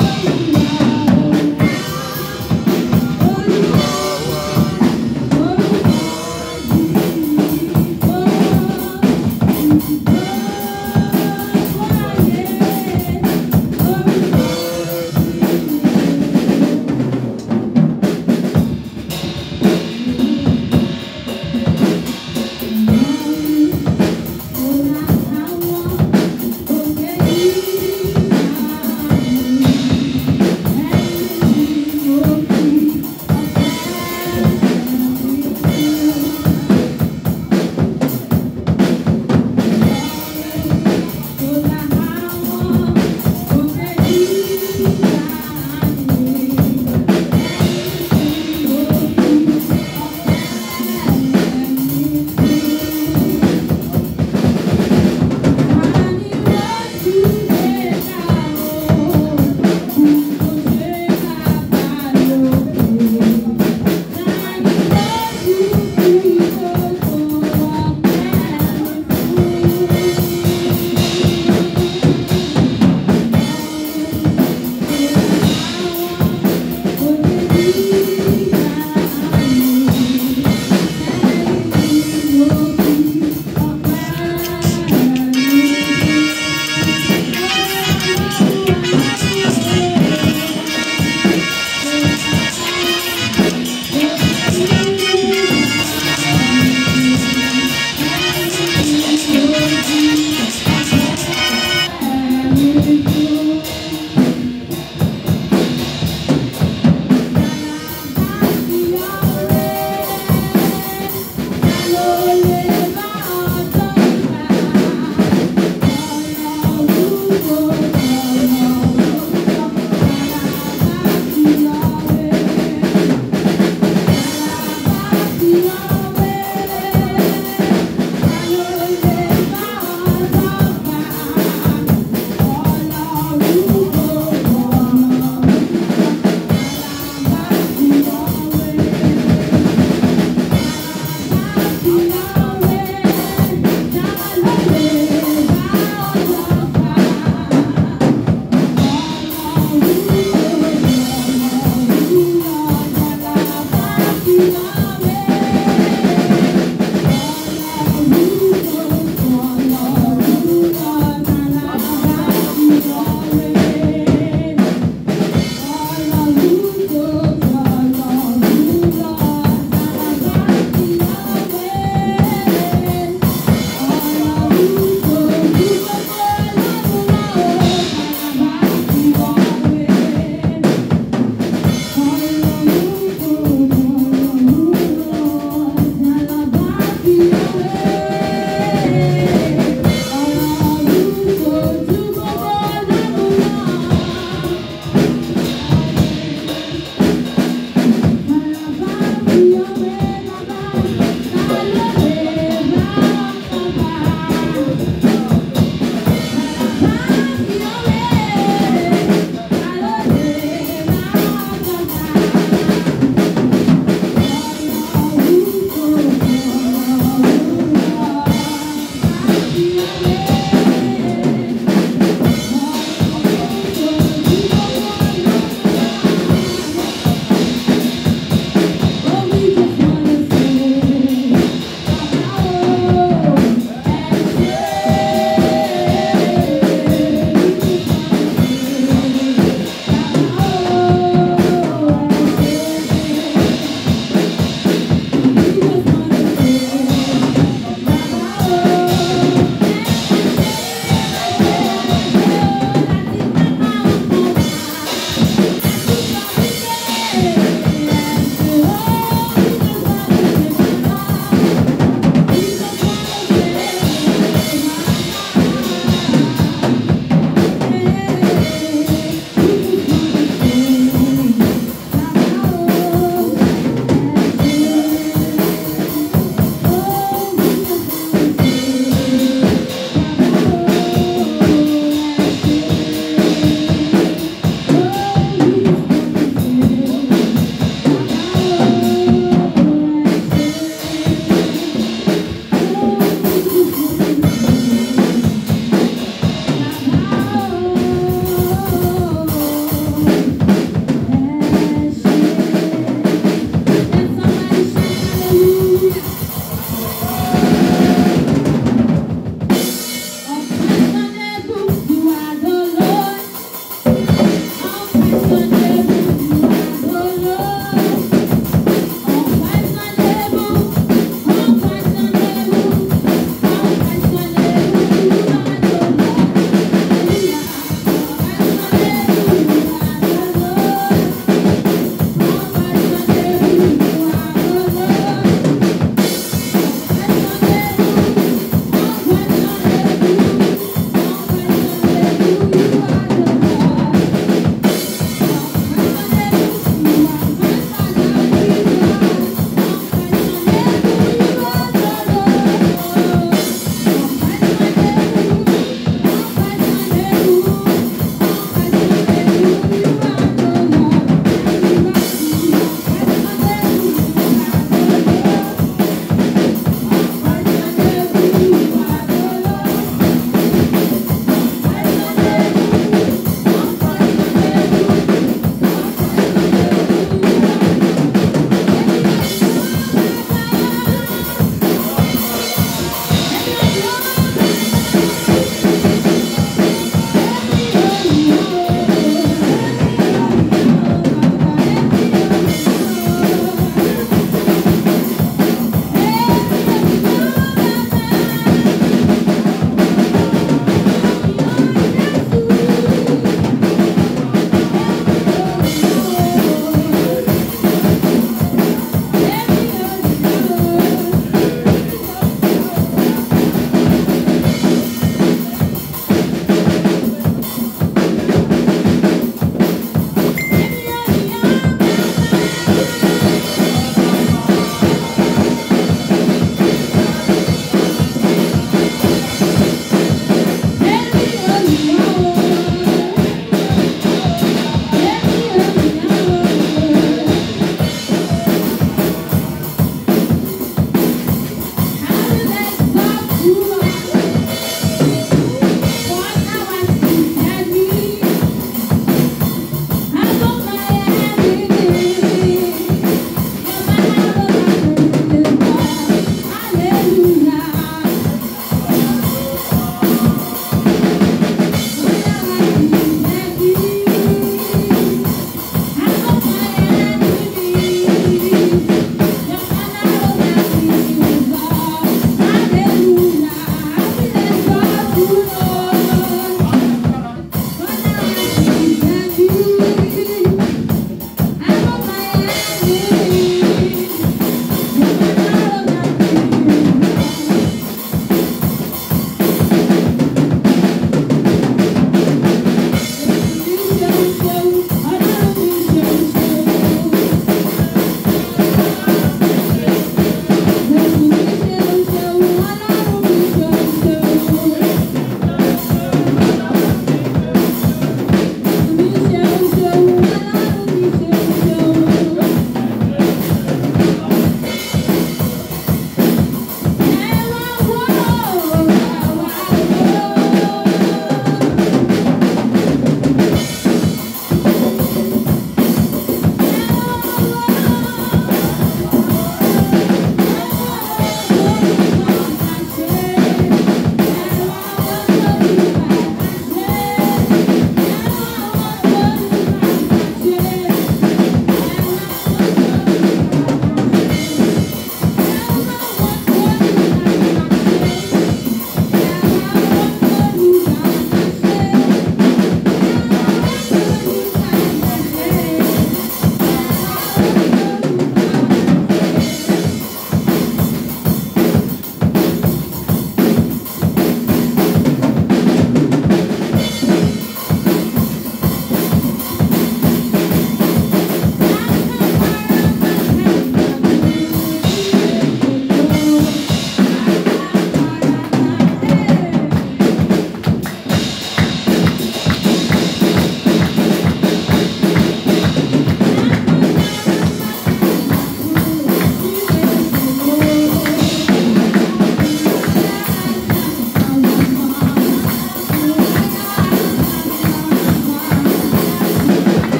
Thank you.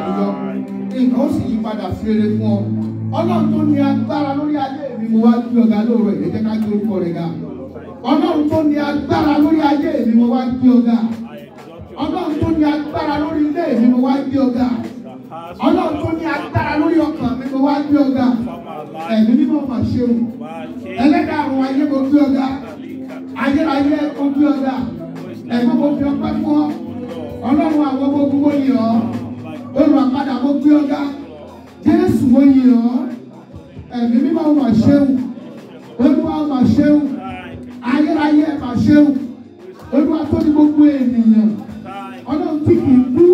àlùyọ nǹkan ó sì yí padà sí rere fún ọ ọlọ́run tó ní agbára lórí ayé mi mo wá gbé ọ̀gá lóore ẹ jẹ́ ká gbé orúkọ rẹ̀ ga ọlọ́run tó ní agbára lórí ayé mi mo wá gbé ọ̀gá ọlọ́run tó ní agbára lórí ilé mi mo wá gbé ọ̀gá ọlọ́run tó ní agbára lórí ọkàn mi mo wá gbé ọ̀gá ẹ̀mí mímọ́ mà ṣeun ẹlẹ́dàá àrùn ayé mo gbé ọ̀gá ayérayé mo gbé ọ̀gá ẹ̀gbọ́n mo fi ọpẹ́ fún ọ ọlọ́run àwọn gbogbo wọ̀nyí ọ́ olùràpadà mo gbé ọgá jésù mo yìn ọ́ ẹ̀mí mímọ́ ó mà ṣeun olúwa ó mà ṣeun ayérayé ẹ̀ mà ṣeun olúwa tó ní gbogbo ènìyàn ọlọ́run tí kì í kú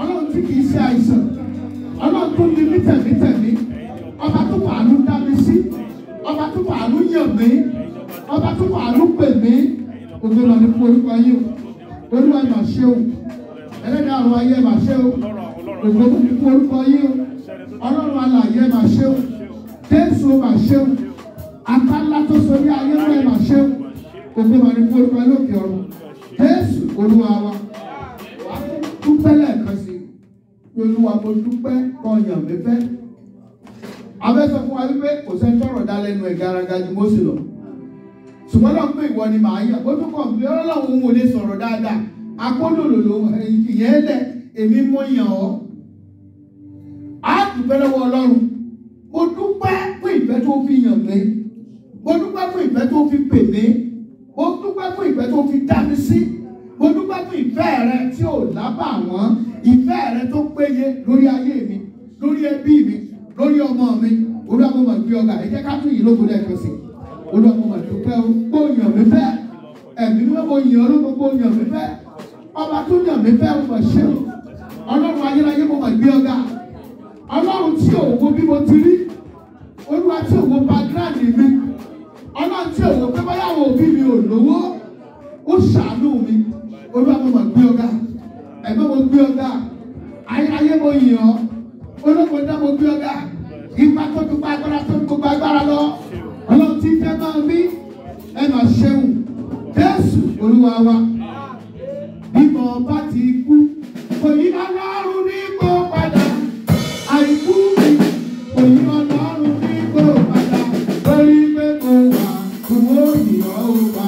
ọlọ́run tí kì í ṣe àìsàn ọlọ́run tó ní mítẹ̀mítẹ̀mí ọba tó fàánú dá mi sí ọba tó fàánú yàn mí ọba tó fàánú pè mí ògbónà ní fún orúkọ yìí olúwa mà ṣeun ẹlẹ́dàá àwọn ayé mà ṣeun ògbó tó kúkú orúkọ yìí o ọlọ́run alààyè máa ṣe o jésù máa ṣe o àtàlà tó sori ayé rẹ̀ máa ṣe o ògbó máa ní kú orúkọ lókè ọ̀run jésù olúwa wa dúpẹ́ lẹ́ẹ̀kan sí i olúwa mo dúpẹ́ kan yàn mí fẹ́ abẹ́ sọ fún wa wípé kò sẹ́ni tọrọ dá lẹ́nu ẹ̀ garaga ju Mósè lọ ṣùgbọ́n lọ́n pé ìwọ ni màá yàn ó tún kàn pé ọlọ́run òun ò lè sọ̀rọ̀ dáadáa akólòlò ìyẹn lẹ̀ èmi mọ̀ yàn ọ́ á dúpẹ́ lọ́wọ́ ọlọ́run mo dúpẹ́ fún ìfẹ́ tó fi yàn mí mo dúpẹ́ fún ìfẹ́ tó fi pè mí mo dúpẹ́ fún ìfẹ́ tó fi dá mi sí mo dúpẹ́ fún ìfẹ́ rẹ tí ò lábà wọ́n ìfẹ́ rẹ tó péye lórí ayé mi lórí ẹbí mi lórí ọmọ mi olú àwọn ọmọ ìgbé ọgá ẹ ká tún yìí lóko lẹ́ẹ̀kan sí olú àwọn ọmọ ìdúpẹ́ o kó yàn mí fẹ́ ẹ̀mí ni mo yàn olóko kó yàn mí fẹ́ ọba tó yàn mí fẹ́ o mọ̀ ṣé o ọlọ́run ayérayé mo mọ̀ ìgbé ọgá ọlọ́run tí ò wo bí mo ti rí olúwa tí ò wo background mi ọlọ́run tí ò wo pé báyà àwọn òbí mi ò lówó ó ṣàánú mi olúwa mo mà gbé ọ̀gá ẹ̀gbọ́n mo gbé ọ̀gá ayé mo yàn ọ́ olóko dá mo gbé ọ̀gá ipa tó dùn pa agbára tó dùn pa agbára lọ ọlọ́run tí fẹ́ máa bí ẹ máa jésù olúwa wa bí mo bá ti kú kò yí ọlọ́run. Òyìnbó lọ́rùn kíkó padà, lórí pé kò wà, kò ó yìí ọ́ wà.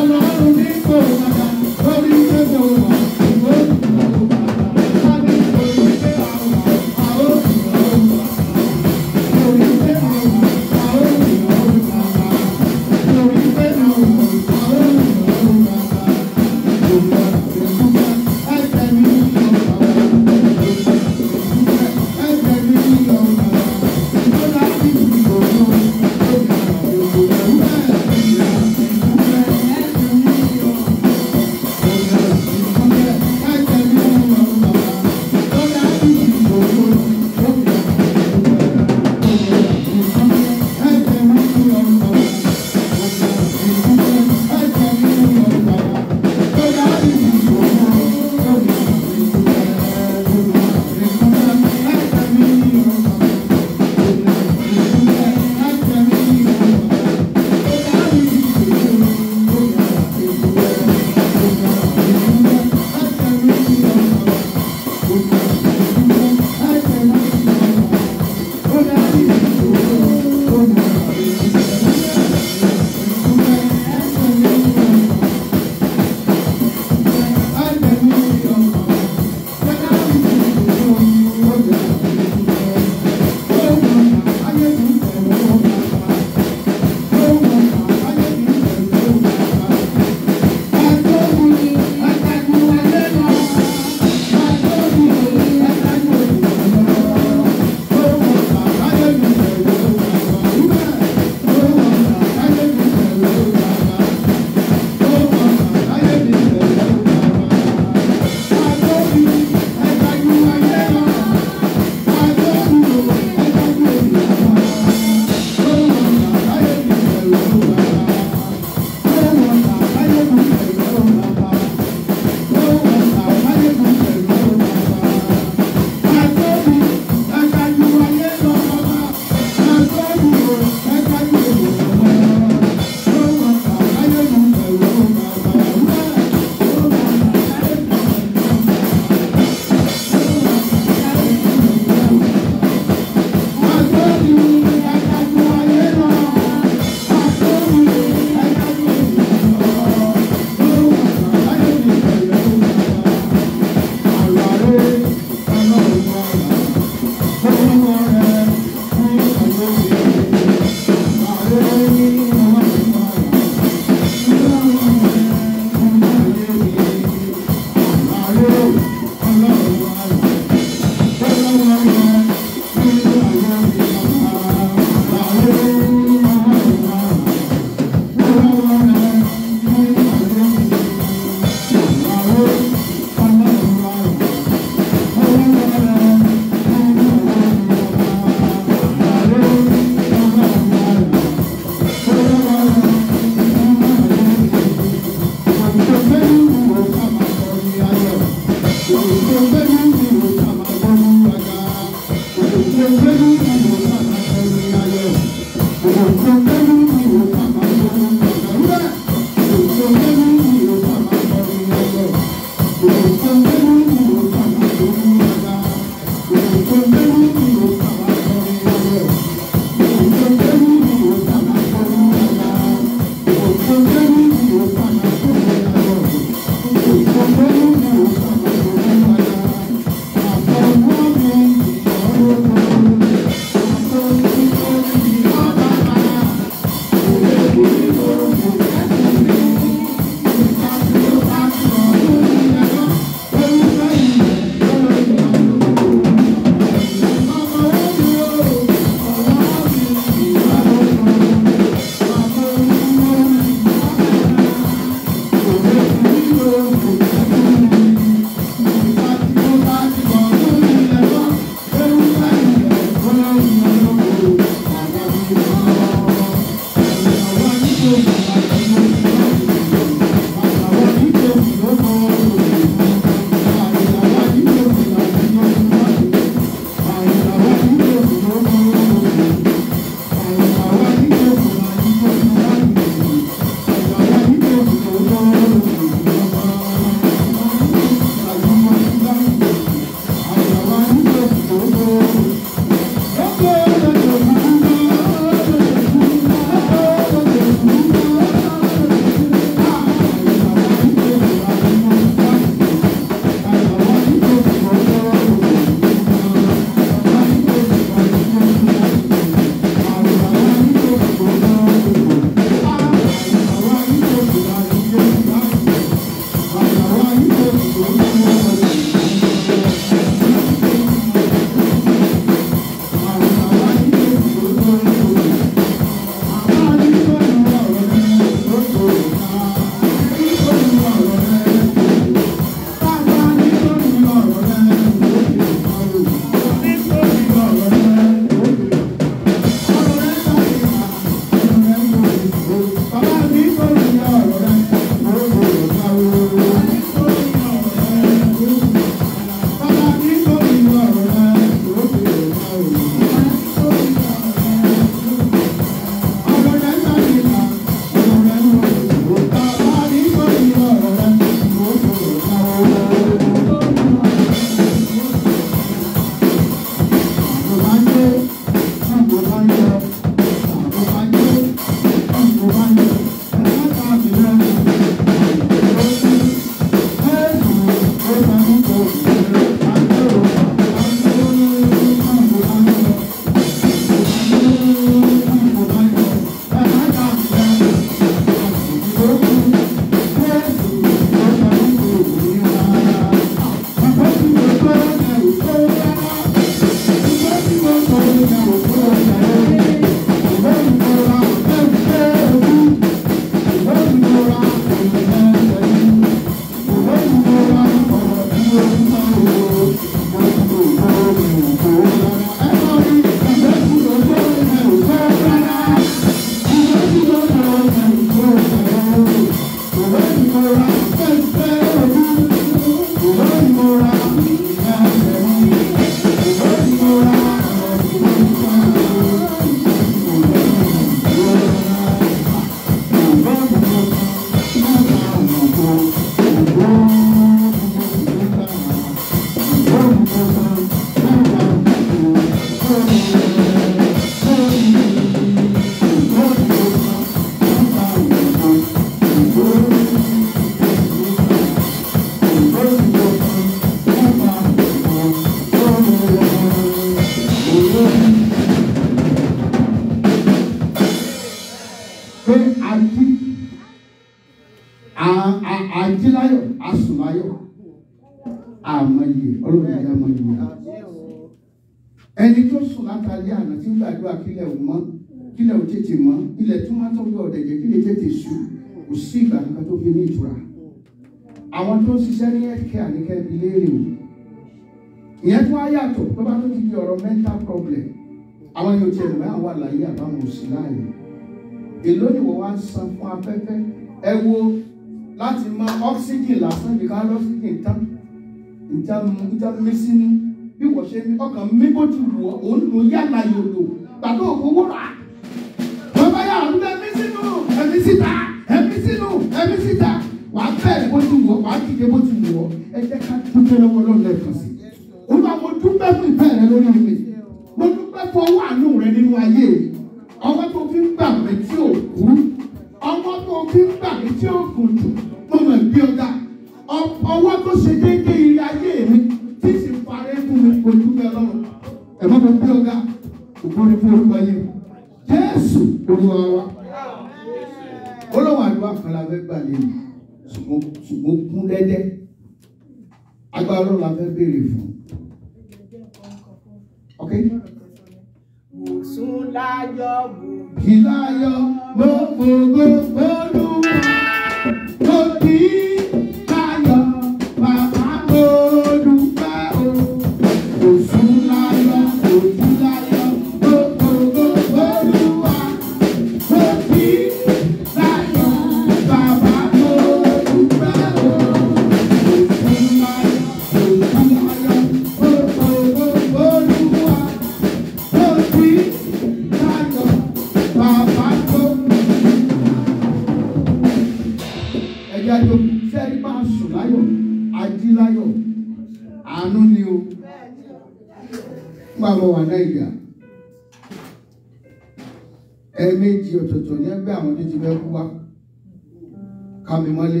mi mọ́lé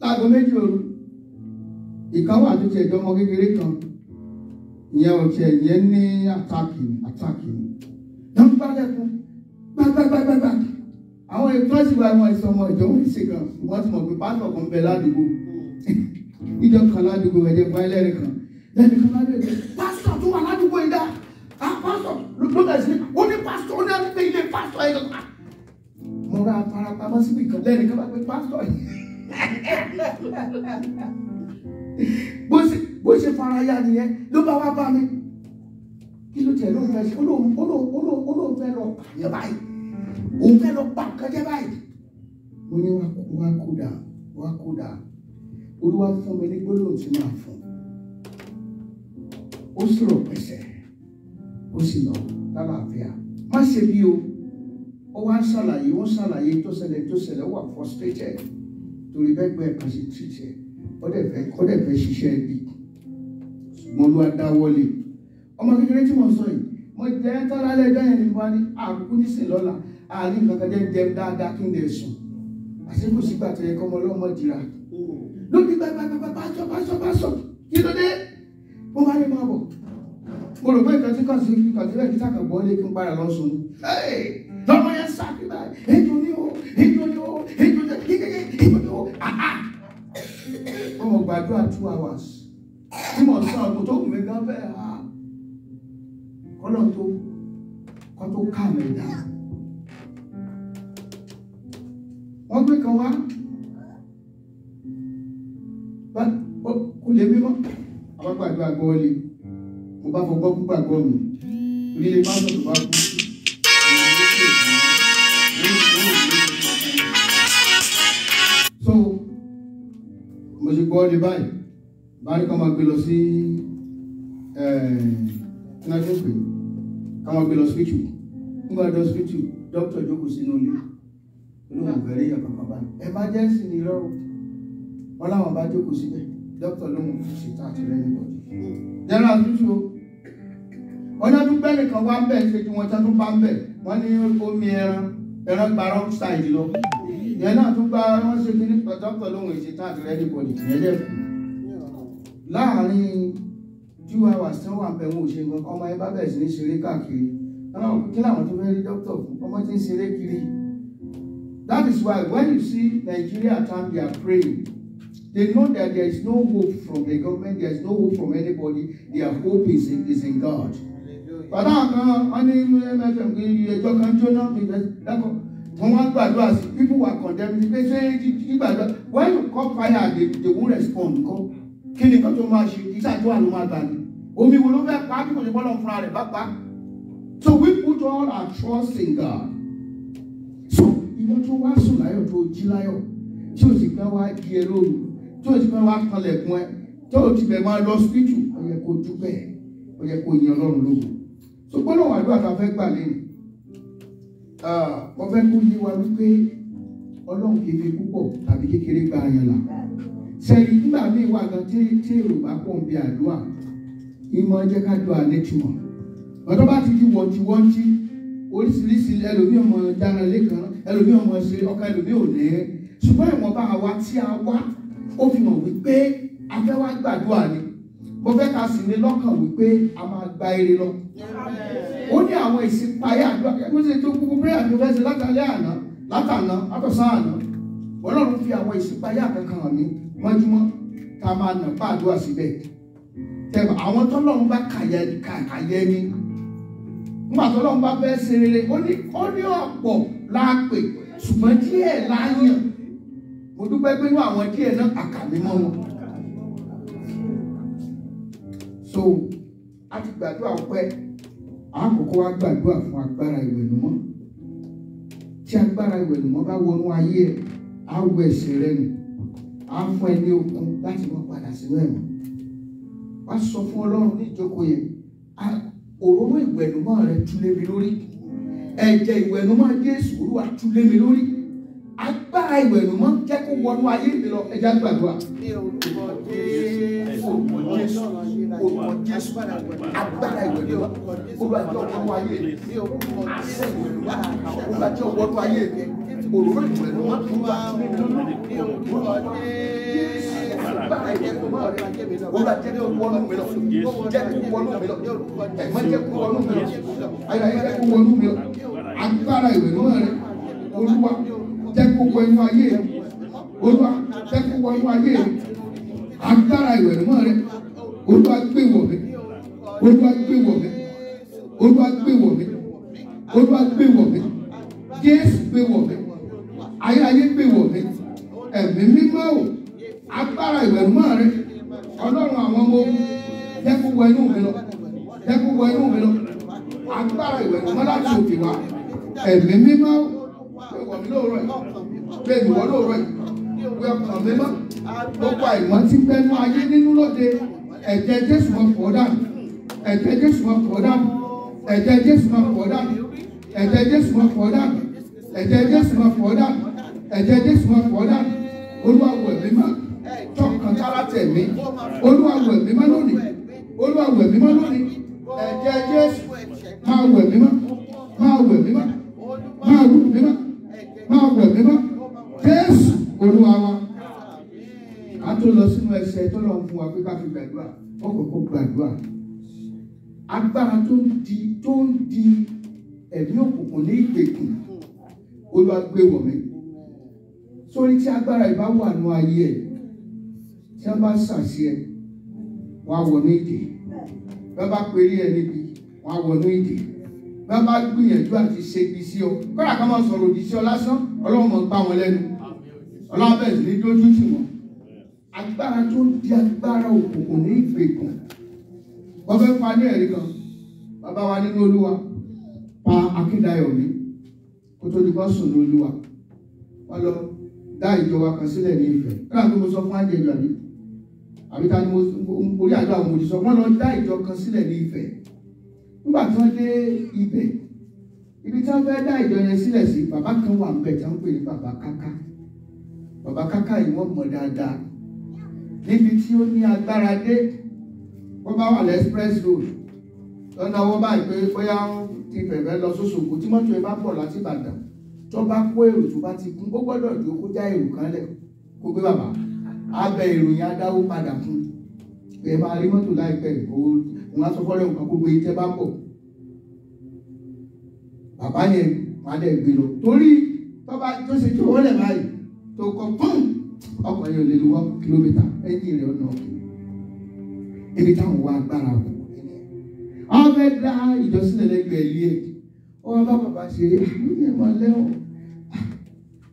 láago méjì òru ìkan wà tó ti ẹ̀jọ́ ọmọ kékeré kan ìyẹn ò tiẹ̀ yẹn ní àtàkì àtàkì ni wọ́n gbálẹ̀kùn gbàgbàgbàgbà àwọn ìkan sì wá àwọn ìsọmọ ìjọba ìṣèkà wọ́n ti mọ̀ pé pásọ̀ kan bẹ ládùúgbò ìjọ kan ládùúgbò ẹ̀jẹ̀ báyìí kan lẹ́nu kan ládùúgbò pásítọ̀ tó wà ládùúgbò yìí dá ah, pásítọ̀ ló bẹ̀rẹ̀ sí ó ní pásítọ̀ ó ní àdúgbò ilé pásítọ̀ ẹ̀ mo ra farapamọ́ síbi kan lẹ́nu kan bá pé pásítọ̀ yìí bó ṣe bó ṣe faraya nìyẹn ló bá wá bá mi kí ló tiẹ̀ lóun fẹ́ ṣe olóhùn olóhùn olóhùn olóhùn fẹ́ lọ pààyàn báyìí òun fẹ́ lọ pa nǹkan jẹ́ báyìí mo ní wá kó dà wá kó dà olúwa fún mi ní gbólóhùn tí màá fún ó sọ̀rọ̀ pẹ̀sẹ̀ ó sì lọ lálàáfíà má ṣe bí o ó wá ń ṣàlàyé ó ń ṣàlàyé tó ṣẹlẹ̀ tó ṣẹlẹ̀ ó wà frustrated torí bẹ́gbẹ́ kan ṣe tìṣẹ́ ó dẹ̀ fẹ́ ó dẹ̀ fẹ́ ṣiṣẹ́ bí ṣùgbọ́n ló dáwọ́lé ọmọ kékeré tí mo sọ yìí mo jẹ́ tọ́lá lẹ́jọ́ yẹn ni mo wá ní àkókò nísìn lọ́la àárín kankan jẹ́ jẹ́ dáadáa kí n lè sùn àṣé kò sígbà tó yẹ kọ́ ọmọ ọlọ́mọ jìra lóbi gbàgbàgbà báṣọ báṣọ báṣọ kí ló dé mo mo rò pé ìtọ́jú kan sí ìtọ́jú rẹ̀ kí sàkàgbọ́n lé Not my sacrifice. He do you, he do you, you, he do you, he you. Ah ah. Wọ́n mọ̀ gbàdúrà two hours. Tí mo sọ àgbo tó kù mí gan bẹ́ẹ̀ ha. Kọ́lọ̀ tó kọ́ tó kà mí dá. Wọ́n gbé kan wá. Kò lè mímọ́. Àwọn gbàdúrà gbọ́ ọ Mo bá fọ gbọ́ gbàgbọ́ mi. Onílé bá sọ̀rọ̀ bá kú. mo ṣe gbọ́ ní báyìí báyìí kan máa gbé lọ sí ẹ̀ẹ́dínlájọ́pẹ̀ eh, ká máa gbé lọ sípítù nígbà tó sípítù dókítà jókòó sínú ilé olóhùn ìbẹ̀rẹ̀ yẹn kankan báyìí emergency ni lọ́rùn wọn láwọn bá jókòó síbẹ̀ dókítà lóhùn ṣètò àtìlẹ́yìn bọ̀ jẹ́rọ àtúntò wọn náà tún bẹ́ẹ̀ nìkan wá ń bẹ̀ ṣe ju wọn tó bá ń bẹ̀ wọ́n ní omi ẹran ẹran gba wrong lọ ìyẹn náà tún gba wọ́n ṣe kíní pẹ̀tọ́pọ̀ lóhun èsì tán àti rẹ́dí bọ̀dì ìyẹn dẹ̀ kù two hours tí wọ́n wà bẹ̀ wọn nǹkan ọmọ ẹ bá bẹ̀rẹ̀ sí ní ṣeré káàkiri kí làwọn tó fẹ́ rí dókítà fún ọmọ tí ń ṣeré kiri that is why when you see Nigeria time they are praying They know that there is no hope from the government, there is no hope from anybody. Their hope is in, is in God. Bàbá kan wọ́n ní ẹgbẹ́ ẹgbẹ́ ẹjọ́ kan jóná mi lẹ́kọ̀ọ́ wọ́n wá gbàdúrà sí people were condemning pé ṣé gbígbàdúrà when you call fire they they won't respond kọ́ hmm. kí ni kọ́tò máa ṣe iṣẹ́ àjọ àlọ́ máa gbà ní omi wo ló fẹ́ pa bí kò ṣe bọ́lọ̀ fúnra rẹ̀ bá pa so we put all our trust in God so ìwọ́n tó wá sùn láyọ̀ tó jí láyọ̀ tí o sì fẹ́ wá di ẹ lóru tí o sì fẹ́ wá kanlẹ̀kùn ẹ tí o ti fẹ́ máa lọ sípìtù ó yẹ kó dúpẹ́ ó yẹ kó yin Ọlọ́run lógo so gbọ́dọ̀ wàdúrà tá a fẹ́ gbà lẹ́yìn mo ah, fẹ́ kó yé wa wípé ọlọ́run kì í fi púpọ̀ tàbí kékeré gba àyàn là sẹ́yìn nígbà míì wà gan tí tí èrò bá pọ̀ ń bi àdúrà ìmọ̀ jẹ́ ká do àlétúmọ̀ ọ̀dọ́ bá ti di wọ̀ntiwọ̀nti oríṣiríṣi ẹlòmíì ọmọ dára lẹ́kan ẹlòmíì ọmọ ṣe ọkọ ẹlòmíì ò ní ṣùgbọ́n ìwọ̀nba àwa tí a wá ó fi hàn wípé a fẹ́ wá gbàdúrà ni mo fẹ́ ká sì ní lọ́kàn wípé a máa gba eré lọ ó ní àwọn ìsìnpáyà àdúrà kẹ́kọ̀ọ́ sí ètò gbogbo prayer àti ìfẹsẹ̀ látàlẹ́ àná látàná àtọ̀sán àná ọlọ́run fi àwọn ìsìnpáyà kankan hàn mí mọ́júmọ́ tá a máa nà pa àdúrà síbẹ̀ tẹ̀wọ̀ àwọn tọ́lọ́run bá kàyẹ ni nígbà tọ́lọ́run bá fẹ́ ṣe rere ó ní ó ní ọ̀pọ̀ láàpè ṣùgbọ́n díẹ̀ láàyàn mo dúpẹ́ pé ní àwọn díẹ̀ náà àkàmí mọ́ wọn. so a ti gbàdúrà ọpẹ́ àkókò wa gbàdúrà fún agbára ìwẹ̀nùmọ́ tí agbára ìwẹ̀nùmọ́ bá wọnú ayé ẹ̀ á wọ ẹ̀ṣẹ̀ rẹ nù á fún ẹ ní okun láti mọ padà sínú ẹ̀wọ̀n wá sọ fún ọlọ́run ní ìjókòó yẹn òróró ìwẹ̀nùmọ́ rẹ túlé mi lórí ẹ̀jẹ̀ ìwẹ̀nùmọ́ Jésù Olúwa túlé mi lórí agbára ìwẹ̀ mímọ́ jẹ́ kó wọnú ayé mi lọ ẹja gbàdúrà. agbára ìwẹ̀ mímọ́ olùwàjọ wọnú ayé mi àṣẹ ìwẹ̀ mímọ́ olùwàjọ wọnú ayé mi ìwẹ̀ mímọ́ olùwàjọ wọ́n mi lọ jẹ́ mi agbára ìwẹ̀ mímọ́ rẹ olúwa jẹ́ kó wọ inú ayé rẹ olúwa jẹ́ kó wọ inú ayé rẹ agbára ìwẹ̀rẹ̀mọ́ rẹ olúwa gbé wọ̀ mí olúwa gbé wọ̀ mí olúwa gbé wọ̀ mí olúwa gbé wọ̀ mí jésù gbé wọ̀ mí ayé ayé gbé wọ̀ mí ẹ̀mí mímọ́ o agbára ìwẹ̀rẹ̀mọ́ rẹ ọlọ́run àwọn ọmọ ogun jẹ́ kó inú mi lọ jẹ́ kó inú mi lọ agbára ìwẹ̀rẹ̀mọ́ láti òkè wá ẹ̀mí mímọ́ o pé wọ̀ mí lóòrọ̀ yìí pé ìwọ lóòrọ̀ yìí wí ọkàn mi mọ́ gbogbo àìmọ́ ti bẹnu ayé nínú lóde ẹ̀jẹ̀ Jésù máa fọ̀ dànù ẹ̀jẹ̀ Jésù máa fọ̀ dànù ẹ̀jẹ̀ Jésù máa fọ̀ dànù ẹ̀jẹ̀ Jésù máa fọ̀ dànù ẹ̀jẹ̀ Jésù máa fọ̀ dànù ẹ̀jẹ̀ Jésù máa fọ̀ dànù Olúwa wẹ̀ mí tọkàn tára tẹ̀ mí Olúwa wẹ̀ lónìí Olúwa wẹ̀ mí lónìí ẹ̀jẹ̀ Jésù máa wẹ̀ mí mọ́ máa wẹ̀ mí mọ́ máa wù mí mọ́ máa wẹ̀ mímọ́ Jésù Olúwa wa a tó lọ sínú ẹsẹ̀ tó lọ fún wa pé ká fi gbàdúrà ọkọ̀ọ̀kọ̀ gbàdúrà agbára tó ń di tó ń di ẹ̀mí òkùnkùn ní ìgbèkùn Olúwa gbé wọ̀ mí sórí tí agbára ìbá wà nù ayé ẹ̀ tí wọ́n bá ṣàṣì ẹ̀ wọ́n á wọ̀ ní ìdè bí bá pèrè ẹ̀ níbi wọ́n á wọ̀ ní ìdè bá bá gbìyànjú àti ṣe ibi sí ọ kọ́ra kan máa sọ̀rọ̀ òdì sí ọ lásán ọlọ́run máa gbá wọn lẹ́nu ọlọ́run bẹ̀rẹ̀ sí ní dójú tì wọ́n agbára tó ń di agbára òkùnkùn ní ìgbèkùn wọ́n fẹ́ pa ní ẹ̀rí kan bàbá wa nínú olúwa pa akíndayọ̀ mi kó tó di kọ́ sùn ní olúwa wọ́n lọ dá ìjọba kan sílẹ̀ ní ìfẹ́ kọ́ra tó mo sọ fún àjẹjọ àbí àbí ta ni mo orí àjọ àwọn òṣìṣọ́ wọ́n lọ dá ìjọ kan sílẹ̀ ní ìfẹ́ nígbà tí wọ́n dé ibẹ̀ ibi tí wọ́n fẹ́ dá ìjọ yẹn sílẹ̀ sí bàbá kan wà ń bẹ̀ tí wọ́n pè ní bàbá káká bàbá káká yìí wọ́n mọ̀ dáadáa níbi tí ó ní agbára dé wọ́n bá wà lẹ́spress road lọ́nà wọ́n bá ìpè bóyá ti bẹ̀rẹ̀ lọ sóṣogbo tí mọ́tò ẹ bá pọ̀ láti Ìbàdàn tó bá kó èrò tó bá ti kún ó gbọ́dọ̀ dúró kó já èrò kan lẹ̀ kó gbé bàbá abẹ ìròyìn adáwó padà fún ẹ máa rí mọ́tò láìpẹ́ ìkó wọ́n á sọ fọ́lẹ́ nǹkan gbogbo yìí tẹ́ bá pọ̀ bàbá yẹn wọ́n á dẹ̀ gbé lọ torí bàbá tó ṣe tó wọ́n lẹ̀ báyìí tó kọ́ pọ́ùn ọkọ̀ yẹn ò lè lu wọ́n kìlómítà ẹ̀yìn rẹ̀ ọ̀nà ibi táwọn wá agbára wọ̀ àwọn fẹ́ dá ìjọsìn ẹlẹ́gbẹ̀ẹ́ ilé ẹ̀ wọ́n bá bàbá ṣe àmúyẹ ah, ìmọ̀lẹ́wọ̀n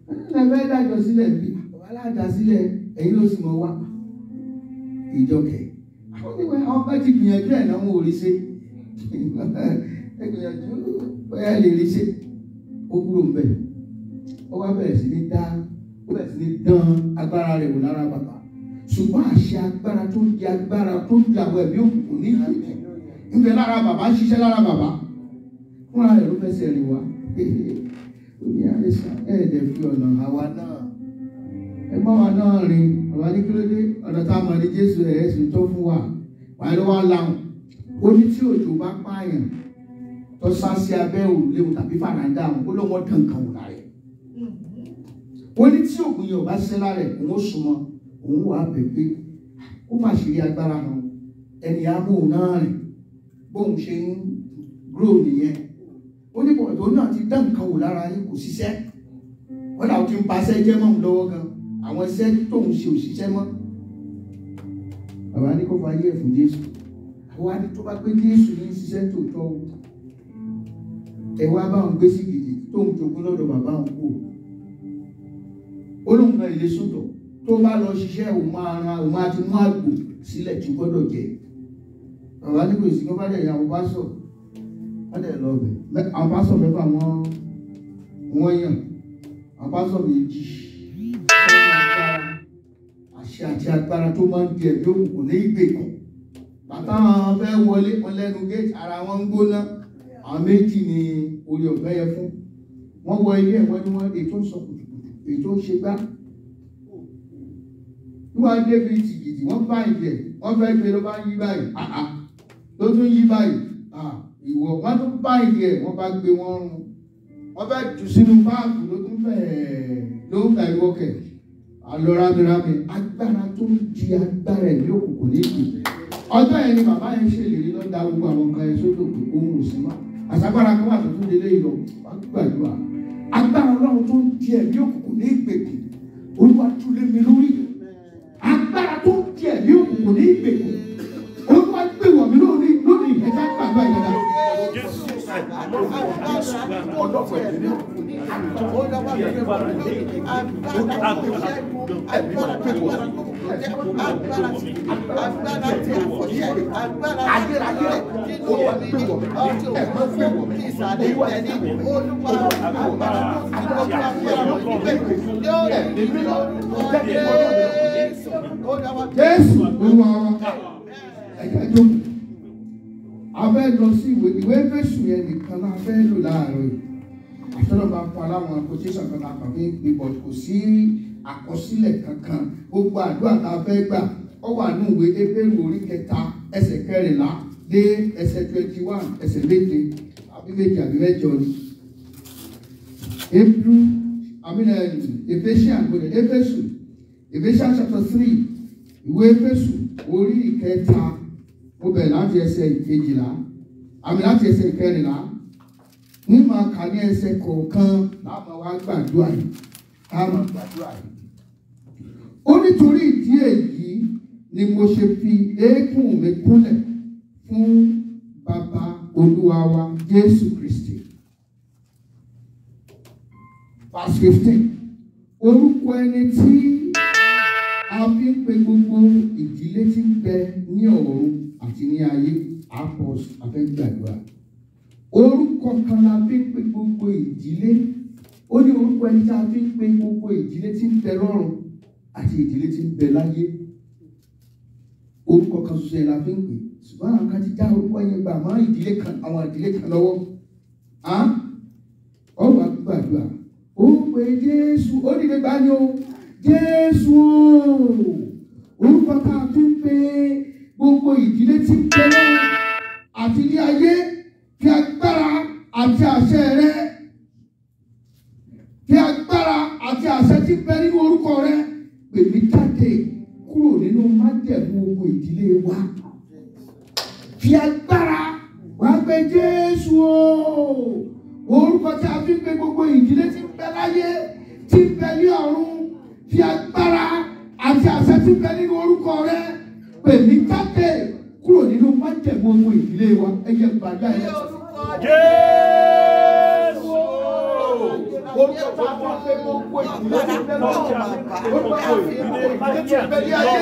ah, ẹ̀fẹ́ dájọ́ sílẹ̀ bí wàhálà dá sílẹ̀ ẹ̀yin ló sì mọ̀ wá ìjọkẹ̀ẹ́ níwẹ̀ àwọn bá ti gbìyànjú ẹ̀ náà wọn ò rí ṣe ẹ gbìyànjú bóyá lè rí ṣe ó kúrò ń bẹ̀ ó wá bẹ̀rẹ̀ sí ní dá ó bẹ̀rẹ̀ sí ní dán agbára rẹ̀ wò lára bàbá ṣùgbọ́n àṣẹ agbára tó di agbára tó di àwọn ẹ̀mí òkùnkùn ní ìlú ń bẹ lára bàbá ń ṣiṣẹ́ lára bàbá fúnra rẹ̀ ló fẹsẹ̀ rìn wá ní ẹ̀ẹ́dẹ̀ fi ọ̀nà àwa náà ẹgbọ́n wa náà rìn ọ̀nà tá a mọ̀ ní Jésù ẹ̀ẹ́sùn tó fún wa wàá wá lahùn tí òjò bá pààyàn tó sá sí abẹ́ òrùlé òun tàbí fàràǹdà òun ó ló wọ́n dàn kan òun rárẹ̀ ó tí ògùn yẹn ò bá sí lára ẹ̀ òun ó súnmọ́ òun wàá bẹ̀gbẹ́ ó má ṣe rí agbára hàn ẹnì amóhùn náà rìn bóun ṣe ń grow nìyẹn ó ní bọ̀dọ̀ náà ti dán nǹkan wò lára yín kò ṣiṣẹ́ wọ́n dà ti ń paṣẹ́ jẹ́ mọ́ òun lọ́wọ́ gan àwọn iṣẹ́ tóun ṣe òṣìṣẹ́ mọ́ bàbá ní kó fàyè ẹ̀ Jésù àwa ni tó bá pé Jésù ní ṣiṣẹ́ tòótọ́ o ẹ wá bá òun gbé sí gidi tó ń jogún lọ́dọ̀ bàbá òun kú olóhùn náà ilé sọ̀tọ̀ tó bá lọ ṣiṣẹ́ òun máa ran òun á ti mú àgbò sílẹ̀ tí gbọ́dọ̀ jẹ bàbá ní kò sí kó bá dẹ̀ yà wọ́n bá sọ̀ wọ́n dẹ̀ lọ bẹ̀ àwọn bá sọ̀ mẹ́fà wọ́n wọ́n yàn àwọn bá sọ̀ méjì àti agbára tó máa ń di ẹ̀mí òkùnkùn ní ìgbèkùn bàtà wọn fẹ́ wọlé wọn lẹ́nu géètì ara wọn ń gbóná àwọn méjì ni orí ọ̀fẹ́ yẹ fún wọ́n wọ ilé ẹ̀wọ́n ni wọ́n ètò ń sọ kùtùkùtù ètò ń ṣe gbá wọ́n á débi tìgìdì wọ́n bá ìjẹ́ wọ́n fẹ́ gbé ló bá yí báyìí àà ló tún yí báyìí àà ìwọ wọ́n tún bá ìjẹ́ wọ́n bá gbé wọn rún wọ́n fẹ́ jù sínú páàkì ló tún fẹ́ ló ń ta ìwọ́kẹ̀ àlọ́ rámirámi agbára tó ń di agbára ẹ̀mí òkùnkùn ní ìlú ọjọ́ yẹn ni bàbá yẹn ṣèlérí ló da gbogbo àwọn kan ẹ sódò pé ó ń wò sí wọn àtàgbára kan wà tó tún délé yọ wá gbàdúrà agbára ọlọ́run tó ń di ẹ̀mí òkùnkùn ní olúwa túlé mi lórí agbára tó ń di ẹ̀mí òkùnkùn ní bá yẹn náà. Ọlọ́pàá ìdílé adérayé olúwa gbẹwọ ẹgbẹ gbẹwọ olúwa gbẹwọ olúwa gbẹwọ agbára gbẹwọ gbẹwọ ẹ̀mí mímọ́ gbẹwọ Jésù olúwa ẹjẹ jókòó a fẹ́ lọ sí ìwé ìwé fẹ́sù yẹn nìkan la fẹ́ lò láàárọ̀ yìí àtọ́nà bá fọ aláwọn akọ́ṣẹ́sàn kan lápá fi ń gbé bọ̀ kò sí àkọsílẹ̀ kankan gbogbo àdúrà tá a fẹ́ gbà ọ wà ní ìwé ebéèrè orí kẹta ẹsẹ̀ kẹrìnlá dé ẹsẹ̀ twenty one ẹsẹ̀ méje àbí méje àbí mẹ́jọ ni ebru amina efesian gbọdọ efesu efesian chapter three ìwé efesu orí ìkẹta mo bẹ̀ láti ẹsẹ̀ ìkejìlá àmì láti ẹsẹ̀ ìkẹrìnlá ní máa kà ní ẹsẹ̀ kọ̀ọ̀kan láàmú wa gbàdúrà yìí láàmú gbàdúrà yìí. ó nítorí ìdí èyí ni mo ṣe fi eékún mi kúnlẹ̀ fún bàbá olúwa wa Jésù Kristi. verse fifteen orúkọ ẹni tí a fi ń pe gbogbo ìdílé tí ń bẹ ní ọ̀run àti ní ayé apos abẹ́gbàdúrà orúkọ kan la fi ń pe gbogbo ìdílé ó ní orúkọ ẹni tá a fi ń pe gbogbo ìdílé tí ń bẹ lọ́run àti ìdílé tí ń bẹ láyé orúkọ kan ṣoṣo yẹn la fi ń pè ṣùgbọ́n àwọn kan ti dá orúkọ yẹn gbà mọ́ ìdílé kan àwọn ìdílé kan lọ́wọ́ ọ̀rọ̀ àgbàdúrà ó pe Jésù ó dìde gbá ní o. Jésù orúkọ tá a fi ń pe gbogbo ìdílé tí ń tẹ́lẹ̀ àti ní ayé fi agbára àti àṣẹ rẹ fi agbára àti àṣẹ tí bẹ nínú orúkọ rẹ pèmí jáde kúrò nínú májẹ̀mú gbogbo ìdílé wa fi agbára wá pé Jésù orúkọ tí a fi ń pe gbogbo ìdílé tí ń bẹ láyé tí ń bẹ ní ọ̀run fi agbára àti àṣẹ nínú orúkọ rẹ pè jáde kúrò nínú májẹ̀mú ohun ìdílé wa ẹyẹ gbàgbá ẹ. Jésù. Orúkọ tó wá pé mo kó ìdílé tó bẹ lọ́wọ́ bàbá. Orúkọ tó wá pé mo kó ìdílé ní ayé.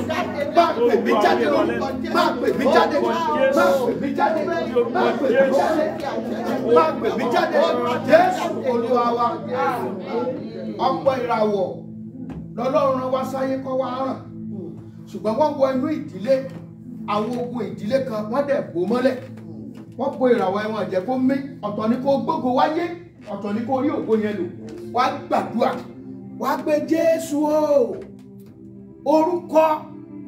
máa pè mí jáde máa pè mí jáde máa pè mí jáde máa pè mí jáde máa pè mí jáde Jésù Olúwa wa ọ̀pọ̀ ìràwọ̀ lọ́lọ́run rán wá sáyé kọ́ wá ràn ṣùgbọ́n wọ́n wọ inú ìdílé àwọn ogun ìdílé kan wọ́n dẹ̀ bò mọ́lẹ̀ wọ́n bo ìràwọ̀ ẹ̀wọ̀n jẹ́ kó mí ọ̀tọ̀ ni kó gbógo wáyé ọ̀tọ̀ ni kó rí ògo yẹn lò wá gbàdúrà wá gbé Jésù o orúkọ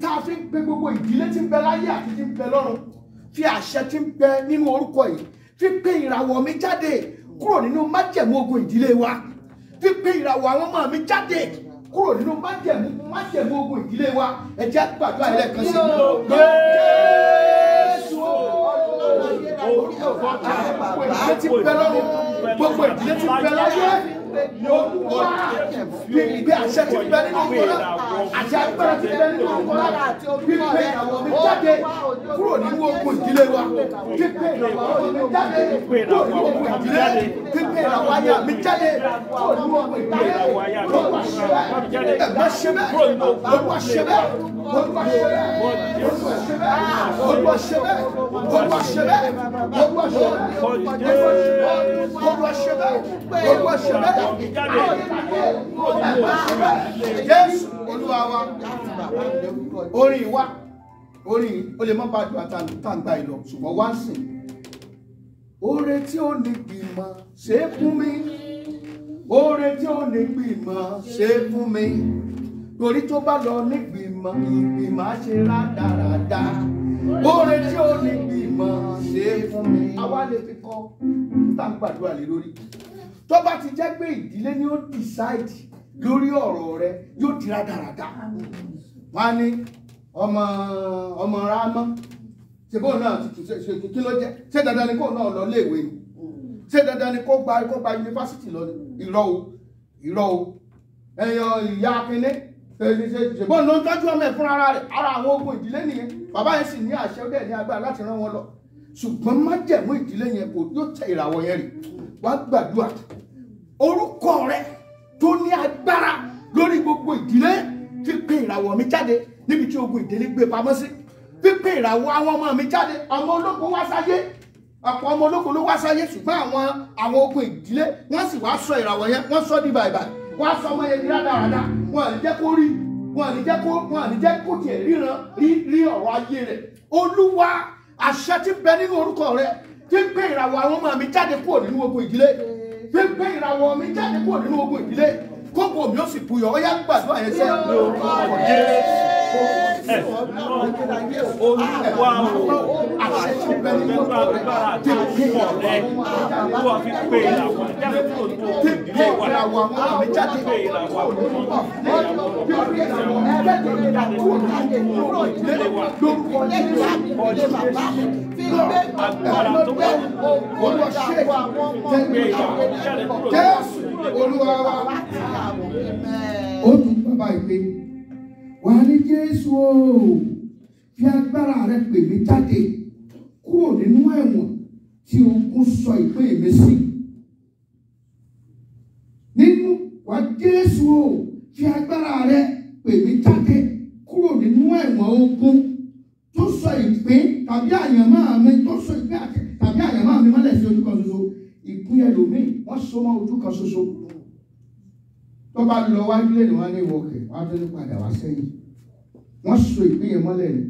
tá a fi ń pe gbogbo ìdílé tí ń bẹ láyé àti tí ń bẹ lọ́run fi àṣẹ tí ń bẹ nínú orúkọ yìí fi pe ìràwọ̀ mi jáde kúrò nínú májẹ̀mú ogun ìdílé wa fi pe ìràwọ̀ àwọn ọmọ mi jáde kúrò nínú májẹ̀mú májẹ̀mú ogun ìdílé wa ẹ jẹ́ gbàdúrà ẹlẹ́kan sí i. gbogbo ìdílé tí ń bẹ láyé lórúkọ ní ìgbé àṣẹ tí bẹ nínú ọgbọ́n àṣẹ agbára tí bẹ nínú ọgbọ́n pípé ìràwọ̀ mi jáde kúrò nínú ogun ìdílé wa pípé ìràwọ̀ mi jáde kúrò nínú ogun ìdílé pípé ìràwọ̀ aya mi jáde kúrò nínú ogun ìdílé lọ́wọ́ ṣẹlẹ̀ ẹ̀gbọ́n ṣẹlẹ̀ lọ́wọ́ ṣẹlẹ̀ lọ́wọ́ ṣẹlẹ̀ lọ́wọ́ ṣẹlẹ̀ lọ́wọ́ ṣẹlẹ̀ lọ́wọ́ ṣẹlẹ̀ lọ́wọ́ ṣẹlẹ̀ lọ́wọ́ ṣẹlẹ̀ lọ́wọ́ ṣẹlẹ̀ lọ́wọ́ ṣẹlẹ̀ jáde jésù olúwa wa orin wa orin o lè má bá ju àtàǹgbà ìlọ ṣùgbọ́n wá sìn oore tí ó ní gbìmọ̀ ṣe é fún mi oore tí ó ní gbìmọ̀ ṣe é fún mi torí tó bá lọ ní gbìmọ̀ ìgbìmọ̀ á ṣe rádaràda oore tí ó ní gbìmọ̀ ṣe é fún mi àwa lè fi kọ́ tá à gbàdúrà lé lórí tó bá ti jẹ́ pé ìdílé ni ó decide lórí ọ̀rọ̀ rẹ yóò di rádaràda wọn á ní ọmọ ọmọ rámọ́ ṣe bóun náà ṣe kí ló jẹ́ ṣé dandan ni kó náà lọ léèwé ni ṣé dandan ni kó gba kó gba yunifásitì lọ irọ́ o irọ́ o ẹ̀yàn ìyá akíní ṣùgbọ́n ló ń tọ́jú ọmọ ẹ̀ fún ara rẹ̀ ara àwọn ogun ìdílé nìyẹn bàbá yẹn sì ní àṣẹ ó ní agbára láti rán wọn lọ ṣùgbọ́n májẹ̀mú ìdílé yẹn kò yóò tẹ ìràwọ̀ yẹn rì wàá gbàdúrà orúkọ rẹ tó ní agbára lórí gbogbo ìdílé fífi ìràwọ̀ mi jáde níbi tí ogun ìdílé gbé pamọ́ sí fífi ìràwọ̀ àwọn ọmọ mi jáde ọmọ ológun wá sáyé ọ̀pọ̀ ọmọ ológun ló wá sáyé ṣùgbọ́n àwọn àwọn ogun ìdílé wọ́n sì wá sọ ìràwọ̀ yẹn wọ́n sọ di bàìbàì wọ́n á sọ ọmọ yẹn di rádaràda wọ́n àní jẹ́ kó rí wọ́n àní jẹ́ kó wọ́n àní jẹ́ kó tiẹ̀ ríran rí ọ̀rọ̀ ayé rẹ̀ olúwa àṣẹ ti bẹ nínú orúkọ rẹ̀ tí ń pè ìràwọ̀ àwọn ọmọ mi jáde kúrò nínú ogun ìdílé tí ń pè ìràwọ̀ mi jáde kúrò nínú ogun ìdílé kókò mi ó sì buyọ̀ ó yá gbàdúrà yẹn sẹ́yìn olúwa o àṣẹ tí bẹ nínú agbára àti ìwọ rẹ olúwa fi pé ìlàwọ jáde kúrò tó ìdílé wa àmì jáde pé ìlàwọ olúwa jáde kúrò tó ìdílé wa lórúkọ jésù agbára tó wà olúwa ṣe pé ìlàwọ jáde kúrò tó ìdílé wa. olúwa wa ó tún bàbá ìpè wàá ní jésù o fi agbára rẹ pè mí jáde kúrò nínú ẹ̀wọ̀n tí ogun sọ ìpín mi sí nínú wàá jésù o fi agbára rẹ pè mí jáde kúrò nínú ẹ̀wọ̀n ogun tó sọ ìpín tàbí àyànmọ́ mi tó sọ ìpín tàbí àyànmọ́ mi mọ́lẹ̀ sí ojú kan ṣoṣo ìpín ẹlòmíì wọ́n so mọ́ ojú kan ṣoṣo tó bá lọ wájú lè ní wọ́n ní ìwọ òkè wọ́n á tó ní padà wá sẹ́yìn wọ́n so ìpín yẹn mọ́lẹ̀ ni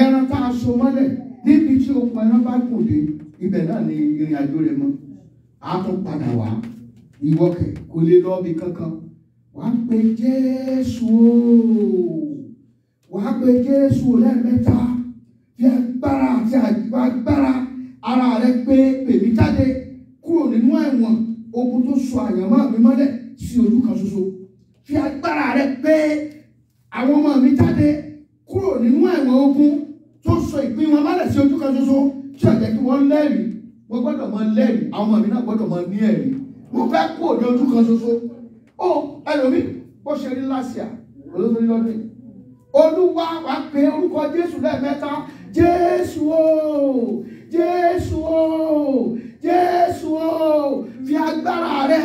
ẹran tá a so mọ́lẹ̀ níbi tí okùn ẹran bá kù dé ibẹ̀ náà ni ìrìn àjò rẹ̀ mọ́ á tún padà wá ìwọ òkè kò lè lọ ibi kankan wà pe Jésù ooo wà pe Jésù lẹ́ẹ̀mẹ́ta fi agbára àti agbára ara rẹ pé pèmí jáde kúrò nínú ẹ̀wọ̀n ogun tó so àyànmọ́ mi mọ́lẹ̀ sí ojú kan ṣoṣo fi agbára rẹ gbé àwọn ọmọ mi jáde kúrò nínú ẹ̀wọ̀n ogun tó sọ ìpín wọn mọ́lẹ̀ sí ojú kan ṣoṣo tí ó jẹ́ kí wọ́n lẹ́rìí wọ́n gbọ́dọ̀ mọ lẹ́rìí àwọn ọmọ mi náà gbọ́dọ̀ mọ ní ẹ̀rí mo fẹ́ kúrò ní ojú kan ṣoṣo ó ẹlòmíì ó ṣe rí láṣìá olóṣèlú lọ́dún yìí olúwa wá pé orúkọ jésù lẹ́ẹ̀mẹ́ta jésù o jésù o jésù o fi agbára rẹ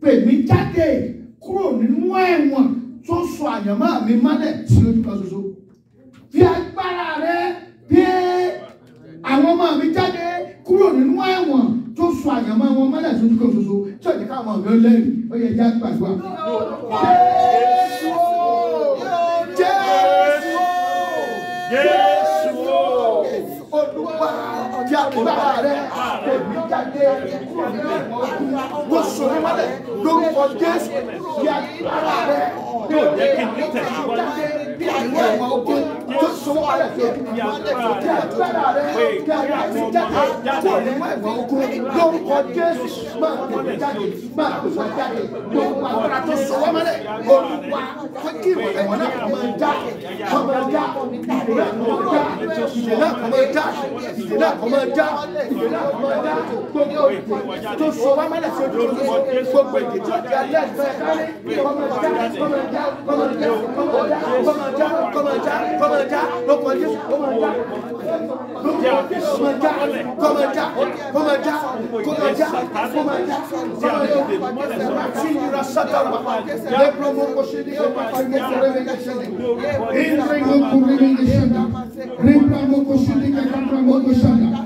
pè mí jáde kúrò nínú ẹ̀wọ̀n tó sọ àyànmọ́ mi mọ́lẹ̀ sí ojú kan ṣoṣo fi agbára rẹ gbé àwọn ọmọ mi jáde kúrò nínú ẹ̀wọ̀n tó sọ àyànmọ́ wọn mọ́lẹ̀ sí ojú kan ṣoṣo tí káwọn ọ̀gá lẹ́rìí ó yẹ jẹ́ àgbàgbà. Jésù Jésù Jésù. bí bàbá rẹ kò ní jáde kúrò nínú ìwọ̀n ọdún mo sọ ní wálẹ̀ lórúkọ Jésù kí agbára kò ní jáde kúrò nínú ìwọ̀n tó sọwọ́ alẹ̀ fi ojú mi kí agbára rẹ kí ara mi jáde kó ní mọ́ ẹ̀wọ̀n ogun lórúkọ Jésù máa tẹ̀lé jáde máa sọ jáde gbogbo agbára tó sọwọ́ mọ́lẹ̀ olúwa kí ìwọ̀n ẹ̀wọ̀n náà kò máa já kò máa já ìdè náà kò máa já ìdè náà kò máa já ìdè náà kò máa já ìdè náà kò máa já gbogbo ìdè tó sọwọ́ mọ́lẹ̀ fi ojú mi gbogbo ìdè tó di alẹ́ ìfẹ́ kọ́mọ̀já kọ́mọ̀já kọ́mọ̀já kọ́mọ̀já kọ́mọ̀já kọ́mọ̀já máa já lóko Jésù kó máa já kó máa já kó máa já kó máa já kó máa já kó máa já Sinira satama le promo koshidi ko mafanye kurebe kashidi inre ngo kurebe kashidi re promo koshidi ka promo koshanda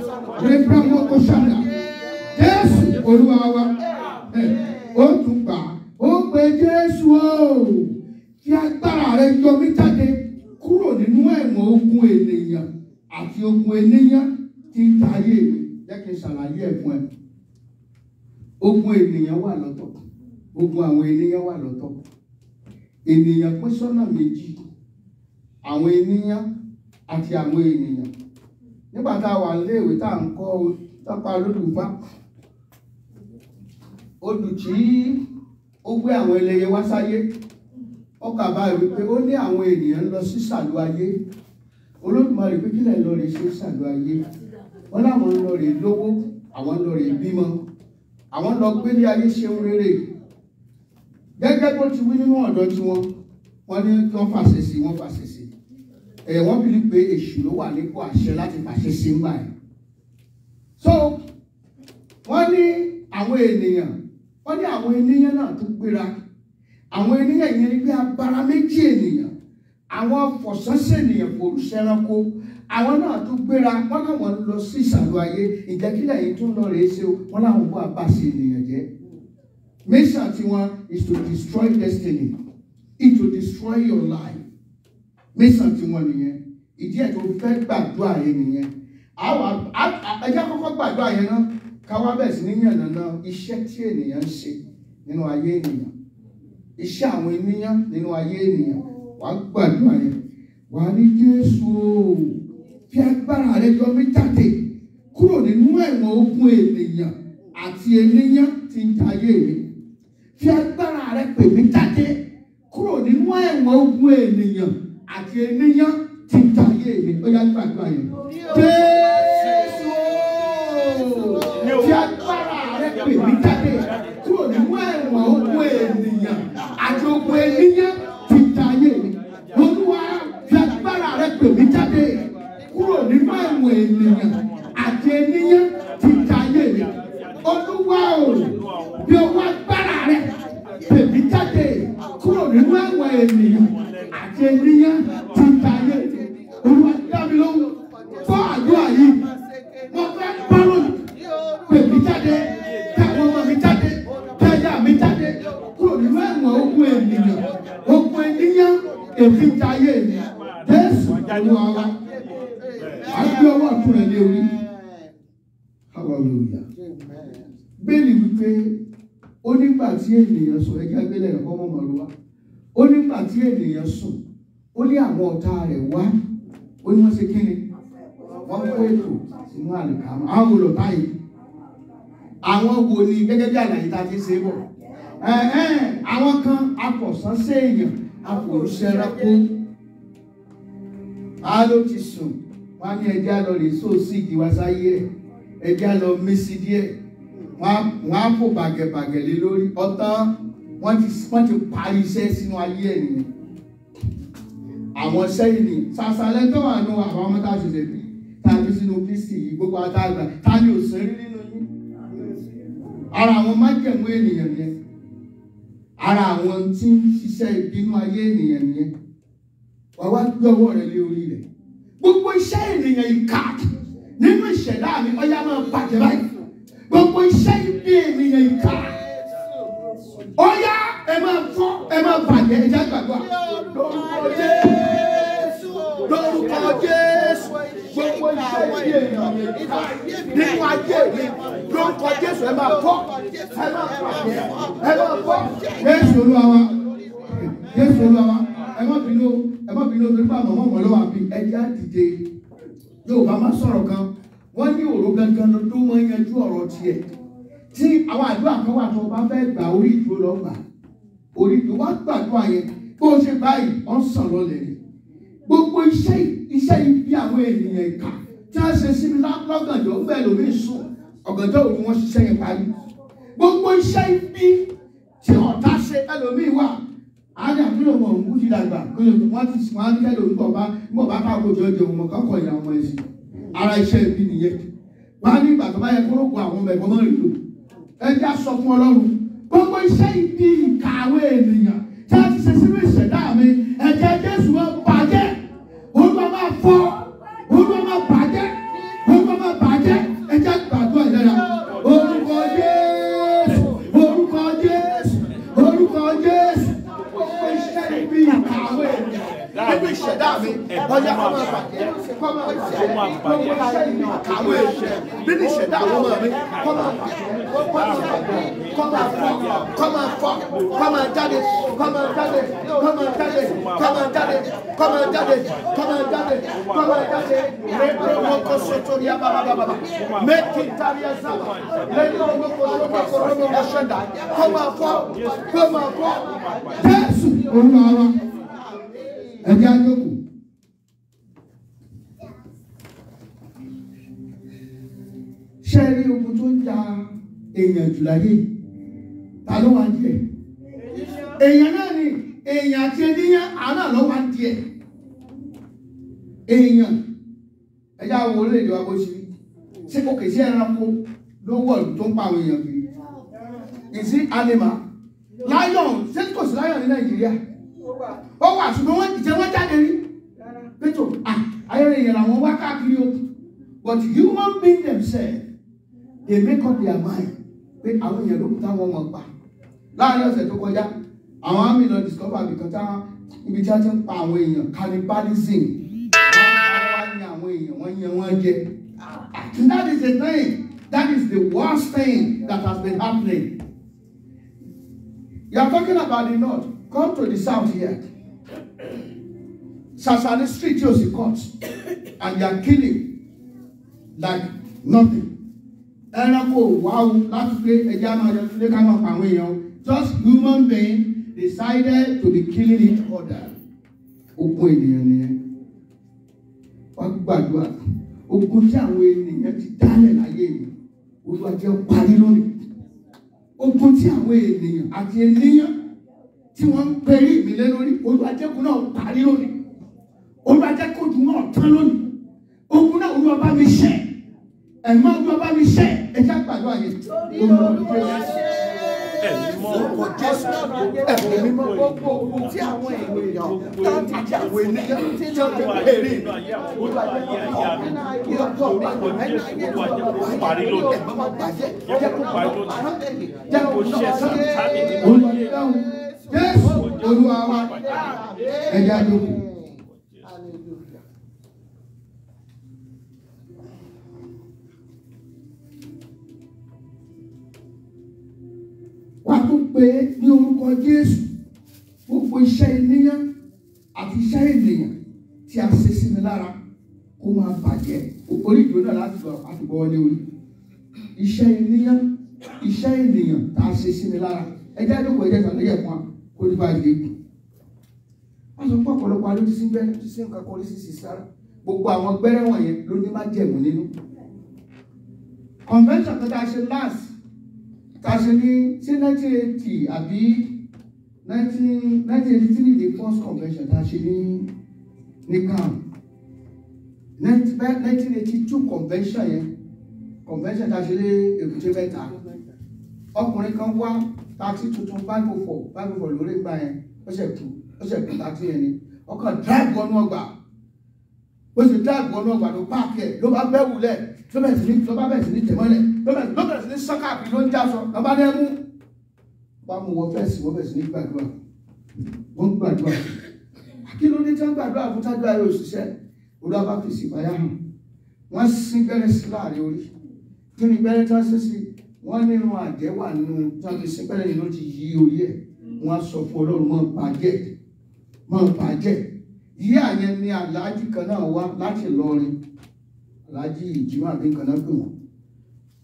re promo koshanda Jésù Olúwa wa ó tún gbà ó pe Jésù o kí agbára rẹ yọ mí jáde kúrò nínú ẹ̀wọ̀n ogun ènìyàn àti ogun eléyàn tí ń ta ayé mi jẹ́ kí n ṣàlàyé ẹ̀ fún ẹ. ogun ènìyàn wà lọ́tọ̀ ogun àwọn eléyàn wà lọ́tọ̀ ènìyàn pín sọ́nà méjì àwọn eléyàn àti àwọn ènìyàn nígbà tá a wà léèwé tá à ń kọ́ tọ́pa olólùfà olùtí ó gbé àwọn eléyè wá sáyé ó kà báyìí wípé ó ní àwọn ènìyàn ń lọ sí sàlú ayé olódùmarè pé kílẹ̀ lọ rè ṣe sàlú ayé wọn láwọn ń lọ rè lówó àwọn ń lọ rè bímọ àwọn ń lọ gbélé ayé ṣeun rere gẹ́gẹ́ bó ti wí nínú ọ̀dọ́ tiwọn wọ́n ní kí wọ́n fàṣẹ sí wọ́n fàṣẹ sí ẹ̀ wọ́n bìlí pé èṣù ló wà nípò àṣẹ láti fàṣẹ sí ń báyìí so wọ́n ní àwọn ènìyàn wọ́n ní àwọn ènìyàn náà tún gbéra àwọn ènìyàn yẹn ni pé abara méjì ènìyàn àwọn afọ̀sánsẹ́ ènìyàn forúsẹ́ranko àwọn náà tún gbéra wọn làwọn ń lọ sí ìsàlù ayé ìjẹ́kílẹ̀ yìí tún lọ rèé ṣe wọn làwọn bó abáṣe ènìyàn jẹ́ mission tiwọn is to destroy destiny is to destroy your life mission tiwọn nìyẹn ìdí ẹ̀ tó fẹ́ gbàdúrà yẹn nìyẹn ẹjẹ́ kọ́kọ́ gbàdúrà yẹn náà káwá bẹ̀ sí ní yànnàná iṣẹ́ tí ènìyàn ń ṣe nínú ayé ènìyàn iṣẹ́ àwọn ènìyàn nínú ayé ènìyàn wà á gbàdúrà yẹn wà á ní Jésù fi agbára rẹ yọ mí jáde kúrò nínú ẹ̀wọ̀n ogun ènìyàn àti ènìyàn tí ń tayé mi fi agbára rẹ pè mí jáde kúrò nínú ẹ̀wọ̀n ogun ènìyàn àti ènìyàn tí ń tayé mi ó yá gbàdúrà yẹn. ogun ènìyàn ti ja ayé mi olúwa fi agbára rẹ pè mí jáde kúrò nínú ẹ̀wọ̀n ènìyàn àti ènìyàn ti ja ayé mi olúwa o bí owó agbára rẹ pè mí jáde kúrò nínú ẹ̀wọ̀n ènìyàn àti ènìyàn ti ja ayé mi olúwa dá mi lóhùn. yíyán èfi jẹ ayé mi Jésù Olúwa wa àgbẹ̀ ọwọ́ àtúrẹ lé orí hallelujah bẹ́ẹ̀ni wípé ó tí ènìyàn sùn ẹjẹ agbélẹ ẹkọ mọmọlú wa ó tí ènìyàn sùn ó ní àwọn ọ̀tá rẹ̀ wá ó ní wọ́n ṣe kí ni wọ́n kó ètò sínú àlùkámọ́ àwọn olùtá yìí àwọn wo ni gẹ́gẹ́ bí àlàyé ta ti ṣe bọ̀ àwọn kan akọ̀sán séèyàn akòrúsẹ́rákú á ló ti sùn wọ́n á ní ẹjẹ́ á lọ rè so síìkì wá sáyé ẹ̀ ẹjẹ́ á lọ mí sí díẹ̀ wọ́n á fò bàgẹ̀bàgẹ̀ lé lórí ọ̀tán wọ́n ti parí iṣẹ́ sínú ayé ẹ̀ nìyẹn àwọn sẹ́yìn ni sàṣàlẹ̀ tó wà nù àwọn ọmọ tá a ṣẹ̀ṣẹ̀ bí tá a fi kristi yìí gbogbo àtàgbà tá a ní òṣèré nínú yín ara àwọn májẹ̀mú ènìyàn yẹn ara àwọn tí ń ṣiṣẹ́ ìbínú ayé ènìyàn nìyẹn wà wá gbé ọwọ́ rẹ lé orí rẹ gbogbo iṣẹ́ ènìyàn ìka nínú ìṣẹ̀dá mi ọyá máa bàjẹ́ báyìí gbogbo iṣẹ́ ibi ènìyàn ìka ọyá ẹ máa fọ́ ẹ máa bàjẹ́ ẹ jẹ́ gbàgbọ́ lórúkọ Jésù lórúkọ Jésù gbogbo iṣẹ́ ìdí èèyàn nínú ayé mi ló ń kọ Jésù ẹ máa bọ́ ẹ máa pàdé ẹ máa bọ́. Jésù Olúwa wa Jésù Olúwa wa ẹ má bínú ẹ má bínú torí pàmò wọn mọ̀ lọ́wọ́ àbí ẹja dìde Yorùbá má sọ̀rọ̀ kan wọ́n ní òró gangan ló mọ yanjú ọ̀rọ̀ tiẹ̀ tí àwọn àdúrà kan wà tó o bá fẹ́ gbà orí ìdúró lọ gbà orí ìdúró wá gbàdúrà yẹn bó o ṣe báyìí ọ̀ ń sàn lọlẹ̀ gbogbo iṣẹ́ iṣẹ́ ibi àwọn ènìyàn ìka tí wọ́n ṣe sí lọ́gànjọ́ bẹ́ẹ̀ lómi sùn ọ̀gànjọ́ òní wọ́n ṣiṣẹ́ yẹn parí gbogbo iṣẹ́ ibi tí ọ̀tá ṣe ẹlòmíì wà àyà kí ló mọ̀ ti dàgbà kí wọ́n ti sùn wọ́n á ní kẹ́lò bá ń bọ̀ bá káwọn kọ́kọ́ ìyá ọmọ ẹ̀sìn ara iṣẹ́ ibi nìyẹn wọ́n ní ìgbà tó bá yẹ kó àwọn ọmọ ẹ̀kọ́ mọ́ rìn lò ẹja sọ fún ọlọ́run gbogbo iṣẹ́ ibi ìka àwọn ènìyàn tí a ti ṣe sínú ìṣẹ̀dá mi ẹjẹ́ Come àkàwé ẹ̀ṣẹ̀ bí ní ìṣẹ̀dá àwọn ọmọ mi come on, fọ́ kọ́ máa fọ́ come on, jáde kọ́ máa jáde come on, jáde kọ́ máa jáde come on, jáde kọ́ máa jáde kọ́ máa jáde lẹ́gbẹ̀ẹ́ wọn kọ́ sọ́tò ní abábábábá mẹ́kì tàbí ẹ̀sà lẹ́gbẹ̀ẹ́ wọn kọ́ sọ́tò come on, ọ̀ṣẹ́dá kọ́ máa fọ́ kọ́ máa fọ́ jésù olúwa wa ẹ̀jẹ̀ á jókòó. ṣé rí ogun tó ń ja èèyàn jù láyé ta ló wà ń èèyàn náà ni èèyàn àti ẹdínyàn àná ló wà ń díẹ̀ èèyàn ẹjá wo orílẹ̀-èdè wa bó ṣe rí ṣé kò kè sí ẹranko ló wọ̀ tó ń pa àwọn èèyàn kiri ìsí alema lion ṣé kò sí lion ní nàìjíríà ó wà ṣùgbọ́n wọ́n ìjẹ́ wọ́n jáde rí pẹ̀tọ̀ ayẹyẹ ìyẹn làwọn wá káàkiri o but human being themselves they make up their mind pé àwọn èèyàn ló kù táwọn wọn pa láàárín ọ̀sẹ̀ tó kọjá àwọn àmì lọ discover àbìkan táwọn ibi tí a ti ń pa àwọn èèyàn cannibalism wọ́n ń yan àwọn èèyàn wọ́n yan wọ́n jẹ that is the thing that is the worst thing that has been happening you are talking about the north come to the south here Sasani street yóò sì cut and they are killing like nothing ẹranko wáwu láti pé ẹja máa yọ sílé ká máa pa àwọn èèyàn just human being decided to be killing each other ogun ènìyàn nìyẹn wọ́n gbàdúrà ogun tí àwọn ènìyàn ti dálẹ̀ láyé mi olúwa jẹ́ parí lónìí ogun tí àwọn ènìyàn àti ènìyàn tí wọ́n ń pẹ̀lú ìmìlẹ̀ lórí olúwa jẹ́ kó náà parí lónìí olúwa jẹ́ kó dùn náà tán lónìí ogun náà olúwa bá mi ṣẹ́ ẹ̀mọ́ tó bá mi ṣe ẹ jẹ́ àgbàdo àyè. Orúkọ Jésù ẹ̀mọ́ mímọ́ gbogbo ogun tí àwọn ènìyàn láti jẹ́ àwọn ènìyàn tí wọ́n ti bèèrè olùwàjẹ́kọ̀ọ́ olùwàjẹ́kọ̀ọ́ parí ló dé jẹ́kọ̀ọ́ parí ló dé jẹ́kọ̀ọ́ ṣe sáà tábìlì ló dé. Jésù Olúwa wa ẹ̀yà lókun. pè é ní orúkọ Jésù gbogbo iṣẹ́ ènìyàn àti iṣẹ́ ènìyàn tí a ṣe sí mi lára kó máa bàjẹ́ orí náà láti lọ àtúbọ̀ wọlé orí iṣẹ́ ènìyàn iṣẹ́ ènìyàn tá a ṣe sí mi lára ẹjẹ́ àdókò ẹjẹ́ tàn lẹ́yẹ̀ kan kó ní bá a lè kù. wọ́n sọ pé ọ̀pọ̀lọpọ̀ alójú sí bẹ́ẹ̀ tó sí nǹkan kan orí sísè sára gbogbo àwọn gbẹ́rẹ́ wọ̀nyẹn ló ní má jẹ̀mú nínú. convention kan tá a ṣe last tàṣe ní sí 1980 àbí 1983 the first convention tàṣe ní ní CAN 1982 convention yẹn convention tàṣe lé èkúté mẹ́ta ọkùnrin kan wá taxi tuntun five oh four five oh lórí gbà yẹn ó ṣe kú ó ṣe kú taxi yẹn ni ọkàn drive wọnú ọgbà ó ṣe drive wọnú ọgbà ló páàkì ẹ ló bá bẹ́ wulẹ̀ ló bẹ̀ sí ní tẹ̀mọ́lẹ̀ lọ́bẹ̀rẹ̀ sí ní sọ́kà àbí ló ń já sọ lọ́ba ní ẹmú wọ́n mú wọ́n fẹ́ẹ́ sí wọ́n fẹ́ẹ́ sí ní gbàdúrà wọ́n gbàdúrà kí ló ní tí wọ́n gbàdúrà fún tájú ayé òṣìṣẹ́ olú abá fi sì báyà hàn wọ́n sín gbẹ́rẹ́ sí láàrin orí kí ni gbẹ́rẹ́ tí wọ́n sín sí wọ́n nínú àjẹ́ wà nínú tí wọ́n fi yìí ló ti yí orí ẹ̀ wọ́n sọ fún ọlọ́run mọ́ bàjẹ́ mọ́ bàjẹ́ yí àyẹn ni aláàjì kan náà wá láti lọrin aláàjì ìjímọ̀ àbí nǹkan náà pè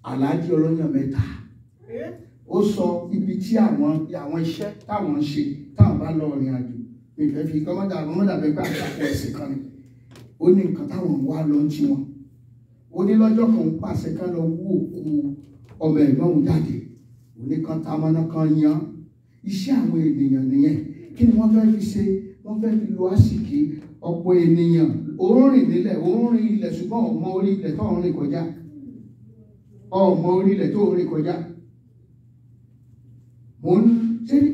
aláàjì olóyàn mẹ́ta ó sọ ibi tí àwọn àwọn iṣẹ́ táwọn ń ṣe táwọn bá lọ rìn àjò mi fẹ́ fi kọ́mọ́dà kọ́mọ́dà bẹ́ẹ̀ bá àpapọ̀ ẹ̀sìn kan ni ó ní nǹkan táwọn ń wá lọ ń ti wọn ó ní lọ́jọ́ kan ń pàṣẹ ká lọ wú òkú ọmọ ẹ̀gbọ́n òun jáde oníkan tamọ́nà kan yan iṣẹ́ àwọn ènìyàn nìyẹn kí ni wọ́n fẹ́ fi ṣe wọ́n fẹ́ fi lo àsìkí ọ̀pọ̀ ènìyàn òórùn nílẹ̀ òórùn ilẹ̀ ṣùgbọ́n ọmọ orí ilẹ̀ tó ń rìn kọjá ọmọ orílẹ̀ tó rìn kọjá mò ń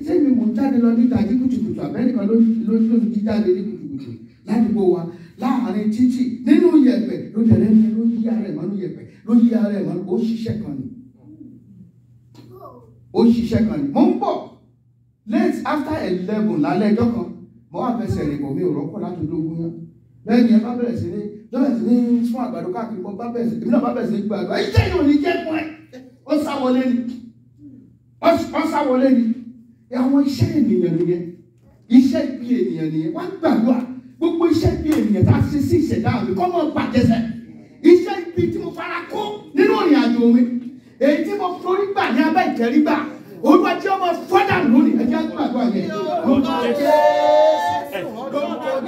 sẹ́mi mò ń jáde lọ níta ní kùtùkùtù amẹ́ríkà ló ló ń jíjáde ní kùtùkùtù ládùúgbò wa láàárín títì nínú yẹ̀pẹ̀ ló tẹ̀lé ní ló yí ara ẹ̀ mọ́nú yẹ̀pẹ̀ ló yí ara ẹ̀ mọ́nú ó ṣiṣẹ́ kan ni ó ṣiṣẹ́ kan ni mò ń bọ̀ late after eleven lálẹ́ ẹjọ́ kan mo wà fẹsẹ̀ rìn bọ̀ mi ò rọ́pò láti ológun náà bẹ́ẹ̀ ni ẹ bá bẹ̀rẹ̀ sí ní lọ́wọ́ sì ní fún àgbàdo káàkiri mọ́ bá bẹ̀rẹ̀ sí èmi náà bá bẹ̀rẹ̀ sí gba àgbà ìjẹ́ yìí ò ní jẹ́ fún ẹ ó sá wọlé ni ó sá wọlé ni àwọn iṣẹ́ ènìyàn nìyẹn iṣẹ́ bí ènìyàn nìyẹn wá gbàdúrà gbogbo iṣẹ́ bí ènìyàn tá a ṣe sí ìṣẹ̀dá mi kọ́ mọ́ pàjẹsẹ̀ iṣẹ́ ibi tí mo fara kó nínú ìrìn àjò mi èyí tí mo forí gbà ní abẹ́ ìtẹ̀rígbà olùwàjẹ́ ọmọ fọ́dà lónìí ẹ̀jẹ̀ àgbàdo àyẹ̀ lójú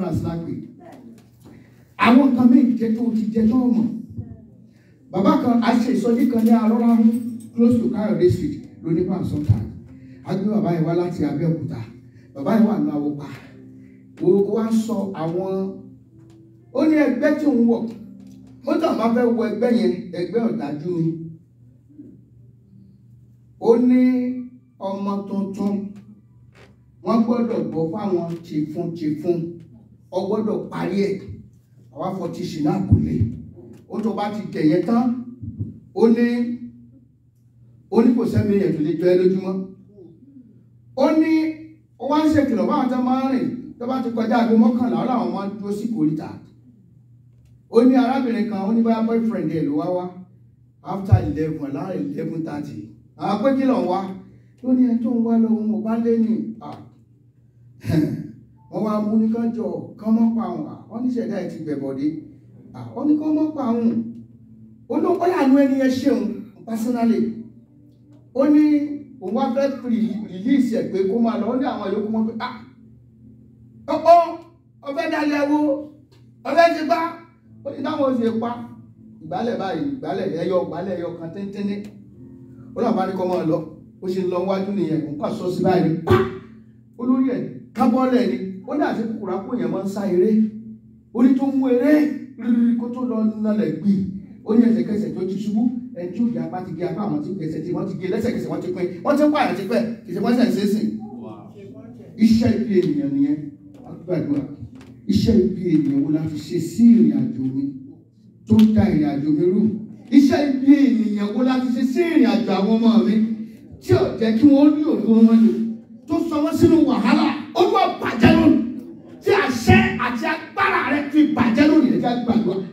france lágbè àwọn nǹkan méjì jẹ tó ti jẹ tó mọ̀ bàbá kan a ṣe ìsọjí kan ní arọ́láhùn close to Kayode street lónípa sọ́tà a gbé bàbá yẹn wá láti abẹ́òkúta bàbá yẹn wà ní awọ́pa orúkọ wa ń sọ àwọn ó ní ẹgbẹ́ tí òun wọ̀ ó tàn máa fẹ́ wọ ẹgbẹ́ yẹn ẹgbẹ́ ọ̀dájú ni ó ní ọmọ tuntun wọ́n gbọ́dọ̀ gbọ́ fáwọn tìfun tìfun o gbọ́dọ̀ parí ẹ̀ àwa fọtí ṣì náà kò lè ó tó bá ti tẹ̀yẹ tán ó ní ó ní kò sẹ́mi yẹn tó lè jọ ẹ lójúmọ́ ó ní ó wá ń ṣèkìlọ̀ báwọn tó máa ń rìn tó bá ti kọjá aago mọ́kànlá ó láwọn máa ń dúró sí kòríta ó ní arábìnrin kan ó ní báyà boyfriend ẹ̀ ló wá wá after eleven láàrin eleven thirty àwọn pé kí ló wá ló ní ẹni tó ń wá lọ́wọ́ mo bá lé ní wọ́n wá mú nìkan jọ kán mọ́ pa àwọn àwọn oníṣẹ̀dá ẹ̀ ti gbẹ̀bọ̀dé àwọn nìkan mọ́ pa àwọn olóńgbò yàánú ẹni yẹn ṣeun personally ó ní òun wá fẹ́ rìlíìsì ẹ̀ pé kó máa lọ ó ní àwọn yòókù mọ́ pé ah ọ̀pọ̀ ọ̀fẹ́ dalẹ̀ wo ọ̀fẹ́ ti gbá ó ní táwọn ṣe pa ìgbálẹ̀ báyìí ìgbálẹ̀ ẹyọ ìgbálẹ̀ ẹyọ kan téńténé ó náà bá ní kọ́ máa lọ ó ṣe lọ wájú nìyẹn nǹkan sọ sí báyìí pa olórí ẹ̀ kábọ́ọ̀lẹ̀ ó ní àti kúrakú yẹn máa ń sá eré ó ní tó mú eré rírí kó tó lọ nalẹ̀ gbì ó ní ẹsẹ̀kẹsẹ̀ tó ti ṣubú ẹni tí ó yà apá ti gé apá àwọn tí ẹsẹ̀ tí wọ́n ti gé lẹ́sẹ̀kẹsẹ̀ wọ́n ti pín wọ́n ti pààyàn ti pẹ́ kì í ṣe wọ́n ṣe é sìn. iṣẹ́ ibi ènìyàn nìyẹn gbàdúrà iṣẹ́ ibi ènìyàn wo la fi ṣe sí ìrìn àjò mi tó ń da ìrìn àjò mi rú iṣẹ́ ibi ènìyàn wo la fi ṣe sí ìrìn àjò àwọn ọmọ mi tí ò jẹ́ kí wọ́n rí òkú wọn ni tó sọ wọ́n sínú wàhálà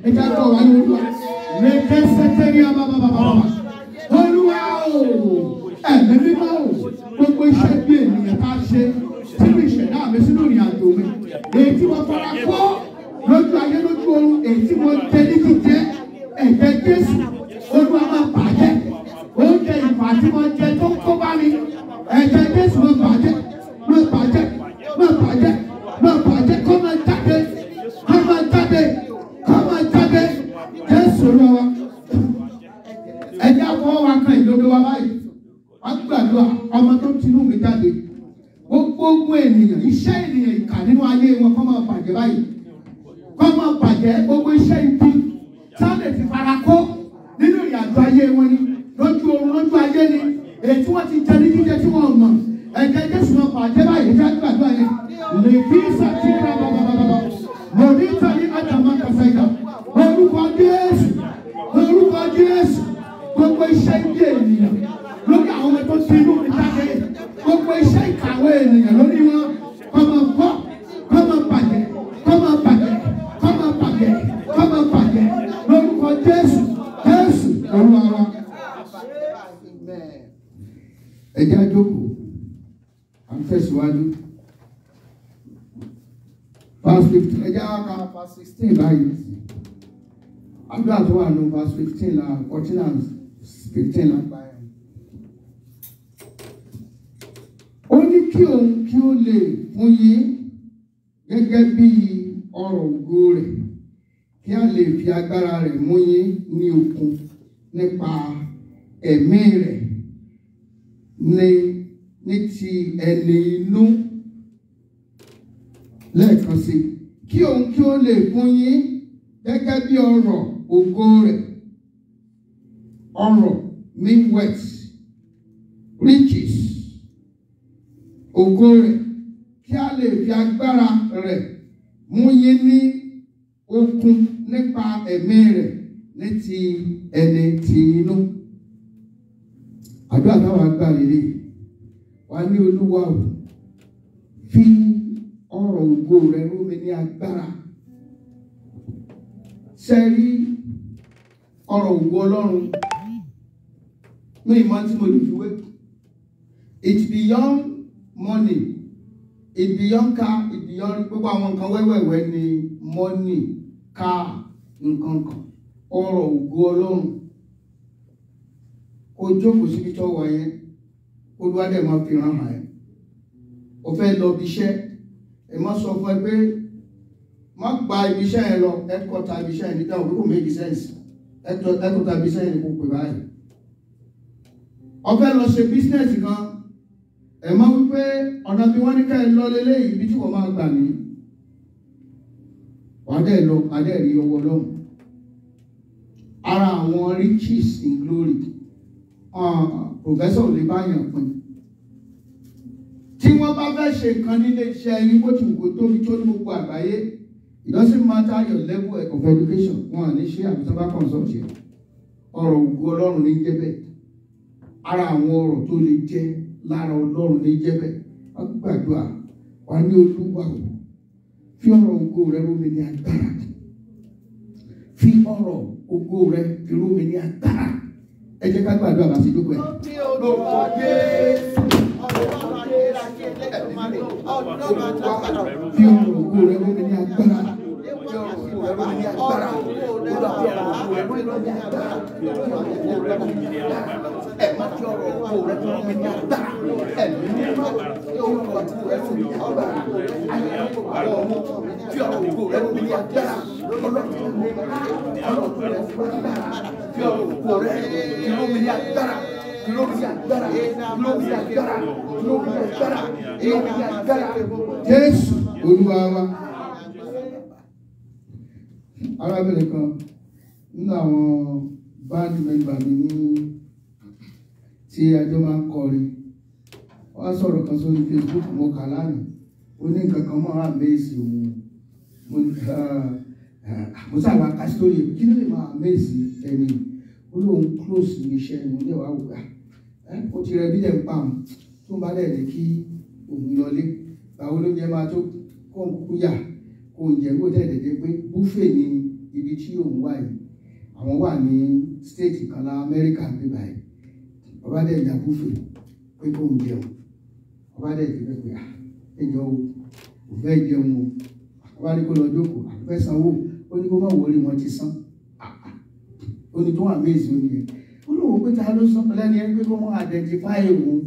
ẹja tó wà ní olúwa lẹkẹ sẹtẹrì abábábábá olúwa o ẹ̀mí mímọ́ o gbogbo iṣẹ́ bí ènìyàn ká ṣe sínú ìṣẹ̀dá mi sínú ìrìn àjò mi èyí tí mo fara kọ lójú ayé lójú oorun èyí tí mo jẹ ní jíjẹ ẹ̀jẹ̀ Jésù olúwa máa bàjẹ́ oúnjẹ ìfà tí mo jẹ fifteen lágbá ẹ̀. ó ní kí òun kí ó lè fún yín gẹ́gẹ́ bí ọrọ̀ ògo rẹ̀ kí a lè fi agbára rẹ̀ mú yín ní okun nípa ẹ̀mí rẹ̀ ní ní ti ẹni inú lẹ́ẹ̀kan sí kí òun kí ó lè fún yín gẹ́gẹ́ bí ọrọ̀ ògo rẹ̀ ọrọ̀ ní wealth riches ògo rẹ̀ kí a lè fi agbára rẹ̀ mú yín ní okun nípa ẹ̀mí rẹ̀ ní ti ẹni ti inú. àdúrà táwọn agbára rèé wà ní olúwa o fi ọrọ̀ ògo rẹ̀ rú mi ní agbára ṣe rí ọrọ̀ ògo ọlọ́run. No ìmọ̀ tí mo lè it beyond money it beyond car it beyond gbogbo àwọn nǹkan wẹ́wẹ́wẹ́ ni money car nǹkan kan ọrọ̀ ògo ọlọ́run kò jókòó síbi tó wà yẹn olúwadẹ̀ máa fi ràn án ò fẹ́ lọ bí iṣẹ́ ẹ má sọ fún ẹ pé má gba ibi iṣẹ́ yẹn lọ ẹ kọta ibi iṣẹ́ yẹn nígbà òkú méjì sẹ́ǹsì ẹ kọta ibi iṣẹ́ yẹn kò pè báyìí ọfẹ́ lọ ṣe bísínẹ́sì kan ẹ̀ mọ́ wípé ọ̀nà bí wọ́n ní ká ẹ lọ lélẹ́yìí ibi tí wọ́n máa gbà ní wàá dẹ̀ lọ adẹ́ rí owó ọlọ́run ara àwọn riches in glory professor lè bá yàn pin tí wọ́n bá fẹ́ ṣe nǹkan nílé iṣẹ́ yín bó ti wù kó tóbi tó ní gbogbo àgbáyé it doesn't matter your level of education wọn à ní ṣe àbí tó bá consult yẹn ọ̀rọ̀ ògùn ọlọ́run ní jẹ́ bẹ́ẹ̀ ara àwọn ọ̀rọ̀ tó lè jẹ́ lára ọlọ́run lè jẹ́ bẹ́ẹ̀ wọ́n gbàdúrà wà ní olúwa o fi ọ̀rọ̀ ògo rẹ rú mi ní agbára fi ọ̀rọ̀ ògo rẹ rú mi ní agbára ẹ jẹ́ ká gbàdúrà bá ti dúpẹ́. lórúkọ Jésù fi ọ̀rọ̀ ògo rẹ rú ní agbára agbára ẹ má fi ọ̀rọ̀ òkú rẹ tó ọmọ ẹni àgbà ẹni mímọ́ orúkọ tí rẹ fi ọba ayé àwọn ọmọ fi ọ̀rọ̀ òkú rẹ tó ní agbára ọlọ́run mi ọlọ́run rẹ fi ọba fi ọ̀rọ̀ òkú rẹ tó ní agbára lórí agbára lórí agbára lórí agbára lórí agbára Jésù Olúwa wa arábìnrin kan nínú àwọn báńdì mẹ́gbàá mi ní tí ajọ́ máa ń kọrin wá sọ̀rọ̀ kan sórí Facebook mo kà lánàá ó ní nǹkan kan máa àmẹ́sì òun ah, ah, mo sábà ka sítórí kí ló lè máa àmẹ́sì ẹni ó lóun close ní iṣẹ́ ìwọ̀n lè wá wùdà ah, eh, ó ti rẹ bí lè ń pa òun tó ń bá lẹ̀ ní kí òun lọlé báwo ló jẹ́ máa tó kó ń kú kó ń jẹ́ kó tẹ̀lé pé búfẹ́ ni ibi tí òun wà yìí àwọn wà ní stéètì kan lá Amẹ́ríkà bíbá yìí ọba dẹ̀ ìjà kúfè pé kò ń jẹun ọba dẹ̀ ìjẹ́ pé ẹjọ́ o kò fẹ́ jẹun o ọba ní kó lọ jókòó àfẹ́ ah, sanwó ó ní kó má wọlé wọn ti san ah, ah. ó ní tó wà méjì ó nìyẹn ó lóun pé ta ló sọ lẹ́ni ẹni pé kó mọ́ identify òun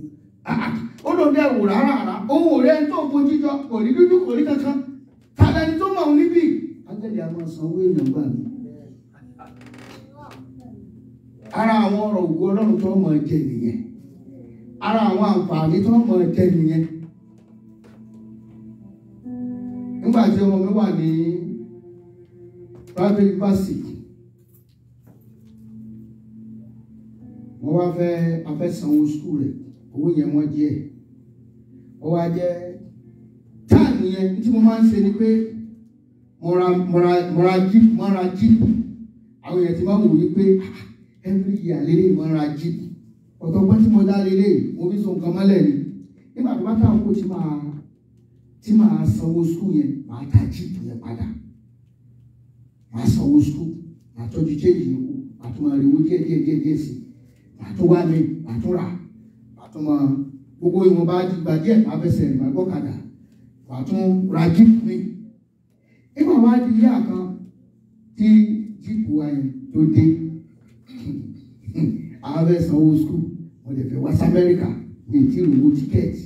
ó lóun dẹ̀ wò rárá rárá òun ò rẹ́ tó bójú jọ kò rí dúdú kò rí kankan tàbí ẹni tó mọ̀ òun níbí. ángẹ́lì a máa sanwó èèyàn gbà mí ara àwọn ọ̀rọ̀ ògo ọlọ́run tó mọ̀ jẹ nìyẹn ara àwọn àǹfààní tó mọ̀ jẹ nìyẹn nígbà tí ọmọ mi wà ní private university mo wá fẹ́ afẹ́sanwó school rẹ̀ owó yẹn wọ́n díẹ̀ ó wá jẹ́ tí mo máa ń ṣe ni pé mo ra mo ra every year lélẹ̀ ìmọ̀ra jeep ọ̀tọ̀ pẹ́ tí mo dá lélẹ̀ mo fi so nǹkan mọ́lẹ̀ ni nígbà tó bá tà kó tí máa tí máa sanwó school yẹn máa ta jeep yẹn padà máa sanwó school máa tọ́jú change yẹn kú máa tún máa rewó díẹ̀ díẹ̀ díẹ̀ díẹ̀ sí máa tún wá mi máa tún rà máa tún máa gbogbo ìwọ̀nba ìgbà díẹ̀ máa fẹsẹ̀ rìn máa gbọ́kadà máa tún ra jeep mi nígbà wá di yíyà kan tí jíìpù wa yẹn tó dé fẹ́ sanwó skul mo lè fẹ́ wá sí amẹ́ríkà ní ti ah, ìròwó tíkẹ́ẹ̀tì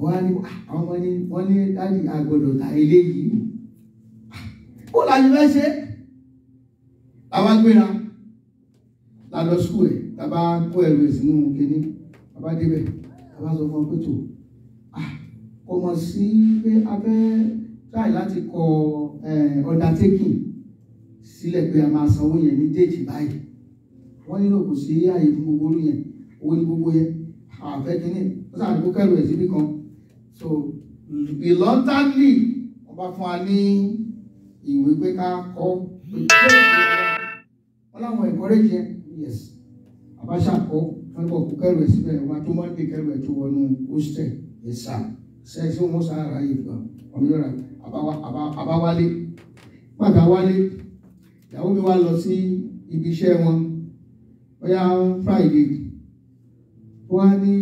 wọ́n á ní ọmọ ní wọ́n ní dájú àgbọ̀dọ̀ ta eléyìí ah, ó láyé fẹ́ ṣe làwọn gbéra la lọ skul ẹ̀ tàbá kó ẹrù ẹ̀ sínú kínní bàbá débẹ̀ bàbá sọ fún ọ ah, kò mọ̀ sí pé abẹ́ try láti kọ eh, undertaking sílẹ̀ pé a máa sanwó yẹn ní déètì báyìí wọ́n nínú kò sí ààyè fún gbogbo orí yẹn owó ní gbogbo yẹn àfẹ́ kínní wọ́n sàn àdúgbò kẹrù ẹ̀ síbì kan so reluctantly wọ́n bá fún wa ní ìwé pé ká kọ́ wọ́n láwọn encourage yẹn yes àbáṣà kọ́ wọ́n bọ̀ kó kẹrù ẹ̀ síbẹ̀ wọ́n tó máa ń gbé kẹrù ẹ̀ tó wọnú hostel yẹn sà sẹ́yìn tí wọ́n sàn àrà yìí fún wa ọmọ yóò rà àbáwálé pàtàwálé ìyàwó mi wá lọ sí ibi iṣẹ́ wọn bóyá friday wá ní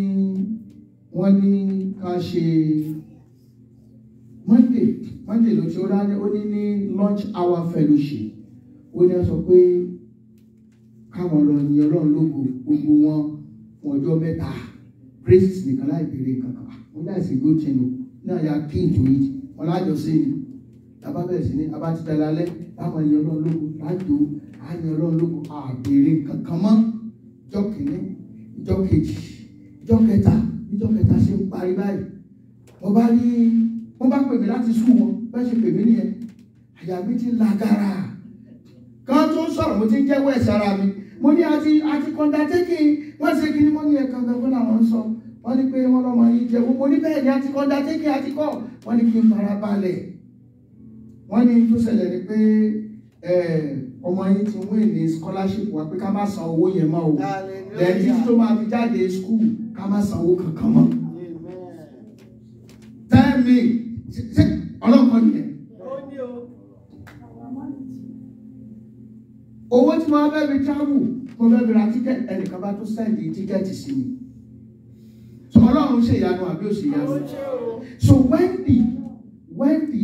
wọ́n ní ká ṣe monday monday ló ti ó dání ó ní ní lunch hour fellowship ó ní sọ pé káwọn lọ yin ọlọ́run lógo gbogbo wọn fún ọjọ́ mẹ́ta praise nìkan láì béèrè kankan wọ́n dá ìsìn good thing o náà yà kí n tó yìí wọn lájọsí ni tábà bẹ̀rẹ̀ sí ní abá ti dalẹ̀ láwọn yin ọlọ́run lógo lájò á yin ọlọ́run lógo àbèrè kankan mọ́ ìjọ kìíní ìjọ kejì ìjọ kẹta ìjọ kẹta ṣe ń parí báyìí wọ́n bá ní wọ́n bá pè mí láti sùn wọn bẹ́ẹ̀ ṣe pè mí nìyẹn àyà mi ti lágara kan tó ń sọ̀rọ̀ mo ti ń jẹ́wọ́ ẹ̀ṣẹ̀ ara mi mo ní àti àti kọ́ńdàtẹ́kì wọ́n ṣe kí ni mo ní ẹ̀kan gbẹ̀gbẹ́ làwọn ń sọ wọ́n ní pé wọ́n lọ́mọ yìí jẹ́ gbogbo níbẹ̀ ni àti kọ́ńdàtẹ́kì àti kọ́ wọ́n ní kí n fara balẹ̀ wọ́n ní tó ṣẹlẹ̀ ni pé ẹ̀ẹ́ ọmọ yín ti win ní scholarship wa pé ká má san owó yẹn mọ́ o lẹ́yìn títí tó máa fi jáde school ká má san owó kankan mọ́. tẹ́ẹ̀mì ṣe ọlọ́kan nìyẹn. owó tí wọ́n fẹ́ fi travel mo fẹ́ fi ra tíkẹ́ẹ̀tì ẹnìkan bá tó sẹ́ẹ̀dì tíkẹ́ẹ̀tì sí mi. so ọlọ́run ṣe ìyanu àbí ò ṣe ìyanu. so when the when the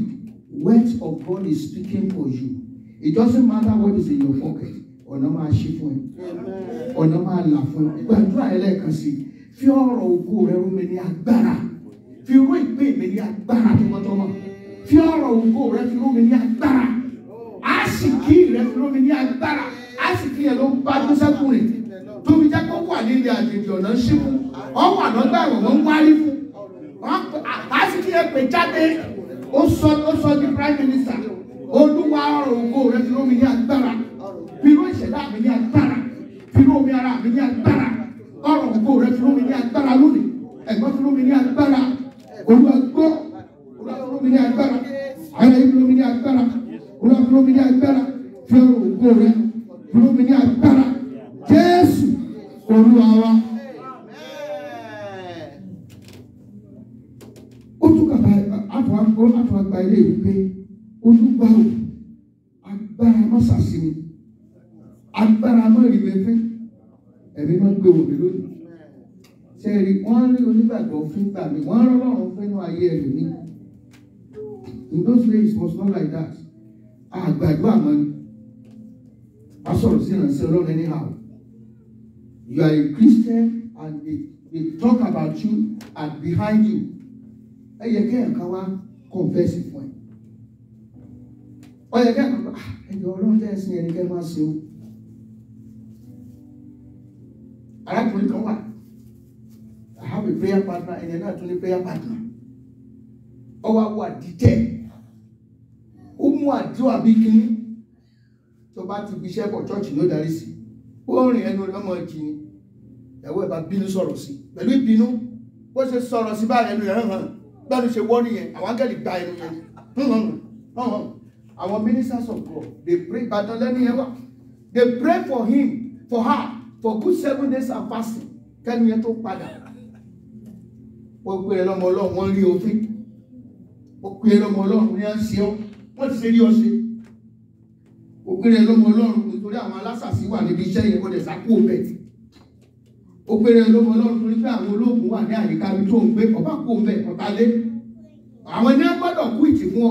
word of God is speaking for you. It doesn't matter what is in your pocket. Ọ̀nà máa ṣí fún ẹ. Ọ̀nà máa là fún ẹ. Gbàdúrà ẹlẹ́ẹ̀kan sí i. Fi ọ̀rọ̀ ògo rẹ rú mi ní agbára. Fi rú ìpè mi ní agbára tọmọtọmọ. Fi ọ̀rọ̀ ògo rẹ fi rú mi ní agbára. Àṣìkí rẹ fi rú mi ní agbára. Àṣìkí yẹn ló ń bá Jósẹ́kùnrin. Tóbi jẹ́ kó wà nílé àjèjì ọ̀nà ṣí fún. Ọ̀wọ̀ àná gbà ìwọ̀n ń wárí fún. Àṣìkí yẹn pè jáde. Ó sọ ó sọ di prime minister olúwa ọrọ̀ ògo rẹ fi lómi ní agbára fi ló ìṣẹ̀dá mi ní agbára fi lómi ara mi ní agbára ọrọ̀ ògo rẹ fi lómi ní agbára lónìí ẹ̀gbọ́n fi lómi ní agbára olúwa gbọ́ olúwa fi lómi ní agbára ayé fi lómi ní agbára olúwa fi lómi ní agbára fi ọrọ̀ ògo rẹ fi lómi ní agbára jésù olúwa wa. ó tún kàkà àtọ̀ àgbà ilé ìwé pé olúgbàwò agbára má ṣàṣì mi agbára má rí mi fẹ́ ẹ̀mí má gbé wò mí lónìí sẹ́ẹ̀rì wọ́n rí onígbàgbọ́ fún gbà mí wọ́n rán ọlọ́run fẹ́nu ayé ẹ̀mí in those days it was not like that àgbàdo àmọ́ ni a sọ̀rọ̀ sí ìrànṣẹ́ ọlọ́run anyhow you are a Christian and they they talk about you and behind you ẹ yẹ kẹ́yìn ká wá confess it ọyẹ kẹ ẹjọ Ọlọ́run tẹ ẹsìn ẹni kẹ máa ṣe o arákùnrin kan wà I have a prayer partner ẹni náà tún ní prayer partner ọwọ awọ àdìtẹ ó mú àdúrà bí kíní tó bá ti fi iṣẹ́ bọ̀ chọ́ọ̀chì ló darí sí ó rìn ẹnu rẹ̀ ọmọ jì ní ẹ̀wọ́ ẹ̀ bá bínú sọ̀rọ̀ sí pẹ̀lú ìbínú bó ṣe sọ̀rọ̀ sí báyìí ẹnu rẹ̀ hàn bẹ́ẹ̀ ló ṣe wọ́ nìyẹn àwọn áńgẹ́lì gba ẹnu yẹn hàn hàn hàn hàn. Our ministers of God, they pray, but let Bartolome Ewa, they pray for him, for her, for good seven days and fasting. can we talk Kẹ́ni yẹn tó padà. Wọ́n pe ẹ̀rọ ọmọ ọlọ́run, wọ́n rí òfin. Wọ́n pe ẹ̀rọ ọmọ ọlọ́run, ní à ń ṣe ọ́. Wọ́n ti ṣe rí ọ ṣe. Òpèrè lọ́mọ ọlọ́run nítorí àwọn alásàsí wà níbi bed. What kọ́dẹ̀ sákú òbẹ̀. Òpèrè lọ́mọ ọlọ́run torí pé àwọn olóògùn wà ní àyíká mi tó ń gbé ọba kú òbẹ̀ ọ̀tá lé. Àwọn ẹni gbọ́dọ̀ kú ìtì fún ọ.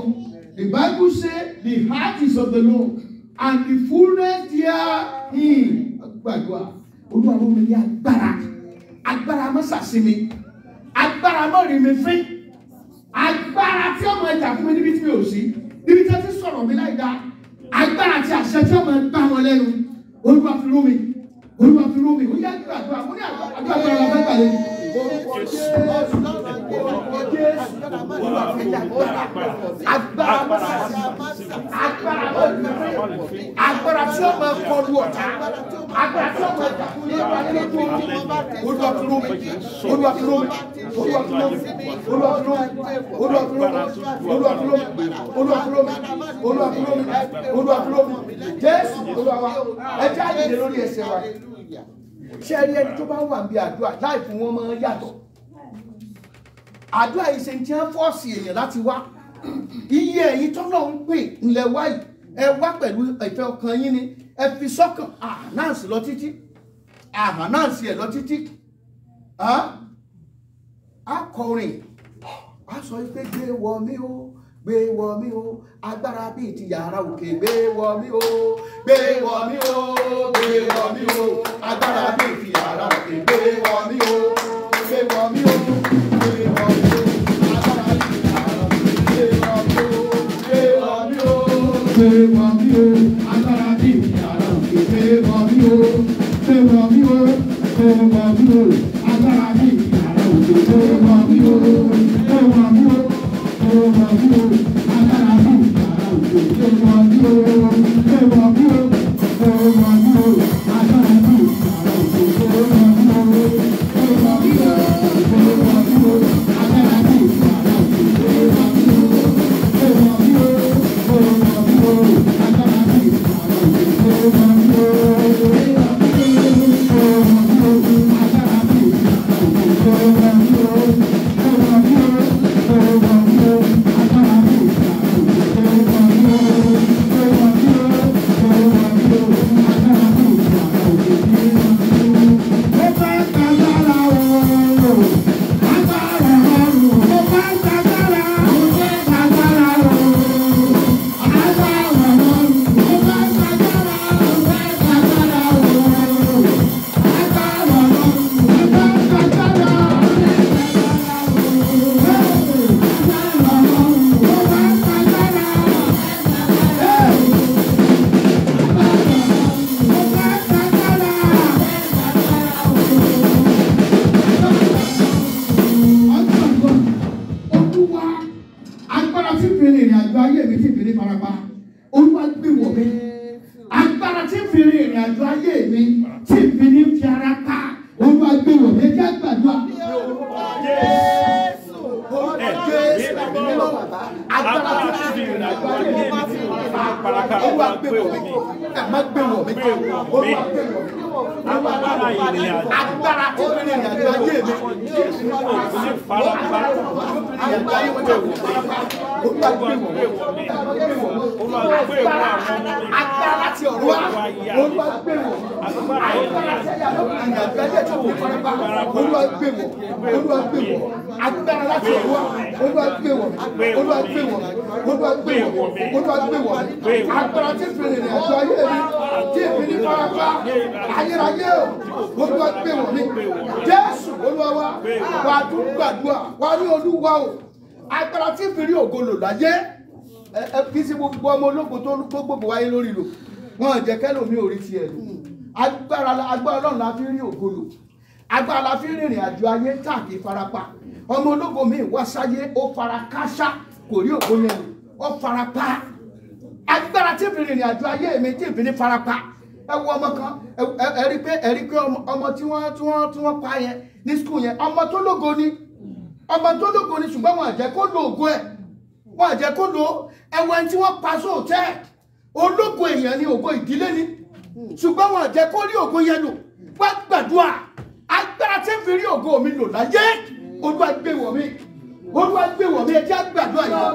The Bible says the heart is of the Lord and the fullness therein. Gbàdúrà olúwa ló mi ní agbára agbára mọ́ sàsími agbára mọ́ rí mi fín agbára tí ọmọ ẹja fún mi níbi tí mi ò sí níbi tí wọ́n ti sọ̀rọ̀ mi láì dá agbára tí àṣẹ tí ọmọ ẹgbà wọn lẹ́nu olúwa fi rú mi olúwa fi rú mi ó yá àdúrà àdúrà mo ní àdúrà àdúrà àdúrà wọn fẹ́ gbà lẹ́nu agbára mọ́sàsì agbára mọ́sàsì agbára tí ó máa kọlu ọ̀tá agbára tí ó máa dà nípa tí ó tó ń bọ̀ olùwàdúró olùwàdúró olùwàdúró olùwàdúró olùwàdúró olùwàdúró olùwàdúró olùwàdúró olùwàdúró jésù olùwàwà ẹjẹ àyè lórí ẹsẹ̀ wa ṣé ẹni ẹni tó bá wà níbi àdúrà láì fún wọn máa yàtọ̀ àdúrà yìí ṣe ń tiẹ́ fọ́ọ̀sì èèyàn láti wá iye ẹ̀yin tọ́lọ̀ ń pè ńlẹ̀ wá yìí ẹ wá pẹ̀lú ìfẹ́ ọkàn yín ni ẹ fi sọ́kàn àhánáàsì lọ títí àhánáàsì ẹ̀ lọ títí akọrin a sọ pé gbé wọ mí o gbé wọ mí o agbára bíi ti yàrá òkè gbé wọ mí o gbé wọ mí o gbé wọ mí o agbára bíi ti yàrá òkè gbé wọ mí o gbé wọ mí o gbé wọ mí o. ṣe wọ́n mi o agbára bí ìyàrá ṣe wọ́n mi o ṣe wọ́n mi o ṣe wọ́n mi o agbára bí ìyàrá ṣe wọ́n mi o ṣe wọ́n mi o ṣe wọ́n mi o agbára bí ìyàrá ṣe wọ́n mi o ṣe wọ́n mi o ṣe wọ́n mi o agbára bí ìyàrá ṣe wọ́n mi o ṣe wọ́n mi o ṣe wọ́n mi o agbára bí. olúwa gbé wọ̀ mí kó ẹ má gbé wọ̀ mí kó olúwa gbé wọ̀ mí kó agbára ìrìn àjò agbára tí ó rìn ìrìn àjò ayé mi kò ní fara pa olúwa gbé wọ̀ mí kó olúwa gbé wọ̀ mí kó agbára láti ọ̀rọ̀ wa olúwa gbé wọ̀ agbára láti ẹ̀yà lọ́kùnrin àyà àgbẹ̀jẹ̀ tó wọ̀ nípa olúwa gbé wọ̀ olúwa gbé wọ̀ agbára láti ọ̀rọ̀ wa olúwa gbé wọ̀ olúwa gbé wọ̀ olúwa gbé wọ̀ olúwa gbé wọ̀ agbára tí fèrè rẹ̀ àjọ ayé mi tí èmi ní farapa ayérayé o olúwa gbé wọ̀ mi jésù olúwa wa wàá tún gbàdúrà wàá ní olúwa o agbára tí fèrè ògo lò láyé kí sí gbogbo ọmọ ológun tó gbogbo wáyé lórí lò wọn jẹ́ kẹ́lòmí ò rí tiẹ̀ lò agbára ọlọ́run la fi rí ògo lò agbára la fi rìnrìn àjò ayé tààkì farapa ọmọ ológun mi wá sáyé ó fara káṣá kò rí ògo yẹn ó farapa agbára tí fi rìnrìn àjò ayé mi tí fi ní farapa ẹ wo ọmọ kan ẹ rí pé ẹ rí pé ọmọ tí wọ́n tí wọ́n tí wọ́n pa yẹn ní skul yẹn ọmọ tó lógo ni ọmọ tó lógo ni ṣùgbọ́n wọn àjẹ́ kó lo ògo ẹ̀ wọn jẹ́ kó lo ẹwẹ́ tí wọ́n pa sóòtẹ́ ológo èèyàn ni ògo ìdílé ni ṣùgbọ́n wọn jẹ́ kó rí ògo yẹn lò wá gbàdúrà agbára tí ń fi rí ògo mi lò láyé olúwa gbé wọ̀ mi olúwa gbé wọ̀ mi ẹ jẹ́ gbàdúrà yìí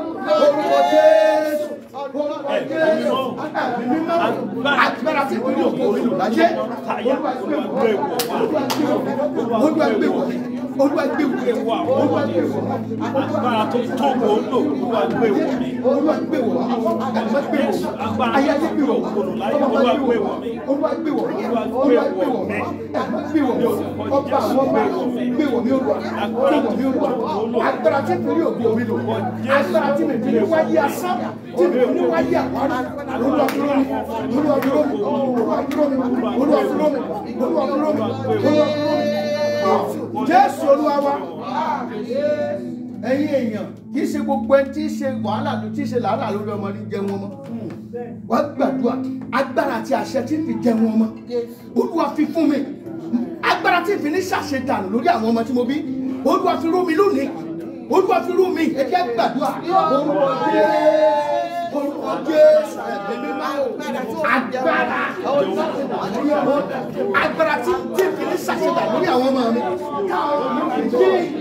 orúkọ jésù orúkọ jésù ẹ̀mí mímọ́ agbára tí ń fi rí ògo mi lò láyé olúwa gbé wọ̀ mi olúwa gbé wọ̀ mi olúwa gbé wọ̀ mi olúwa gbé wò mí olúwa gbé wò mí agbára tó tó wò ó lò olúwa gbé wò mí olúwa gbé wò mí àgbà gbé wò mí ayé gbé wò mí olúwa gbé wò mí olúwa gbé wò mí olúwa gbé wò mí àgbà gbé wò mí ọba àwọn ọba gbé wò mí olúwa gbé wò mí olúwa agbára tí mi rí òbí mi lò agbára tí mi rí wáyé asán tí mi rí wáyé àwárí olúwa dúró mi olúwa dúró mi olúwa dúró mi olúwa dúró mi olúwa dúró mi olúwa dúró mi. Jésù Olúwa wa ẹ̀yin èèyàn kì í ṣe gbogbo ẹni tí í ṣe wàhálà ló tí í ṣe làálà lórí ọmọ ní jẹun ọmọ wà á gbàdúrà agbára àti àṣẹ tí fi jẹun ọmọ Olúwa fi fún mi agbára tí fi ní ṣàṣedànù lórí àwọn ọmọ tí mo bí Olúwa fi rú mi lónìí Olúwa fi rú mi ẹ jẹ́ gbàdúrà orúkọ orúkọ jésù agbára agbára tí jébìlì ṣàṣẹ̀dá lórí àwọn ọmọ mi mi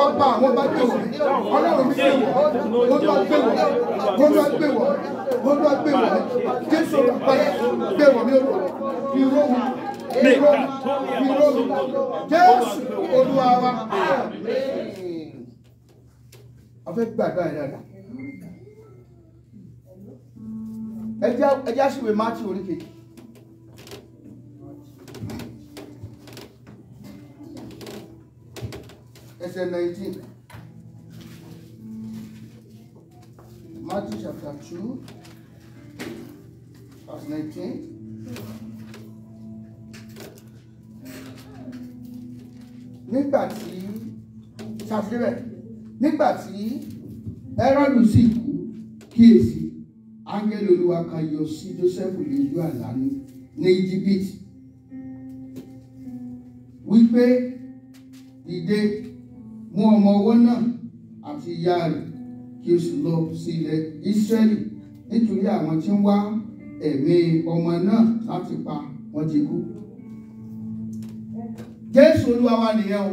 ọba àwọn ọba gbé wọ̀ ọlọ́run mi gbé wọ̀ olúwa gbé wọ̀ olúwa gbé wọ̀ olúwa gbé wọ̀ jésù àpáyé gbé wọ̀ mi olúwa fi rómi fi rómi fi rómi jésù olúwa wa. a fẹ́ gbàgbá yẹn dáadáa ẹ jẹ́ àṣìwé máàtì oríkèjì. ẹsẹ̀ 19 Matthew chapter 2 verse 19. nígbà tí ṣàfihàn nígbà tí ẹrọ́dù sì kú kíyèsí áńgẹ́lì olúwa kan yọ sí Jósẹ́fù lójú àlá ní íjíbítì wípé dìde mú ọmọ ọwọ́ náà àti ìyá rẹ̀ kí o sì lọ sí ilẹ̀ Ísírẹ́lì nítorí àwọn tí ń wá ẹ̀mí ọmọ náà láti pa wọ́n ti kú. Jésù Olúwa wa nìyẹn o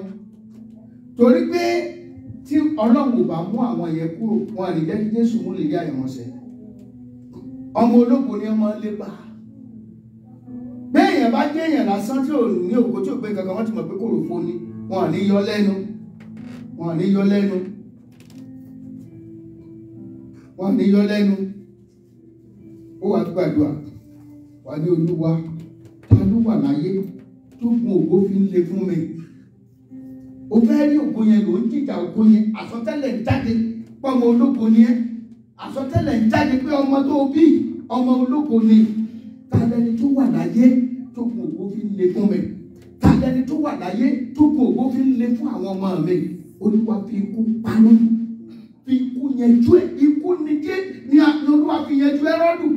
torí pé tí Ọlọ́run ò bá mú àwọn yẹn kúrò wọn à lè jẹ́ kí Jésù mú lè yá ẹ̀wọ̀n sẹ́ ọmọ ológun ni ọmọ lépa bẹ́ẹ̀ yẹn bá jẹ́ èèyàn lásán tí ò ní òkú tí ò pé kankan wọ́n ti mọ̀ pé kòròfo ni wọn à ní yọ lẹ́nu wọn ní yọ lẹ́nu wọn ní yọ lẹ́nu ó wàá gbàdúrà wà ní olúwa ta ló wà láyé tó gun ògo fi ń le fún mi o fẹ́ rí ògo yẹn ló ń jìjà ògo yẹn àsọtẹ́lẹ̀ ń jáde pọ́nmọ ológo ni ẹ́ àsọtẹ́lẹ̀ ń jáde pé ọmọ tó bí ọmọ ológo ni ta lẹni tó wà láyé tó gun ògo fi ń le fún mi ta lẹni tó wà láyé tó gun ògo fi ń le fún àwọn ọmọ mi olúwa fi ikú paná fi ikú yẹjú ẹ ikú ni jẹ ni olúwa fi yẹjú ẹ rọdùn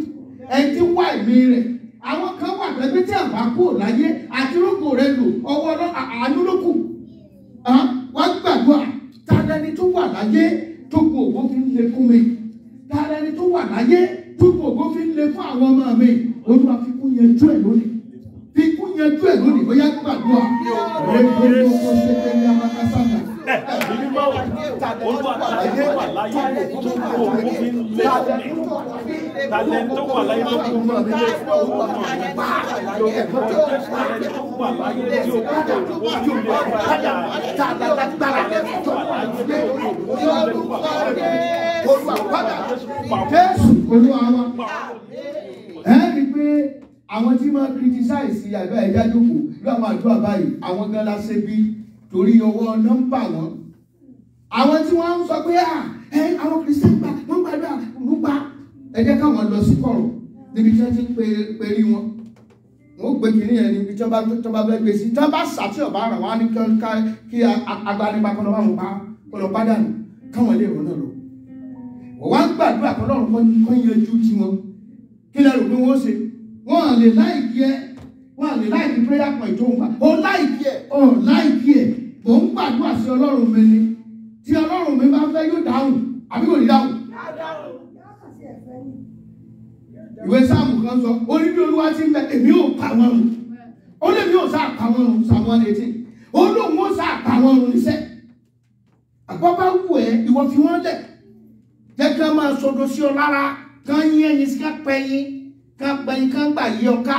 ẹ ti wá ẹ̀mí rẹ̀ àwọn kan wà pẹ̀lú tí àbá kò láyé àti rògbò rẹ lò ọwọ́ àánú ló kù wá tó wà láyé tó gbò fi ń le fún mi tààrà ẹni tó wà láyé tó gbò fi ń le fún àwọn ọmọ mi olúwa fi kú yẹn jú ẹ lónìí fi kú yẹn ẹ lónìí bóyá gbàdúrà rẹ gbogbo kó ṣe kẹ́lẹ́ amákásá náà ìbí máa wù olúwa tàlẹ́ wà láyé tó kú òun fi ń lé ọ̀nẹ́ tàlẹ́ tó wà láyé tó kú òun lé ọ̀nẹ́ tàlẹ́ tó wà láyé tó kú òun lé ọ̀nẹ́ tàlẹ́ tó wà láyé tó kú òun lé ọ̀nẹ́ olúwa padà jésù olúwa wa ẹ rí i pé àwọn tí máa criticize àgbà ẹ̀yájú kù lọ́wọ́ àdúrà báyìí àwọn gan la ṣe bí torí ọwọ́ nọ́mbà wọn àwọn tí wọ́n ń sọ pé à ah, ẹ àwọn kìrìsìtẹ́nì gbà wọ́n gbàdúrà lùgbà ẹ jẹ́ káwọn lọ sí kọ̀rọ̀ níbi tí wọ́n ti perí wọn wọ́n gbé kiri yẹn níbi tí wọ́n bá fẹ́ gbé sí tí wọ́n bá sàtì ọ̀bá rẹ̀ wọ́n á ní kí agbanipa kan lọ́wọ́ àwọn kan lọ pádànù káwọn ilé ìrọ̀lẹ́ lọ. wọ́n wá gbàdúrà kan lọ́rùn mò ń gbàdúrà sí ọlọ́run mi ni tí ọlọ́run mi bá fẹ́ yóò dáhùn àbí kò ní dáhùn. ìwé sáàmù kan sọ ó ní bí olúwa ti ń bẹ èmi ò pa wọn rùn ó lè mi ò sá pa wọn rùn sàmú wọn létí ó lóun ó sá pa wọn rùn níṣẹ́ àpapọ̀ wù ẹ́ ìwọ fi wọ́n lẹ̀ jẹ́kẹ́ máa sọdọ̀ sí ọ lára kán yín ẹyin sí kápẹ́yìn kápẹ́yìn kán yí ọ ká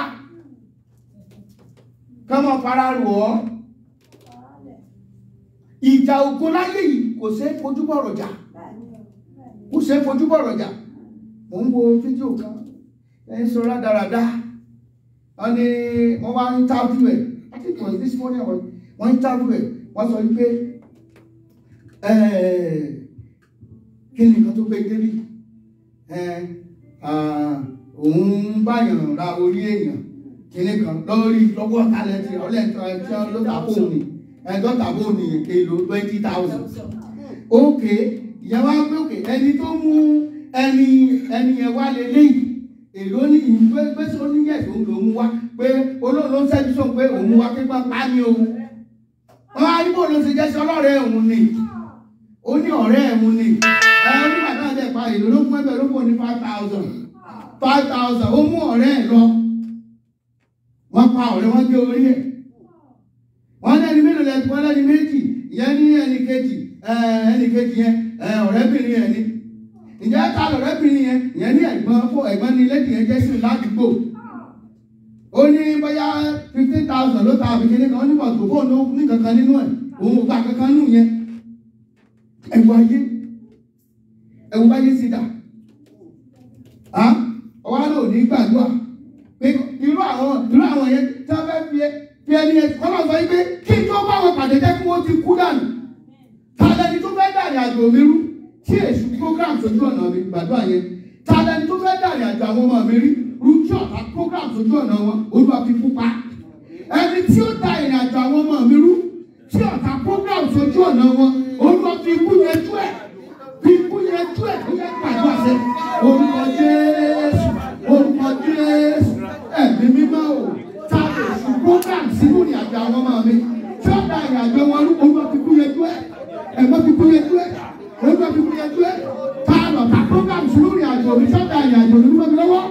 kán fara rù ọ́ ìjà ògo láyé yìí kò ṣe é fojú bọ̀rọ̀ jà kò ṣe é fojú bọ̀rọ̀ jà mò ń wo fídíò kan ẹni sọ rádaràda wọn ni wọn wá ń tábù ẹ this morning or wọn ń tábù ẹ wọn sọ wípé kí ni nǹkan tó gbé débí òun báyàn ra orí èèyàn kìnnìkan lórí lọ́wọ́ kálẹ̀ tí ọlẹ́tọ̀ ẹ̀ tí wọ́n ló dà ni ẹ̀ẹ́dọ́ta bó ní èlò twenty thousand ok ìyẹn wá pé ok ẹni tó mú ẹni ẹni yẹn wá lé léyìí èlò ní ìgbé pé tó ní yẹ̀ tó ń lò ń wá pé olóòrùn ló ń sẹ́jú sọ pé òun wá pípa pa ni o wọ́n á yíbò ló ti jẹ́ sí ọlọ́rẹ̀ òun ni ó ní ọ̀rẹ́ òun ni ẹ̀ ọ́n nígbà náà dẹ̀ pa èlò ló kún ẹgbẹ̀rún kò ní five thousand five thousand ó mú ọ̀rẹ́ ẹ̀ lọ wọ́n pa ọ̀rẹ́ wọn gé orí ẹ̀ wọ́n lẹ́ni mélòó lẹ́ni wọ́n lẹ́ni méjì ìyẹn ní ẹnì kejì ẹnì kejì yẹn ọ̀rẹ́bìnrin yẹn ni ǹjẹ́ ta lọ̀rẹ́bìnrin yẹn ìyẹn ní ẹ̀gbọ́n fún ẹ̀gbọ́n ní lẹ́kì yẹn jẹ́ sí ládùúgbò ó ní bóyá fifteen thousand ló ta àbíkíní kan ó ní bọ̀tò fóònù ló ní kankan nínú ẹ̀ òun ò gbà kankan nù yẹn ẹ̀wù ayé ẹ̀wù báyé sí dà ọwọ́ àlọ́ òní gbàdúrà pé irú àwọn irú àwọn yẹn tí wọ́n fẹ́ fi bí ẹni ẹ ọlọ́run sọ pé kí tó bá wọn pàdé jẹ́ kí wọ́n ti kú dànù tàlẹ́ni tó fẹ́ dàrí àjò mi rú tí èṣù program sójú ọ̀nà mi gbàdúrà yẹn tàlẹ́ni tó fẹ́ dàrí àjò àwọn ọmọ mi rí rú tí ọ̀tá program sójú ọ̀nà wọn olúwa fi kú pa ẹni tí ó da ìrìn àjò àwọn ọmọ mi rú tí ọ̀tá program sójú ọ̀nà wọn olúwa fi kú yẹn tú ẹ̀ fi kú yẹn tú ẹ̀ tó yẹ program sínú ní àjọ àwọn ọmọ mi tí ó da ìrìnàjò wọn olúwa fi kú yẹjú ẹ ẹ̀gbọ́n fi kú yẹjú ẹ olúwa fi kú yẹjú ẹ paálọ ta program sínú ní àjọ mi tí ó da ìrìnàjò olúwa mi lọ́wọ́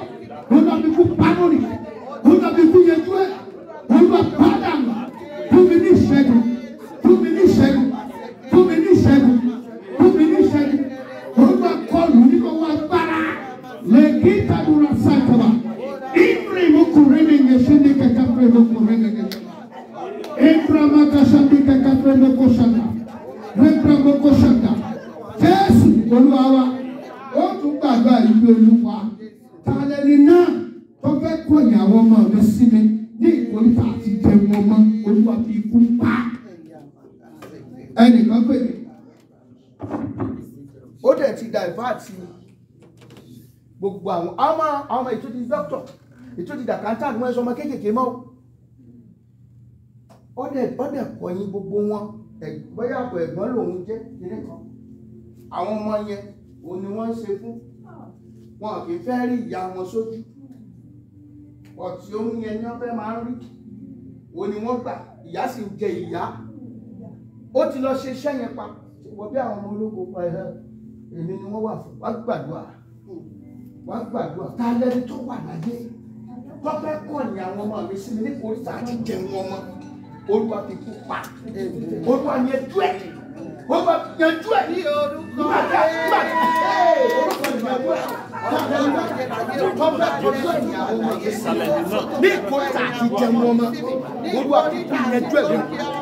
olúwa fi kú panori olúwa fi kú yẹjú ẹ olúwa padà fún mi ní ìṣẹ́gun fún mi ní ìṣẹ́gun fún mi ní ìṣẹ́gun fún mi ní ìṣẹ́gun olúwa kọlù nínú wọn agbára lè kí tàbí rọ entra jésù olúwa wa ó tún gbàgbọ́ ìlú olúwa tàlẹ́lì náà tó fẹ́ kọ̀yìn àwọn a mi sí mi ní ìkórìtà àti jẹun ọmọ o fi ikú pa ẹnìkan pè mí o dẹ̀ ti dàìfáàtì gbogbo àwọn ọmọ ètò ti dókítà ètò ti dàkántà ni wọ́n sọ ọmọ kéékèèké mọ́ o ọ̀dẹ̀ ọ̀dẹ̀ kọ̀yìn gbogbo wọn bóyá àpò ẹ̀gbọ́n lòun jẹ́ kiri kan àwọn ọmọ yẹn òun ni wọ́n ń ṣe fún wọn kì í fẹ́ rí ìyá wọn sójú ọ̀tí omi yẹn ni wọ́n fẹ́ máa ń rí òun ni wọ́n gbà ìyá sì jẹ ìyá ó ti lọ ṣe iṣẹ́ yẹn pa wọ́n bí àwọn ọmọ ológun pa ẹ̀ èmi ni wọ́n wà fún wá gbàdúrà wá gbàdúrà tá a lẹ́ni tó wà láyé tọ́pẹ́ kọ́ ni àwọn ọmọ mi sí mi nípa oríta àti jẹun ọmọ olúwa fi kú pa olúwa yẹn dú ẹ̀ olúwa yẹn dú ẹ̀ nígbà tí a nígbà tí olúwa yẹn dú ẹ̀ tọ́gbà ni dú ẹ̀ ní àwọn ọmọ yẹn sálẹ̀ ní ìkórè àti jẹun ọmọ olúwa fi kú yẹn dú ẹ̀ lónìí.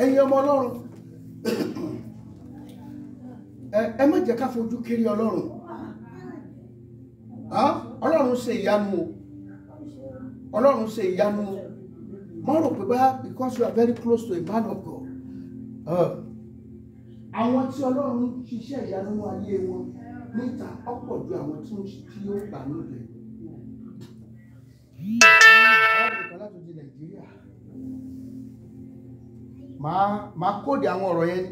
ẹ̀yin ọmọ ọlọ́run ẹ má jẹ́ ká fojú kiri ọlọ́run ah, ọlọ́run ṣe ìyanu o ọlọ́run ṣe ìyanu o mo pé báyà because you are very close to a man of God ah, àwọn tí ọlọ́run ṣiṣẹ́ ìyanu ayé wọn níta ọ̀pọ̀ ju àwọn tí ó tí ó gbà nílẹ̀. ọ̀rọ̀ ìkọ́lá tó di nàìjíríà màá màá kóde àwọn ọ̀rọ̀ yẹn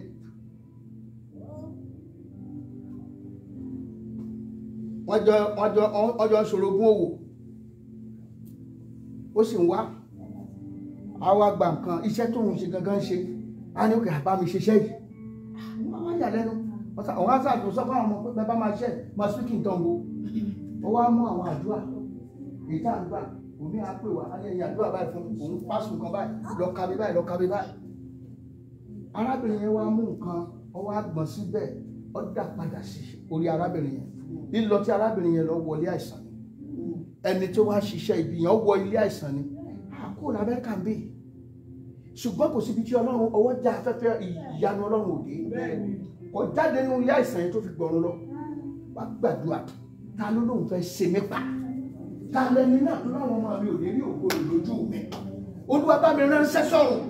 wọ́n jọ wọ́n jọ wọ́n jọ ń ṣorogún òwò ó sì ń wá àwa gba nǹkan iṣẹ́ tó ń ṣe gangan ṣe á ní òkè àbá mi ṣiṣẹ́ yìí wọ́n wá yà lẹ́nu àwọn aṣáájú sọ fún àwọn ọmọ pé bàbá máa ṣe máa sùkì ń tọ́ngbó ó wá mú àwọn àdúrà èyí tá òmí àpè wá á ní ẹ̀yìn àdúrà báyìí fún òun pásùn kan báyìí lọ́ọ́ kábí báyìí lọ́ọ́ kábí báyìí arábìnrin yẹn wá mú nǹkan ó wá gbọ̀n síbẹ̀ ó dà padà sí orí arábìnrin yẹn lílọ tí arábìnrin yẹn lọ wọlé àìsàn ni ẹni tó wá ṣiṣẹ́ ibi yẹn ó wọ ilé àìsàn ni àkóòrò abẹ́ka ń bè ṣùgbọ́n kò síbi tí ọlọ́run ọwọ́ já afẹ́fẹ́ ìyanu ọlọ́run òde kò jáde nínú ilé àìsàn yẹn tó fi gbọ̀run lọ wá gbàdúrà ta ló lóun fẹ́ ṣe nípa ta lẹni náà tó láwọn ọmọ mi ò ní rí ògo lójú mi olúwa bá mi ránṣẹ́ sọ̀rọ̀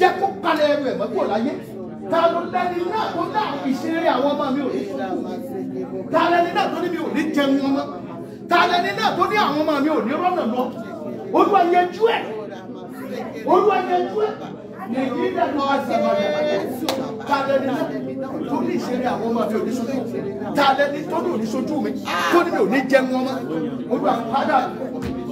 jẹ́ kó palẹ̀ ẹrù ẹ̀mọ́ kúrò láyé ta ló lẹ́ni náà tó dá ìṣeré àwọn ọmọ mi ò ní sùkú ta lẹ́ni náà tó ní mi ò ní jẹun ọmọ ta lẹ́ni náà tó ní àwọn ọmọ mi ò ní rọ́nà lọ olúwa yẹjú ẹ̀ olúwa yẹjú ẹ̀ nìyí dẹ̀nu àtìmọ́lẹ̀ ta lẹ́ni náà tó ní ìṣeré àwọn ọmọ mi ò ní sùkú ta lẹ́ni tó ní ò ní sojú mi tó ní mi ò ní jẹun ọmọ olúwa padà.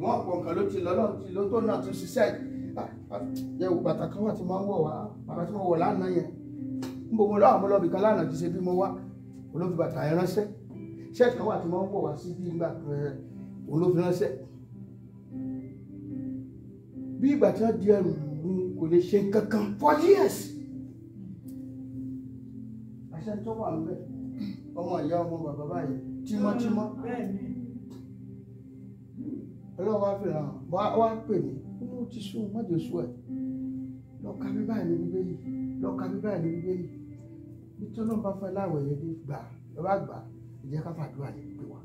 ìwọ̀n ọ̀pọ̀ nǹkan ló ti lọ́lọ́ ti ló tó náà tún ṣiṣẹ́ yẹ ah, ah, wò bàtà kan wà tí máa ń wọ̀ wá bàtà tí mo wọ̀ lánàá yẹn ń bo mo lọ́wọ́ mo lọ́ọ́ bì kan lánàá ti ṣe bí mo wá olóbi bàtà yẹn ránṣẹ́ ṣẹ́ẹ̀tì kan wà tí máa ń wọ̀ wá sí bí ìgbà olóbi eh, ránṣẹ́ bí ìgbà tí wọ́n di ẹrù mú kò lè ṣe kankan for years àṣẹ tó wà ń bẹ ọmọ ìyá ọmọ bàbá báyìí tímọ́tímọ́. bẹ́ẹ̀ ni ọlọ́run wá fìràn wá pè mí inú ti sùn má jẹ́ sùn ẹ̀ lọ́ka bíbá ẹ̀ ní bíbélì lọ́ka bíbá ẹ̀ ní bíbélì nítorí náà bá fẹ́ láwọ̀ ẹ̀yẹ ní gbà lọ́ba gbà ìjẹ́ ká fàdúrà yẹn pè wá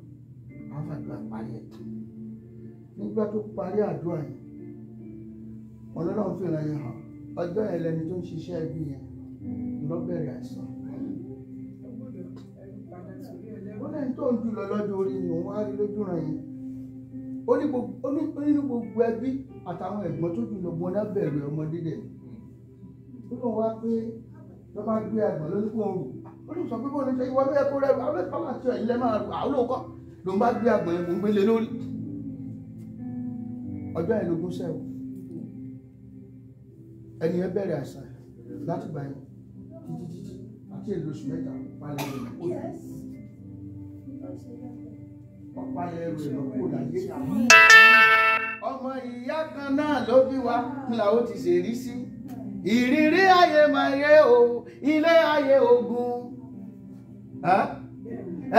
ká fàdúrà parí ẹ̀ tó nígbà tó parí àdúrà yẹn ọlọ́run fìràn yẹn hàn ọjọ́ yẹn lẹni tó ń ṣiṣẹ́ ẹbí yẹn lọ́bẹ̀rẹ̀ àìsàn ó lẹ́yìn tó ń jùlọ lọ́jọ́ orí ni òun á rí lójú ràn ó ní gbogbo ẹbí àtàwọn ẹ̀gbọ́n tó jùlọ mọ náà bẹ̀rẹ̀ ọmọdé dẹ̀ ó lọ wá pé lọ́ bá gbé àgbọ̀n lórí kó rù ó lè sọ pé bó ní ṣe ìwọ bẹ́ẹ̀ kó rẹ̀rù àwọn ẹ̀fọ́ àti ẹ̀yìn lẹ́ máa rù àwọn olóòkọ́ ló ń bá gbé àgbọ̀n yẹn mò ń gbélé lórí ọjọ́ yẹn lógún sẹ́wọ̀ ẹni yẹn bẹ̀rẹ̀ àṣà látìgbà yẹn títí títí àti èlò oṣù mẹ́ta wà lẹ́yìn ìpò yẹn. ọmọ ìyá kan náà ló bí wa là ó ti sí. ìrírí ayé máa o ilé ayé ogun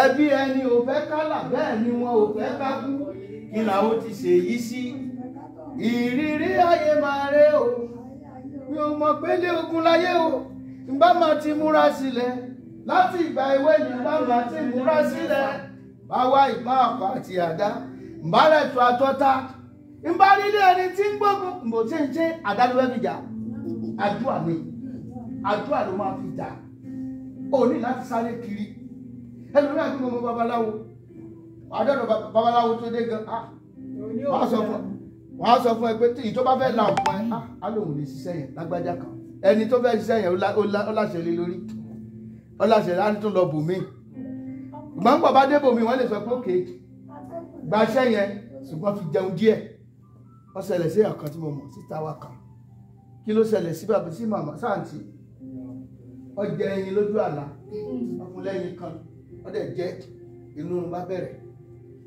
ẹbí ẹni ò fẹ́ kálà ni wọn ò fẹ́ kákú kí ó ti sí. ìrírí ayé máa o mi ò mọ̀ pé lé ogun láyé o ti múra sílẹ̀ láti ìgbà ti múra sílẹ̀. bá wá ìpọ́n ọ̀kọ́ àti àdá ǹbá rẹ̀ tu àtọ́ta ǹbá nílé ẹni tí ń gbógun mbò tí ń ṣe àdánilẹ́ fi jà àdúrà ni àdúrà ló máa fi jà ó ní láti sáré kiri ẹlòmíì àti mọ́mọ́ babaláwo àdọ́dọ̀ babaláwo tó dé gan ah, wọ́n á sọ fún wọ́n á sọ fún ẹ pé tí ìjọba fẹ́ la òpin ẹ ah, á lóun lè ṣiṣẹ́ yẹn lágbájá kan ẹni tó fẹ́ ṣiṣẹ́ yẹn ó láṣẹ lé lórí ó láṣẹ láti tún lọ bùnmíì ṣùgbọ́n bàbá débòmí wọ́n lè sọ pé òkè gbaṣẹ́ yẹn ṣùgbọ́n fi jẹun díẹ̀ wọ́n ṣẹlẹ̀ sí ọ̀kan tí mo mọ̀ síta wa kan kí ló ṣẹlẹ̀ sí bàbá sí màmá sáǹtì ọjẹ ẹyin lójú àlá ọkùnlẹ́yin kan ọdẹ jẹ inú bá bẹ̀rẹ̀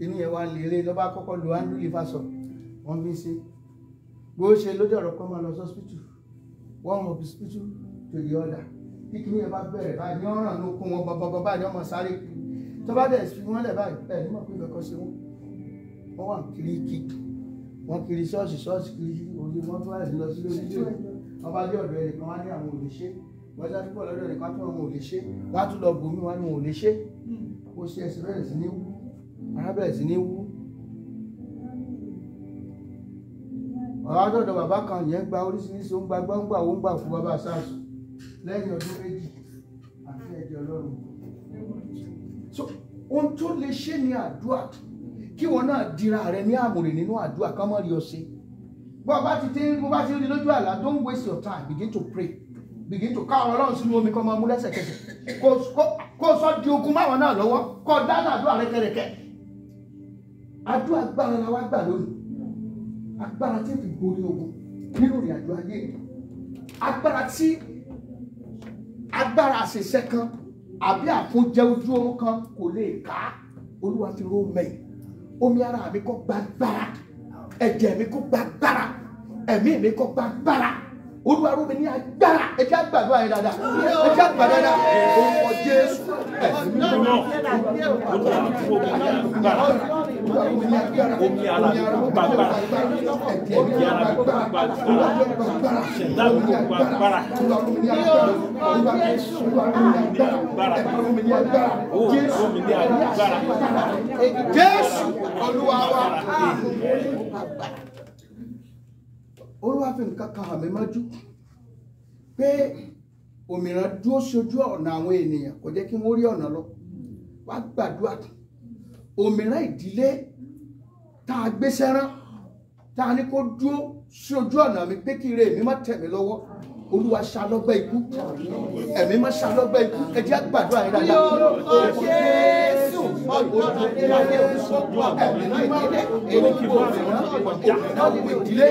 inú yẹn wá lè eré lọ́ba kọ́kọ́ lo andrew lifason wọ́n fi ṣe bó ṣe lójú ọ̀rọ̀ pé máa lọ sọ́spítù one of the hospital to the other kíkí yẹn bá bẹ̀rẹ̀ báyìí ọ̀ràn ló kún wọn bàbá bàbá yẹn ọmọ sáré kù tó bá dẹ̀ fi wọ́n lẹ̀ báyìí ẹ̀ nígbà pé kankan ṣe wọ́n wọ́n wà kiri kí wọ́n kiri ṣọ́ọ̀ṣì ṣọ́ọ̀ṣì kiri òye wọ́n tó wà lọ sí lórí ilé wọn bá dé ọ̀dọ̀ ẹnìkan wá ní àwọn òlè ṣe wọ́n ṣe àtúpọ̀ lọ́dọ̀ ẹnìkan tó wọn òlè ṣe wọ́n á tún lọ bòmí wọn ni wọn òlè ṣe kó ṣe ẹsẹ̀ bẹ̀rẹ̀ sí ní wú ara bẹ̀rẹ̀ sí ní wú. ọ̀rọ̀ àtọ̀dọ̀ bàbá kan yẹn gba oríṣiríṣi ó ń gba gbọ́ngbà ó ń gbà fún bàbá sars lẹ́yìn ọdún méjì àti ẹ̀jẹ̀ ọlọ́run ohun tó lè ṣe ni àdúrà kí wọn náà dira rẹ ní àmùrè nínú àdúrà kán mọ́ rí ọ sí bó bá ti dé bó bá ti rí lójú àlá don't waste your time begin to pray begin to ká àwọn ọlọ́run sínú omi kan máa mú lẹ́sẹ̀kẹsẹ̀ kó o sọ di ogun máwọn náà lọ́wọ́ kó o dáná àdúrà rẹ kẹrẹkẹ àdúrà agbára la wá gbà lónìí agbára tí fi borí ogun nínú ìrìn àjò ayé agbára tí agbára àṣẹṣẹ kan àbí àfúnjẹ ojú oorun kan kò lè ká olúwa ti ró mẹ́yìn omi ara mi kó gbàgbára ẹ̀jẹ̀ mi kó gbàgbára ẹ̀mí mi kó gbàgbára olúwa ró mi ní agbára ẹ̀jẹ̀ àgbàdo ayé dada ẹ̀jẹ̀ àgbàdo dada orúkọ jésù ẹ̀mí mi náà olúwa ró mi ní agbára omi ara gbàgbára omi ara gbàgbára ṣẹ̀dá gbogbo agbára ọmọ Jésù ní agbára ó omi ní agbára Jésù Olúwa wa. Olúwa fi nǹkan kan hàn mí mọ́jú pé òmìnira dúró ṣojú ọ̀nà àwọn ènìyàn kò jẹ́ kí wọ́n rí ọ̀nà lọ wá gbàdúrà tán òmìnira ìdílé tá a gbéṣẹ́ rán tá a ní kó dúró sí ojú ọ̀nà mi pé kí ire mi má tẹ̀ mí lọ́wọ́ olúwa ṣàlọ́gbẹ́ ikú ẹ̀mí má ṣàlọ́gbẹ́ ikú ẹ jẹ́ gbàdúrà yìí dáadáa. orúkọ jésù ọjọ́ ìdílé ẹ̀mí má ìdílé èmi kò ìrànlọ́wọ́ òkú ìdílé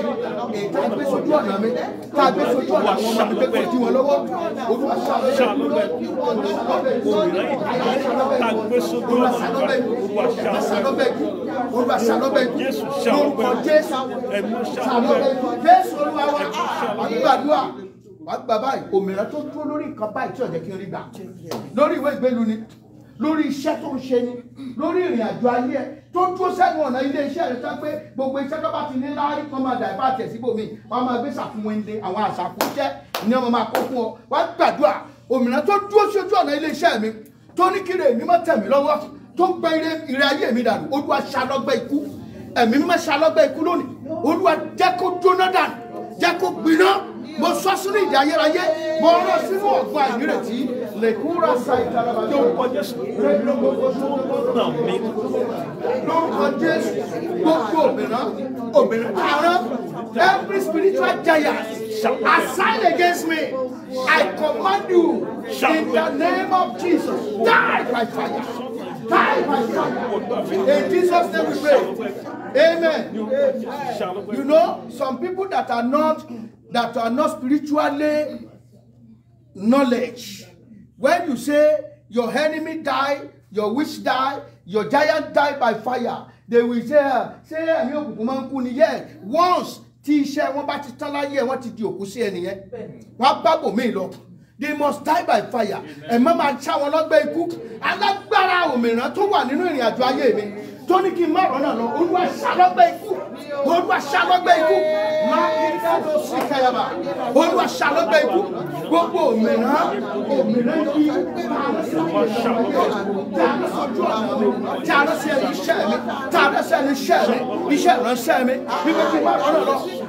ètò agbésójú ọ̀nà mi tá a gbésójú ọ̀nà àwọn ọmọ mi pé kò dí wọn lọ́wọ́ olúwa ṣàlọ́gbẹ́ ikú olúwa ṣàlọ́gbẹ́ ikú olúwa ṣàlọ́gbẹ́ ikú olúwa ṣàlọ́gbẹ́ ikú lórúkọ jésù ṣàlọ́gbẹ́ ikú jésù olúwa wa àgbàdua wà á gba báyìí òmìnira tó dúró lórí nǹkan báyìí tí ò jẹ́ kí n rí gbà lórí ìwé ìgbélu ni lórí iṣẹ́ tó ń ṣe ni lórí ìrìn àjò ayé ẹ tó dúró sẹ́nu ọ̀nà ilé iṣẹ́ rẹ̀ sọ pé gbogbo iṣẹ́ tó bá ti ní láárí kan máa dàbí àtẹ̀ síbòmí wọ́n máa gbé sàfihàn ilé àwọn àṣàkó iṣẹ́ ni wọ́n máa kó fún ọ wá gbàdúrà òmìnira tó dúró sí ojú ọ̀nà ilé iṣẹ́ mi tó ní kí èmi má tẹ̀mí lọ́wọ́ tó ń gbẹ ire ayé mi dànù olúwa ṣàlọ́gbẹ́ ikú ẹ̀mí mímọ́ ṣàlọ́gbẹ́ ikú lónìí olúwa jẹ́ kó jóná dànù jẹ́ kó gbiná mo sọ sínú ìdí ayérayé mo rán sínú ọgbà ìrètí lèkúrà ṣàìtàlàbà lórúkọ jésù lórúkọ jésù gbogbo obìnrin obìnrin àárọ̀ every spiritual giant assigned against me I command you in the name of Jesus die by fire die by fire in Jesus name we pray amen you know some people that are not that are not spiritually knowledge. When you say your enemy die, your witch die, your giant die by fire, they will say, ah, ṣé ẹ̀mí òkùnkùn máa ń kú ni? Yes, once tí iṣẹ́ wọn bá ti tán láyé ẹ̀ wọ́n ti di òkú sí ẹni yẹn, wọ́n á bá bòmíì lọ. They must die by fire. Ẹ má máa ṣá wọn lọ́gbẹ́ ikú. Alágbára òmìnira tó wà nínú ìrìn àjò ayé mi tó ní kí n má rọ́nà lọ, no ṣá lọ́gbẹ́ ikú olúwa ṣàlọ́gbẹ́ ikú lákìtẹ́tò sí kẹyàmà olúwa ṣàlọ́gbẹ́ ikú gbogbo òmìnira òmìnira yìí tààrà sọjú ọ̀nà mi tààrà sí ẹni iṣẹ́ mi tààrà sí ẹni iṣẹ́ mi iṣẹ́ ìránṣẹ́ mi bí mo ti wá lọ́nà lọ.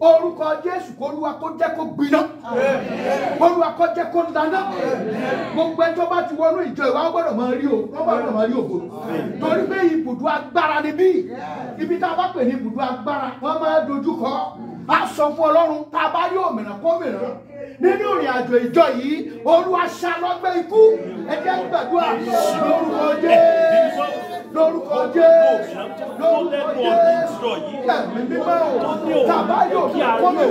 orúkọ jésù k'olúwa kó jẹ́ kó gbiná olúwa kó jẹ́ kó dáná gbogbo ẹjọ́ bá ti wọnú ìjọ ìwà gbọ́dọ̀ máa rí o wọ́n gbọ́dọ̀ máa rí ògo torí pé ibùdó agbára ni bí ibi tá a bá pè ní ibùdó agbára wọ́n máa dojú kọ a sọ fún ọlọ́run tá a bá rí òmìnira kó mìíràn nínú ìrìn àjò ìjọ yìí olúwa ṣàlọ́gbẹ́ ikú ẹ jẹ́ gbàdúrà lórúkọ jésù lórúkọ Jésù lórúkọ Jésù ẹ̀mí mímọ́ o tàbá yóò kọ́nà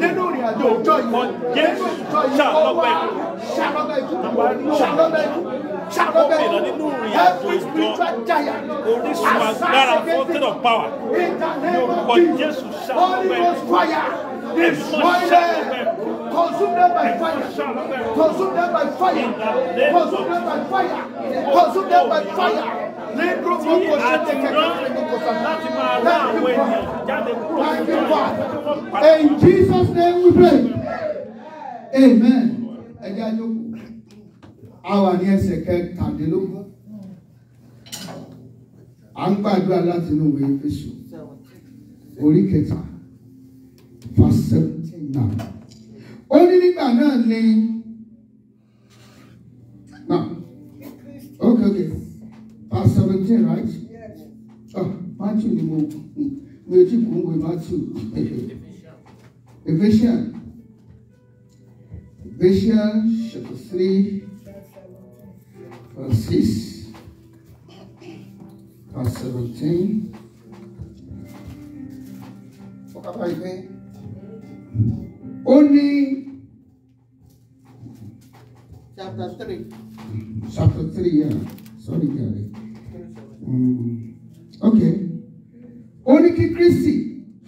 nínú ìrìn àjò òjò yìí nínú ìjọ yìí kọ́ wá ṣàlọ́bẹ̀ ikú ṣàlọ́bẹ̀ ikú ṣàlọ́bẹ̀ ikú every spiritual giant agbára fountain of power lórúkọ Jésù ṣàlọ́bẹ̀ ikú. Destroy them. Consume them by fire. Consume them by fire. Consume them by fire. Consume them by fire. In Jesus name we pray. Amen. Ẹja yòókù. A wà ní ẹsẹ̀ kẹtàdínlógún. À ń gbàdúrà láti inú ìwé Efésù. Orí kẹta. Verse seventeen now. Ó ní nígbà náà ni. Now. Okay, okay. Verse 17, right? Yes. Oh, Matthew, you will keep going with Matthew. Ephesians. Ephesians chapter 3, verse 6, verse 17. What about it? Only chapter 3. Chapter 3, yeah. Sorry, Gary. Mm. ok ó ní kí Kristi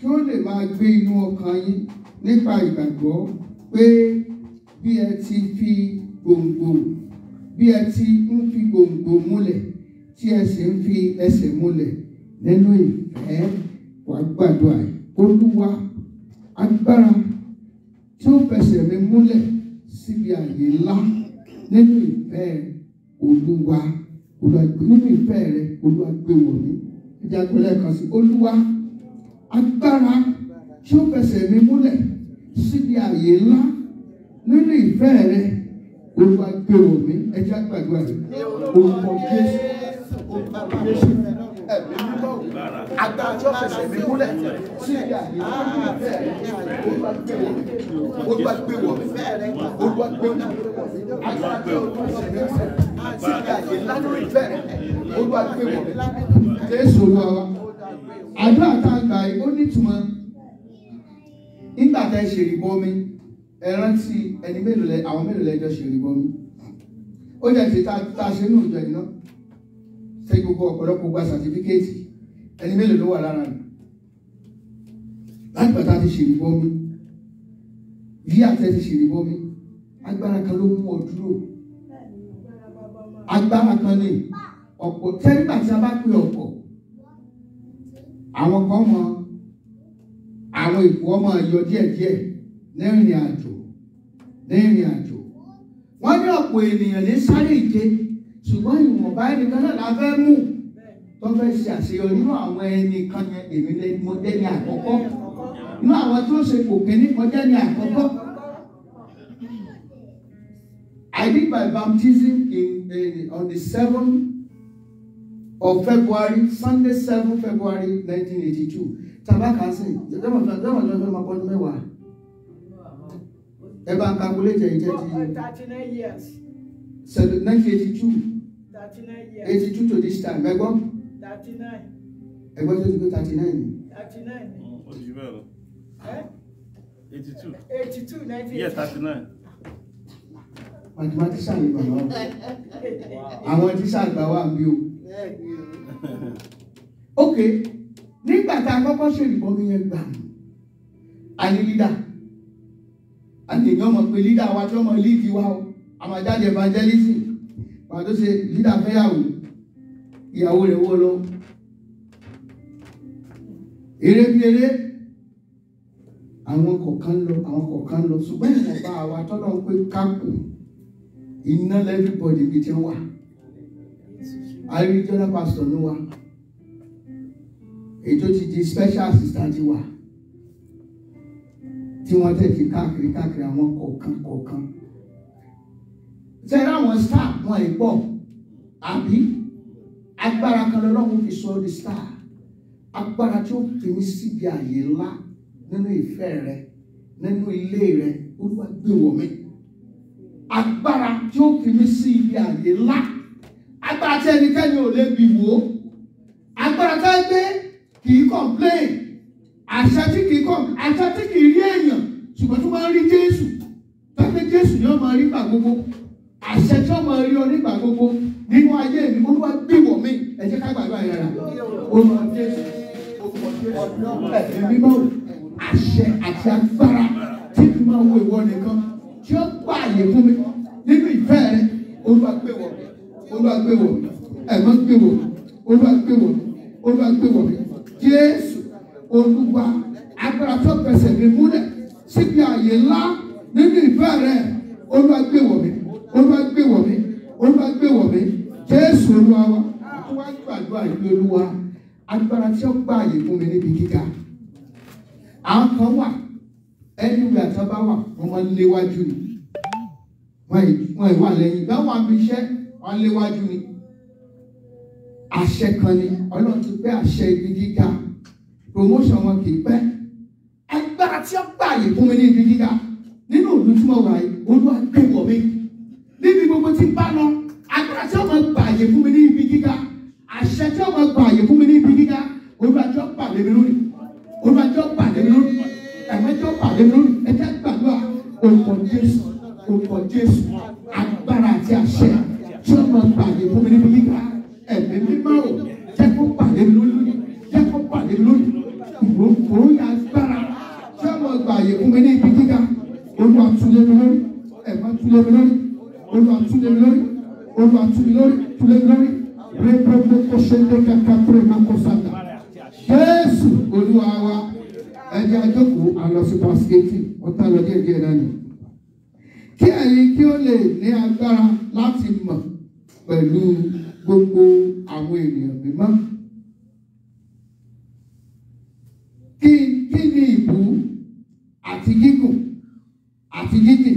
kí ó lè máa gbé inú ọkàn yín nípa ìgbàgbọ́ pé bí ẹ ti fi gbòǹgbò bí ẹ ti ń fi gbòǹgbò múlẹ̀ tí ẹ sì ń fi ẹsẹ̀ múlẹ̀ nínú ìfẹ́ wà gbàdúrà olúwa agbára tí ó fẹsẹ̀ mi múlẹ̀ síbi àyè ńlá nínú ìfẹ́ olúwa olùwàgbé nínú ìfẹ́ rẹ olùwàgbé wọ̀nyí ẹja pẹ̀lẹ́ kan sí olúwa agbára tí ó fẹsẹ̀ mi múlẹ̀ síbi ààyè ńlá nínú ìfẹ́ rẹ olùwàgbé wọ̀nyí ẹja gbàgbọ́ rẹ orúkọ jésù ẹ̀mí mímọ́ agbára tí ó fẹsẹ̀ mi múlẹ̀ síbi ààyè ńlá nínú ìfẹ́ rẹ olùwàgbé wọ̀nyí olùwàgbé wọ̀nyí olùwàgbé agbára tí ó fẹsẹ̀ mi múlẹ̀ àti àyè lánà ìbẹ̀rẹ̀ olúwa gbé wọ̀ jésù lọ àdúrà tá a gbà yìí ó nítumọ̀ nígbà tá ẹ ṣe ìbọn mi ẹ rántí ẹni mélòó lẹ àwọn mélòó lẹjọ ṣe ìbọn mi ó jẹ́ ti ta ta ṣe nínú ìjọ ìná ṣe gbogbo ọ̀pọ̀lọpọ̀ gba sàtífíkẹ́ẹ̀tì ẹni mélòó ló wà lára rẹ̀ láti bàtà ti ṣe ìbọn mi bí àtẹ ti ṣe ìbọn agbára kan ló mú ọ dúró agbára kan ní ọ̀pọ̀ tẹ́lifà tí a bá pè ọ̀pọ̀ àwọn kan mọ àwọn èkó ọmọ ẹ̀yọ díẹ̀díẹ̀ ní ìrìn àjò ní ìrìn àjò wọ́n ní ọ̀pọ̀ ènìyàn ní sáré ìje ṣùgbọ́n ìwọ̀nba ẹnìkan náà la fẹ́ mú tó fẹ́ ṣe àṣeyọrí nínú àwọn ẹni kan yẹn èmi lẹ́ni mo jẹ́ ní àkọ́kọ́ nínú àwọn tó ṣe kò kíní kọjá ní àkọ́kọ́. I did my baptism in, in eh, on the seventh of February, Sunday seventh February 1982. Tàbá kà á sìn, jẹ́wọ́ Thirty nine years. Nineteen eighty two. Thirty nine years. Eighty two to this time, ẹ gbọ́. Thirty nine. Ẹ gbọ́ tó ti pé thirty nine. Thirty nine. Oh, ó ti bẹ́ẹ̀ lọ. Eh? Eighty two. Eighty two nineteen Yes, thirty nine mathematician ni bàbá wa àwọn tíṣà àgbà wa bí o. ok nígbà tá a kọ́kọ́ ṣe ìbọmi yẹn gbà àní lídà àti èèyàn mọ̀ pé lídà wa tí wọ́n mọ líìkì wa o àmọ́ jáde evangelism pàtó ṣe lídà fẹ́yàwó ìyàwó rẹ̀ wọ́ lọ. eré bí eré àwọn kọ̀ọ̀kan lọ àwọn kọ̀ọ̀kan lọ ṣùgbọ́n ìwọ̀nba àwa tọ́lọ́ ń pé kápò iná lẹ́fíbọ̀dì ibi tí ó wà ayélujára pastor ló wà ètò ti di special assistant wà take wọ́n tẹ̀ fi káàkiri káàkiri àwọn kọ̀ọ̀kan kọ̀ọ̀kan tẹ́lẹ̀ àwọn star wọn ì pọ̀ àbí agbára kan lọ́lọ́run fi sọ ọ́ di star agbára tí to miss mí síbi àyè ńlá nínú ìfẹ́ rẹ nínú ilé rẹ olúwa gbé wọ̀ mí agbára tí ó fi mí sí ibi àyè ńlá agbára tí ẹnikẹ́ni ò lè bì wò ó agbára tá gbé kì í complain àṣà tí kì í kọ àṣà tí kì í rí èèyàn ṣùgbọ́n tó máa rí Jésù pẹ́pẹ́ Jésù ni ó máa rí gbà gbogbo àṣẹ tí ó máa rí ọ nígbà gbogbo nínú ayé mi olúwa bíwọ̀ mi ẹ jẹ́ ká gbàgbọ́ ayé rà olùwà Jésù ẹ̀mí mímọ́ àṣẹ àti agbára tí fi máa wo ìwọ nìkan tí ó gba àyè fún mi nínú ìfẹ́ rẹ Olúwa gbé wọ̀ Olúwa gbé wọ̀ ẹ̀gbọ́n gbé wọ̀ Olúwa gbé wọ̀ Olúwa gbé wọ̀ Jésù Olúwa agbára tó fẹsẹ̀ mi múlẹ̀ síbi àyè ńlá nínú ìfẹ́ rẹ Olúwa gbé wọ̀ mi Olúwa gbé wọ̀ mi Olúwa gbé wọ̀ mi Jésù Olúwa wa wá gbàdúrà ìlú Olúwa agbára tí ó gba àyè fún mi níbi gíga àwọn kan wà anywhere tó bá wà wọ́n máa ń léwájú ni wọ́n ìwà lẹ́yìn báwọn àmì iṣẹ́ wọ́n léwájú ni àṣẹ kan ni ọlọ́run ti pẹ́ àṣẹ ibi gíga promotion wọn kì í pẹ́ agbára tí ó gbààyè fún mi ní ibi gíga nínú ìlú tí mo wà yìí olúwa gbé wọ̀ mí níbi gbogbo tí bá lọ agbára tí ó máa gbààyè fún mi ní ibi gíga àṣẹ tí ó máa gbààyè fún mi ní ibi gíga olúwa tí gbà lé mi Olúwa tú mi lórí tú lé mi lórí rẹ́pẹ́pẹ́ kó ṣẹ́ńdé kàkà pé má kó sàdá. Jésù Olúwa wa ẹni àjọkù àlọ́sí pàṣíkẹ́tì ọ̀tá lọ díẹ̀ díẹ̀ náà ni. Kí ẹ̀yin kí ó lè ní agbára láti mọ̀ pẹ̀lú gbogbo àwọn ènìyàn mímọ́. Kí kí ni ìbú àti gígùn àti jíjìn?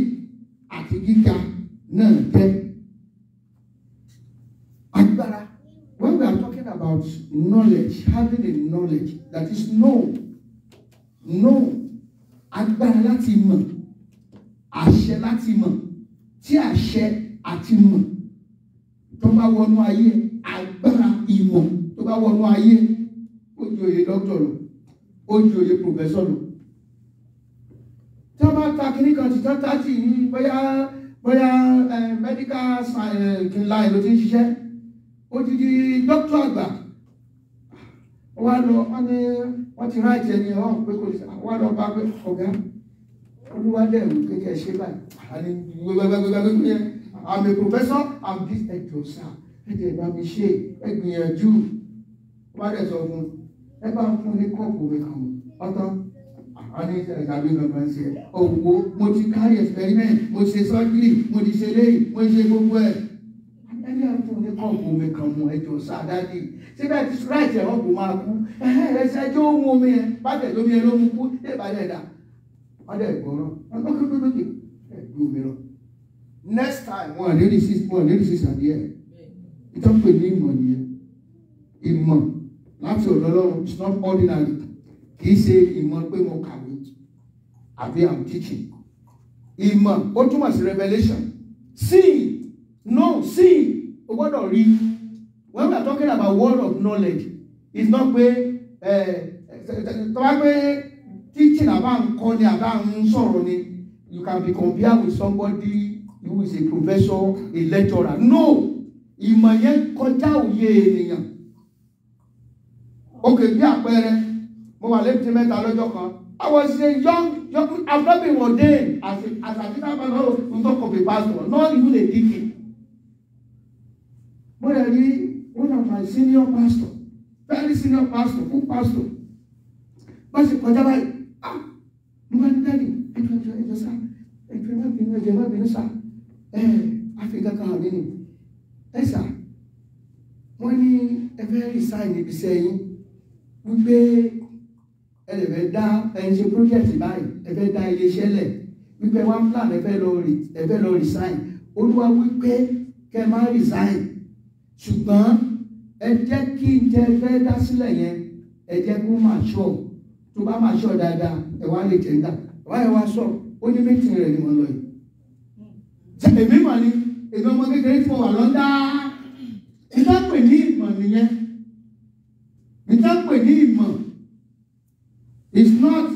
knowledge having a knowledge that is know know agbára láti mọ̀ àṣẹ láti mọ̀ tí àṣẹ àti mọ̀ tó bá wọnú ayé agbára ìmọ̀ tó bá wọnú ayé ó ju òye dókítà lọ ó òye pòfẹ́sọ̀ lọ tó bá ta kiri kan ti tán tààtì ní bóyá bóyá eh, medical science eh, kìnìlá ìlú ti ń ṣiṣẹ́ ó di dókítà àgbà wá lọ wọ́n ní wọ́n ti ráìtì ẹni ọ̀hún pé kò sí wá lọ bá pé ọ̀gá olúwalẹ̀ ìlú kékeré ṣe báyìí àní yẹn I'm a professor I'm this ẹjọ sá ẹjẹ bá mi ṣe ẹ e gbìyànjú wá dẹ̀ sọ fún ẹ e bá fún ní kọ́ọ̀pù mi kàn ọ̀tọ̀ àní ìtàgbé gbọ̀ngàn ń ṣe òwò mo ti kárí experiment mo ṣe surgery mo ti ṣe léyìí mo ṣe gbogbo ẹ̀. E kọ́ọ̀pù omi kan mu ẹjọ́ sàdáàdì síbẹ̀ ti ráìtì ẹ̀wọ̀n kò máa kú ẹsẹ̀ ẹjọ́ ó omi yẹn bàtẹ̀ lómi yẹn ló mu kú ṣé ìbàdàn ẹ̀dá ọ̀dẹ̀ ìgbọ̀nrán ọ̀dọ́kẹ́dọ́dọ́kẹ́ ẹ̀gbẹ́ omi lọ. next time wọn lè rí sísan wọn lè rí sísan díẹ̀ ìtọ́pẹ̀ ní ìmọ̀ nìyẹn ìmọ̀ láti ọ̀dọ́lọ́run it's not ordinary kì í ṣe ìmọ̀ pé mo kàwé àbí i'm teaching ìmọ̀ ó túmọ̀ sí revelation see no see o gbọ́dọ̀ rí when we are talking about word of knowledge it's not pé tọ́wá pé teaching àbá ń kọ́ ni àbá ń sọ̀rọ̀ ni you can be compared with somebody who is a professor a lecturer no ìmọ̀ yẹn kọjá òye ènìyàn ok bí àpẹẹrẹ mo wà lẹ́bi tí mẹ́ta lọ́jọ́ kan I was a young young I've not been ordained as a as a teacher but not to talk of a pastor not even a deacon mo rẹ̀ rí one of my senior pastor very senior pastor full pastor bá ṣe kọjá báyìí ah mo bá ní dáàdì ẹjọ ẹjọ ẹjọ sá ẹjọ má bínú ẹjọ má bínú sá ẹ àfihàn kan hàn mí ni ẹ sá wọn ní ẹ fẹ́ rí sáì níbi sẹ́yìn wípé ẹ lè fẹ́ dá ẹ ń ṣe project báyìí ẹ fẹ́ dá iléeṣẹ́ lẹ̀ wípé one plan ẹ fẹ́ lọ resign olúwa wípé kẹ má resign ṣùgbọ́n ẹ jẹ́ kí n tẹ fẹ́ dá sílẹ̀ yẹn ẹ jẹ́ kó máa ṣọ́ tó bá máa ṣọ́ dáadáa ẹ wá lè tẹ̀ńdà wá ẹ wá sọ ó ní méjì rẹ̀ ni mo lọ yìí. ṣe èmi mọ̀ ni èmi ọmọ kékeré tí mo wà lọ́dá ìtàpè ní ìmọ̀ nìyẹn ìtàpè ní ìmọ̀ it's not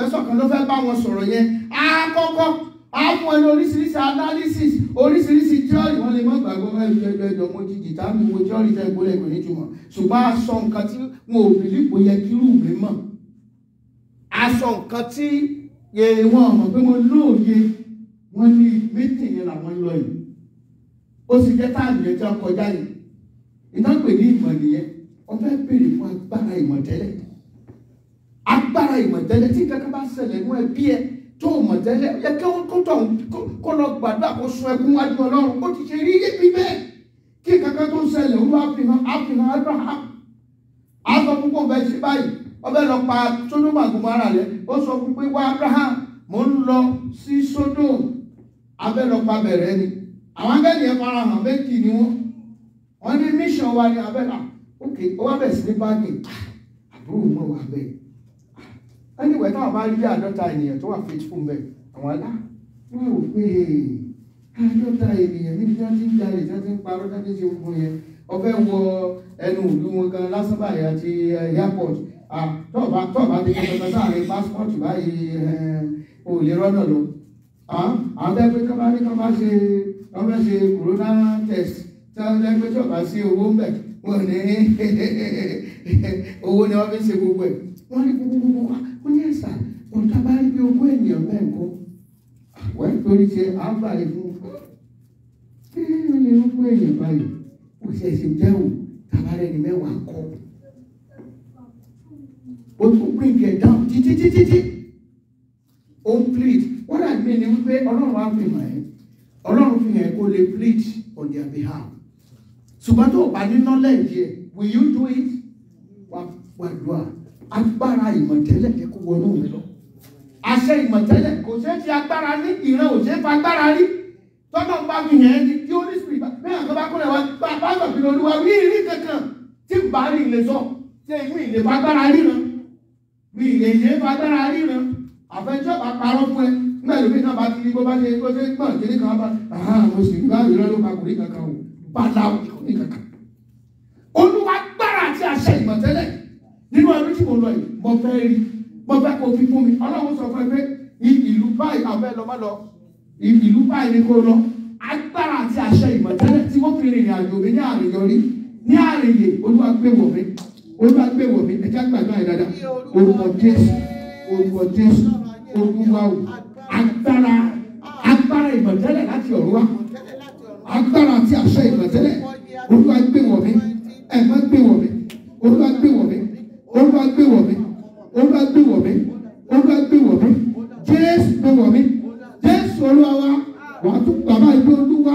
professor kan ló fẹ́ bá wọn sọ̀rọ̀ yẹn á kọ́kọ́ á fún ẹ ní oríṣiríṣi analysis oríṣiríṣi theory wọn lè má gbàgbọ́ ẹgbẹ́ ẹjọ́ mo ti jìtá mi mo theory tẹ́ ìgbólẹ̀ kò ní jùmọ̀ ṣùgbọ́n a sọ nǹkan tí wọn ò bìlí kò yẹ kí irú mi mọ̀ a sọ nǹkan tí wọn mọ̀ pé mo lóòye wọn ní meeting yẹn làwọn lọ yìí ó sì jẹ́ táàmì yẹn tí wọ́n kọjá yìí ìtàn pè ní ìmọ̀ nìyẹn wọ́n fẹ́ béèrè fún agbára ìmọ̀ tẹ́lẹ̀ tẹ́lẹ̀ tí kankan bá ṣẹlẹ̀ nú ẹbí ẹ tó mọ̀ tẹ́lẹ̀ yẹ kí wọ́n kótó kó lọ gbàdúrà kó sun ẹkún wájú ọlọ́run ó ti ṣe rí ibi bẹ́ẹ̀ kí kankan tó ṣẹlẹ̀ ó wá fi àfihàn abraham aṣọ púpọ̀ bẹ́ẹ̀ ṣe báyìí ọbẹ̀ lọ pa sódómà gòmárà rẹ̀ ó sọ pé wá abraham mò ń lọ sí sódóm abẹ́ lọ pa bẹ̀rẹ̀ ni àwọn abẹ́ni ẹ̀ fara hàn méjì ni wọ́n wọ́n ní mission wa ni abẹ́ là ó wá bẹ̀ sí ní báàgì ah, àbúrò mọ́ wa bẹ́ẹ̀ anyway táwọn bá rí bí àádọ́ta ènìyàn tó wà faithful mẹ́ àwọn alá wọn ò pé àádọ́ta ènìyàn níbi tí wọ́n ti ń jalè tí wọ́n ti ń parọ́ tí wọ́n ti ń ṣe ogun yẹn ọbẹ̀ wọ ẹnu ìlú wọn gan lásán báyìí àti airport tọ́ọ̀bá tọ́ọ̀bá ti fi pẹpẹ sáàrin passport báyìí ò lè rọ́nà lọ àwọn bẹ́ẹ̀ pé kọ́bá ní kọ́bá ṣe wọ́n fẹ́ ṣe corona test tí wọ́n fẹ́ pé tọ́ọ̀bá sí owó ń bẹ̀ wọ́n ní owó ni wọ́n fi ṣe gbogbo ẹ̀ wọ́n ní gbogbo gbogbo wa ó ní ẹ̀sà òǹkà bá rí bí ogún ènìyàn bẹ́ẹ̀ kọ́ àwọn ìtòrí ṣe àbáyé fún ṣé ó lè ogún ènìyàn báyìí ó ṣe ṣe dẹ́hùn tàbárẹ́ ni mẹ́wàá kọ́ ó tún pín ìgbẹ́ dáhùn títí títí tí ó ń plead wọ́n dà mí ni wípé ọlọ́run á fi hàn ẹ́ ọlọ́run fi hàn ẹ́ kó lè plead on their behalf ṣùgbọ́n tó o bá ní knowledge yẹ will you do it? wàá gbàdúrà agbára ìmọ̀tẹ́lẹ̀ wọnú mi lọ. àṣẹ ìmọ̀tẹ́lẹ̀ kò ṣeé fi agbára ní ìran ò ṣeé fa agbára rí tọ́nà bá fi yẹn ni kí ó ní sùn ìgbà mẹ́rin tó bá kúrẹ̀ wá bá bá fi lọ lúwa rí rí kankan tí bá rí ilé sọ ṣé mi ìlè fa agbára ríran mi ìlè yé fa agbára ríran àfẹjọ́ bá parọ́ fún ẹ nígbà tó fi náà bá ti rí bó bá ṣe bó ṣe gbọ́n kiri kan bá mo sì gbá ìran ló pa kò rí kankan o bá láwù kò rí kankan. olúwa gbára àti àṣẹ ìmọ̀tẹ́lẹ̀ nínú ọdún tí mo lọ yìí mo fẹ́ rí mo fẹ́ kó fi fún mi ọlọ́run sọ fún ẹ pé ìlú báyìí àbẹ́ lọ má lọ ìlú báyìí ni kò lọ agbára àti àṣẹ ìmọ̀tẹ́lẹ̀ tí wọ́n fi rìnrìn àjò mi ní àrèyọrí ní àrèyè olúwa gbé wọ̀ mí olúwa gbé wọ̀ mí ẹ̀jẹ̀ gbàgbọ́ àyè dáadáa orúkọ jésù orúkọ jésù orúkọ wa o agbára agbára ìmọ̀tẹ́lẹ̀ láti ọ̀rọ̀ wa agbára àti àṣẹ ìmọ̀tẹ́lẹ̀ olúwa gbé wọ̀ mí ẹ̀gbọ́n gbé wọ̀ mí olúwa gbé wọ̀ mí olúwa gbé wọ̀ mí olúwa gbé wọ̀ mí olúwa gbé wọ̀ mí jésù gbé wọ̀ mí jésù olúwa wa wàá tún bàbá ìgbé olúwa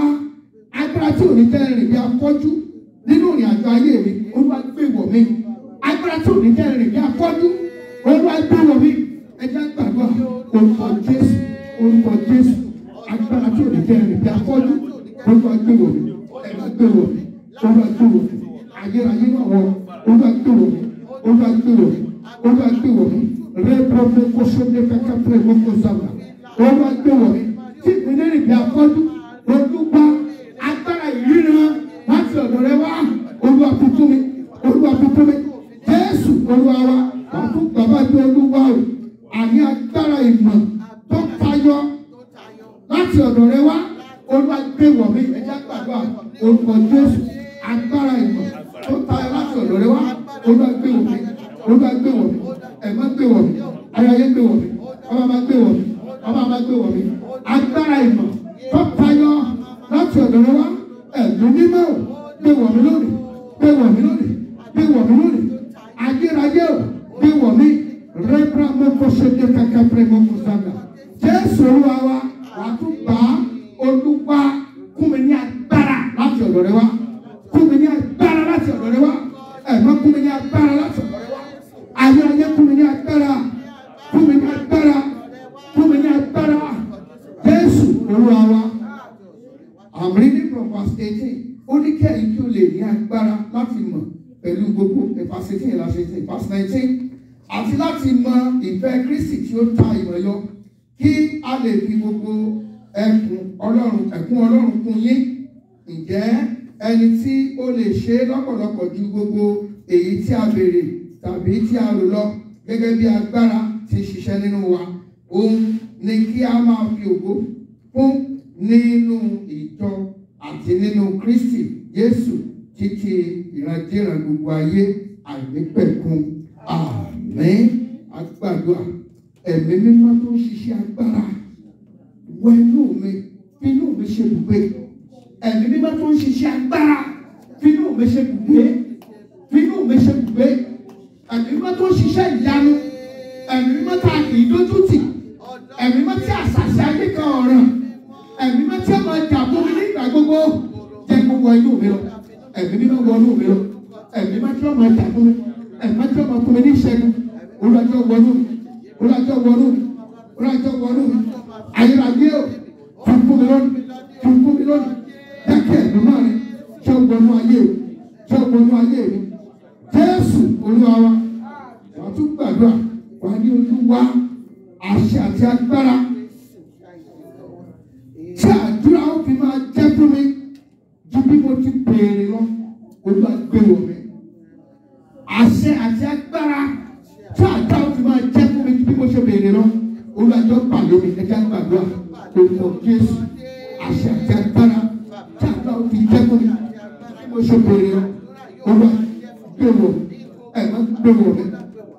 agbára tí òní tẹ́ rìn bí afọ́jú nínú ìrìn àjò ayé mi olúwa gbé wọ̀ mí agbára tí òní tẹ́ rìn bí afọ́jú olúwa gbé wọ̀ mí ẹja gbàdúrà orúkọ jésù orúkọ jésù agbára tí òní tẹ́ rìn bí afọ́jú olúwa gbé wọ̀ mí ẹja gbé wọ̀ mí olúwa gbé wọ̀ mí ayérayé wà wọ olúwa gbé wọ̀ mí olúwa gbé wò mí olúwa gbé wò mí rẹ́pọ̀mọ́ kọ́sọ́dé kankan pẹ̀lú mọ́kọ́ sábà olúwa gbé wò mí tí ìlérí bí afọ́jú ojú gbá agbára ìríran láti ọ̀dọ̀ rẹ wá olúwa tuntun mi olúwa tuntun mi jésù olúwa wa ọ̀tún bàbá gbé olúwa o àní agbára ìmọ̀ tó tayọ láti ọ̀dọ̀ rẹ wá olúwa gbé wọ̀ mí ẹ̀jẹ̀ gbàgbọ́ orúkọ jésù agbára ìmọ̀ tó tayọ láti ọ̀dọ̀ rẹ wá olúwa gbé wọ̀ mí olúwa gbé wọ̀ mí ẹ̀má gbé wọ̀ mí ayáyé gbé wọ̀ mí ọba máa gbé wọ̀ mi. ọba máa gbé wọ̀ mí agbára ìmọ̀ tó tayọ láti ọ̀dọ̀ rẹ wá ẹ̀mí mímọ́ gbé wọ̀ mí lónìí gbé wọ̀ mí lónìí gbé wọ̀ mí lónìí ayérayé o gbé wọ̀ mí rẹ́bra mọ́kọ́sẹ́dé kankanpẹ́rẹ́ mọ́kọ́sẹ́dá jésù olúwa wa wàá tún gbà olúwa kún mi ní agbára láti ọ̀dọ̀ rẹ wá. verse eighteen yẹn la ṣe ṣe verse nineteen àti láti mọ ìfẹ́ Kristi tí ó ta ìmọ̀ yọ kí a lè fi gbogbo ẹkùn Ọlọ́run ẹ̀kún Ọlọ́run kún yín ǹjẹ́ ẹni tí ó lè ṣe lọ́pọ̀lọpọ̀ ju gbogbo èyí tí a béèrè tàbí tí a rò lọ gẹ́gẹ́ bí agbára ti ṣiṣẹ́ nínú wa òun ni kí a máa fi ògo fún nínú ìjọ àti nínú Kristi Jésù títí ìrandíran gbogbo ayé àìnípẹ̀kun àmín agbàdúrà ẹ̀mí mímọ́ tó ń ṣiṣẹ́ agbára wọ inú mi fi inú mi ṣe bùgbé ẹ̀mí mímọ́ tó ń ṣiṣẹ́ agbára fi inú mi ṣe bùgbé fi inú mi ṣe bùgbé ẹ̀mí mímọ́ tó ń ṣiṣẹ́ ìyanu ẹ̀mí mímọ́ tá a kì í dójú tì ẹ̀mí mímọ́ tí àṣàṣe ayé kan ọ̀ràn ẹ̀mí mímọ́ tí a máa jà bómi nígbà gbogbo jẹ́ gbogbo inú mi lọ ẹ̀mí mímọ́ wọ inú mi lọ ẹ̀mí má tí wọ́n máa dàgbọ́ mi ẹ̀mí má tí wọ́n máa kọ́ mi ní ìṣẹ́gun olùwàjọ wọnú mi olùwàjọ wọnú mi olùwàjọ wọnú mi ayérayé o tún fún mi lónìí tún fún mi lónìí dákẹ́ ẹ̀mí má rẹ tí ó wọnú ayé o tí ó wọnú ayé mi Jésù Olúwa wa wàá tún gbàdúrà wàá ní Olúwa àṣẹ àti agbára tí àdúrà ó fi máa jẹ́ fún mi ju bí mo ti béèrè lọ olúwa gbé wọ̀ àṣẹ àti agbára fún àgbà òfin máa jẹ́ fún mi bí mo ṣe béèrè lọ olùwàjọ pàlómi ẹja gbàdúrà orúkọ Jésù àṣẹ àti agbára fún àgbà òfin jẹ́ fún mi bí mo ṣe béèrè lọ olùwà gbèrò ẹ̀rọ gbèrò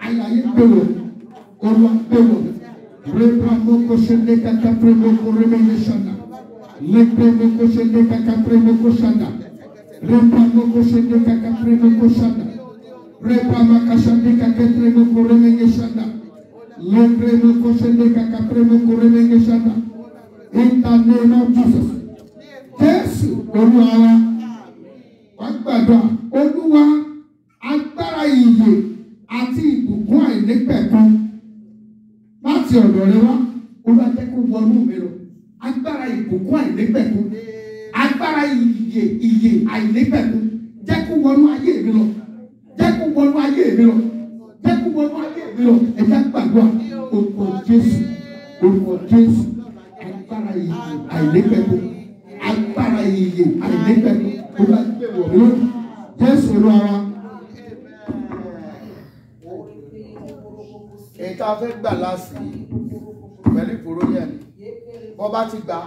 ayáyé gbèrò olùwà gbèrò rẹpà mọ́kọ́ ṣe lé kàkà pé mọ́kọ́ rẹ́mẹ́yẹ ṣàdá lẹ́pẹ́ mọ́kọ́ ṣe lé kàkà pé mọ́kọ́ ṣàdá rẹpà mọ́kọ́ ṣe lé kàkà pé mọ́kọ́ ṣàdá repama kasandika ketremo kuremenge sanda lembremo kosendika kapremo kuremenge sanda in the name of Jesus Jésù olúwa wa wá gbàdúrà olúwa agbára ìyè àti ìbùkún àìnípẹ̀kun láti ọ̀dọ̀ rẹ wá olúwa jẹ́ kó wọnú mi lọ agbára ìbùkún àìnípẹ̀kun agbára ìyè ìyè àìnípẹ̀kun jẹ́ kó wọnú ayé jẹ́ kó wọnú ayé mi lọ jẹ́ kó wọnú ayé mi lọ ẹ jẹ́ gbàdúrà orúkọ Jésù orúkọ Jésù agbára ìyè àìlẹ́gbẹ̀kọ agbára ìyè àìlẹ́gbẹ̀kọ olúwa gbẹ̀wò ló Jésù ló ara. ètò afẹ́ gbà lásìkò pẹ̀lú ìfòró yẹn ni bọ́ bá ti gbà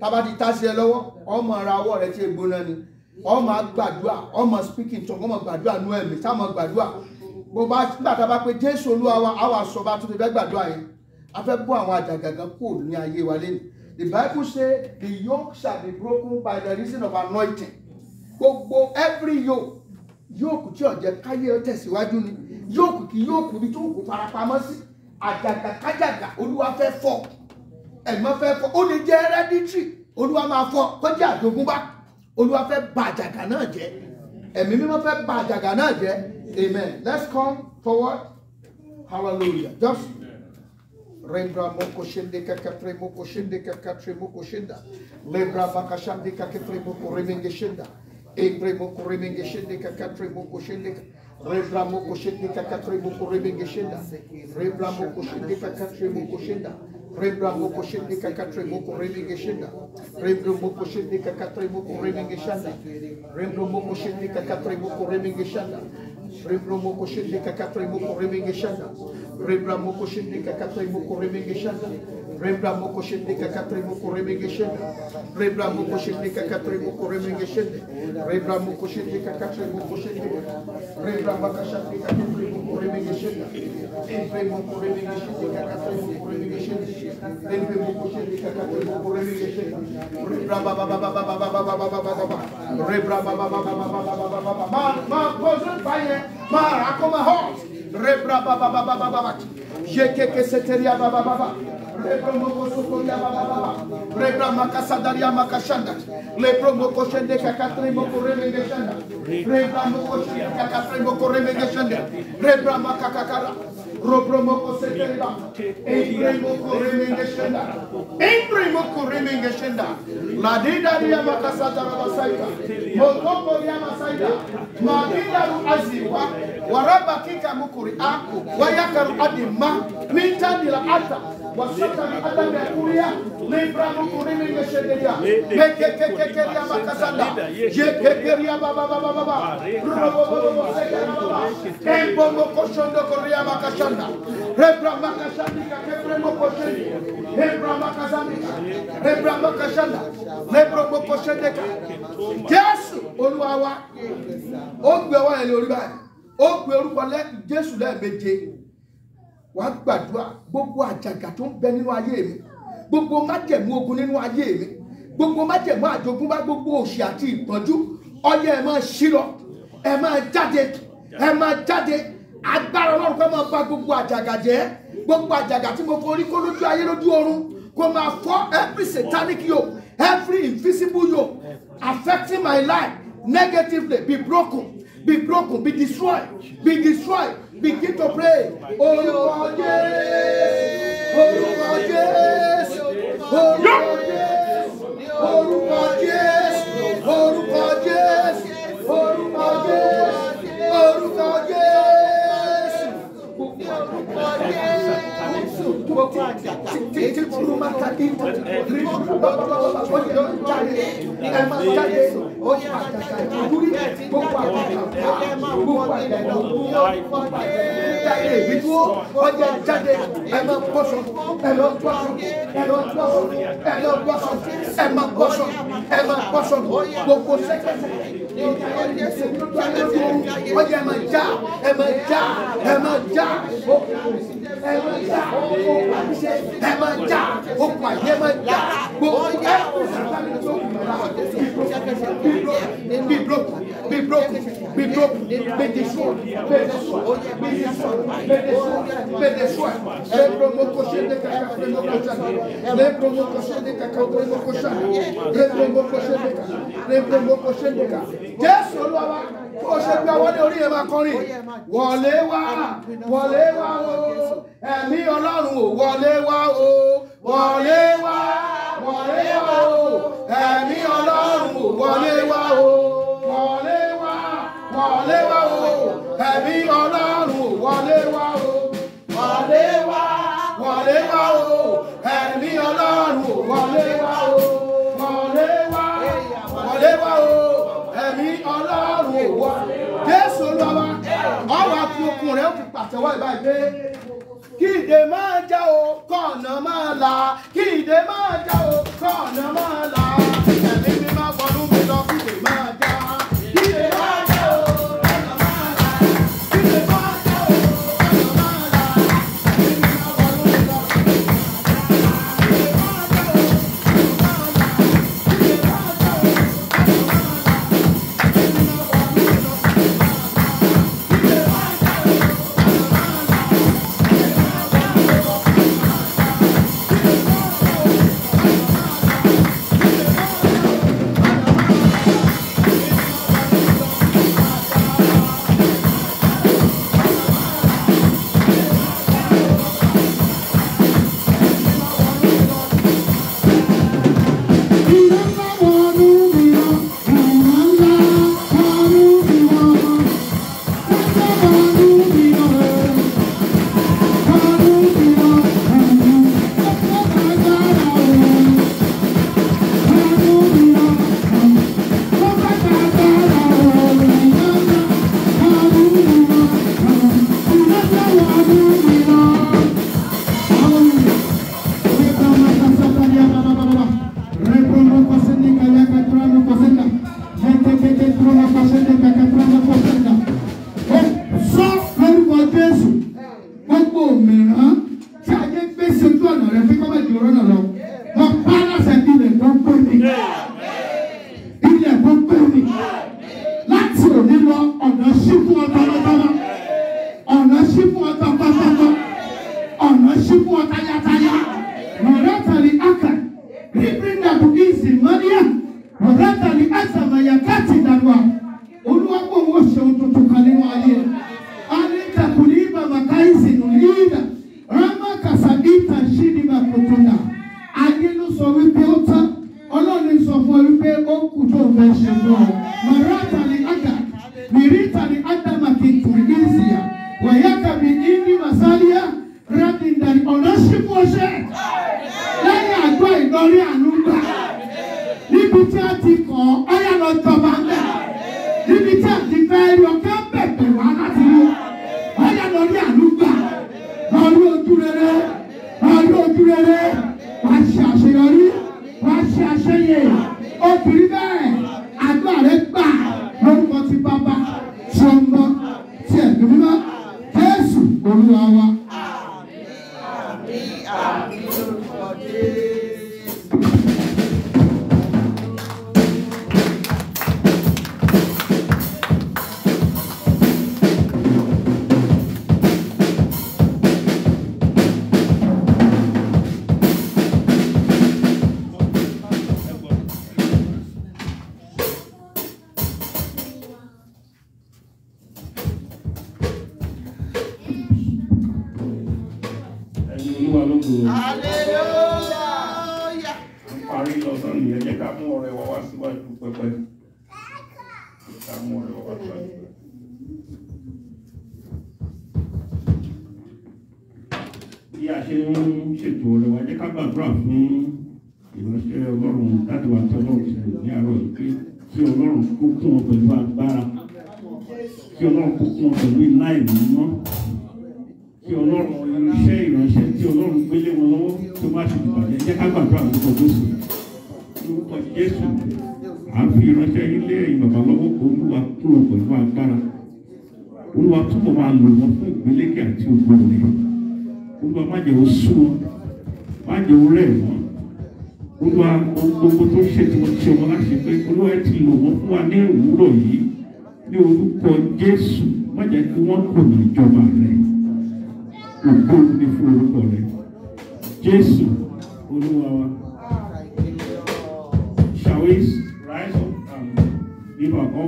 tábà ti táṣẹ́ lọ́wọ́ ọmọ ara ọwọ́ rẹ ti gbóná ni ọmọ gbàdúrà ọmọ speaking tongue ọmọ gbàdúrà nú ẹ̀mí sáà mọ gbàdúrà bó bá nígbà tá a bá pé jésù olúwa wa á wà sọ bá tó ti fẹ́ gbàdúrà yẹn a fẹ́ bọ́ àwọn àjàgàgàn kò ní ayé wa lẹ́nu the bible say the yoke shall be broken by the reason of anointing gbogbo every yoke yoke tí ọ̀jẹ̀ káyé tẹ̀síwájú ni yoke kì yoke bí tó kò farapamọ́ sí àjàgà kájàgà olúwa fẹ́ fọ́ ẹ̀gbọ́n fẹ́ fọ́ ó lè jẹ́ hereditary olúwa máa fọ́ kọjá àjogúnbá olúwa fẹ́ bà àjàgà jẹ́ ẹ̀mí mímọ́ fẹ́ bajaga na jẹ́ amen let's come forward hallelujah just Rebra moko shende kakatre moko shende kakatre moko shenda. Lebra bakashande kakatre moko remenge shenda. Ebre moko remenge ka kakatre moko shende kakatre moko moko moko Rebla mokoshindika katribuku rebengeshinda. Rebla mokoshindika katribukushinda. Rebla mokoshindika katribuku moko Rebla mokoshindika katribuku rebengeshanda. Rebla mokoshindika moko rebengeshanda. Rebla mokoshindika katribuku rebengeshanda. Rebla moko katribuku rebengeshanda. Rebra moko shende kakatre moko Rebra kakatre moko Rebra kakatre Ma paye ma akoma hot. Rebra makasadaria makashanda. Lepro moko shende kakatre moko remenge shanda. Rebra moko shende kakatre moko remenge shanda. Rebra makakakara. Robro moko setelba. Ebre moko remenge shanda. Ebre moko remenge shanda. La dida ria makasadara basaita. Moko ria masaita. Madida ru aziwa. waraba kika mukuri a wayakar adimma min tadila ata wasata mi ada mi kuria mi bra mukuri mi geshegeria me makasanda yekekeria kekeria ba ba ba ba ba koria makasanda rebra makasanda ka kebre mo kosheni rebra makasanda rebra makasanda rebra mo koshende ka Jésù wa ó gbé ọwọ́ yẹn ó pe orúkọ jésù lẹ́ẹ̀méje wàá gbàdúrà gbogbo àjàgà tó ń bẹ nínú ayé mi gbogbo májẹ̀mú ogun nínú ayé mi gbogbo májẹ̀mú àjogúnbá gbogbo òṣì àti ìtọ́jú ọyẹ ẹ máa ṣírọ ẹ máa jáde ẹ máa jáde agbára ọlọ́run kó máa bà gbogbo àjàgà jẹ́ gbogbo àjàgà tí mo forí kó lójú ayé lójú ọ̀run kó máa fọ́ every satanic yoke every invisible yoke affecting my life negatively be broken be broken, be destroyed, be destroyed. Begin to pray. Oh oh Orúkọ Jésù, oh Jésù, orúkọ Jésù, orúkọ Jésù. gbogbo àjàkà ètí burú máa ta kí rí lọ́wọ́lọ́wọ́ ó yẹ jáde ẹ máa jáde ó yẹ àjàkà ìdúrí gbogbo àjàkà gbogbo àjàkà gbogbo jáde ìdúró ó yẹ jáde ẹ máa gbọ́sọ̀ ẹ lọ gbọ́sọ̀ ẹ lọ gbọ́sọ̀ ẹ lọ gbọ́sọ̀ ẹ máa gbọ́sọ̀ ẹ máa gbọ́sọ̀ gbogbo sẹ́kẹ̀sẹ̀ ọjà ẹ máa já ẹ máa já ẹ máa já ẹ máa já ẹ máa já okùn àyè máa já gbogbo ẹ be broken be broken be broken be destroyed be destroyed be destroyed be destroyed be destroyed ẹ promoko ṣe de kaka promoko ṣe ẹ promoko ṣe de kaka promoko ṣe ẹ promoko ṣe de kaka ẹ promoko ṣe de kaka Jésù olúwa bó ṣe gbé ọwọ́ ní orí yẹn máa kọrin wọlé wá wọlé wá o ẹ̀mí ọlọ́run ò wọlé wá o wọlé wá wọlé wá o ẹ̀mí ọlọ́run ò wọlé wá o wọlé wá wọlé wá o ẹ̀mí ọlọ́run ò wọlé wá o wọlé wá wọlé wá o ẹ̀mí ọlọ́run ò wọlé wá o. jésù olúwa ọwọ́ àti okùn rẹ̀ ó fi pàtẹ́wọ́ ìbáyìí pé kí ìdè máa já o kọ̀ọ̀nà máa là kí ìdè máa já o kọ̀ọ̀nà máa là.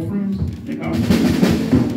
offerings and offerings.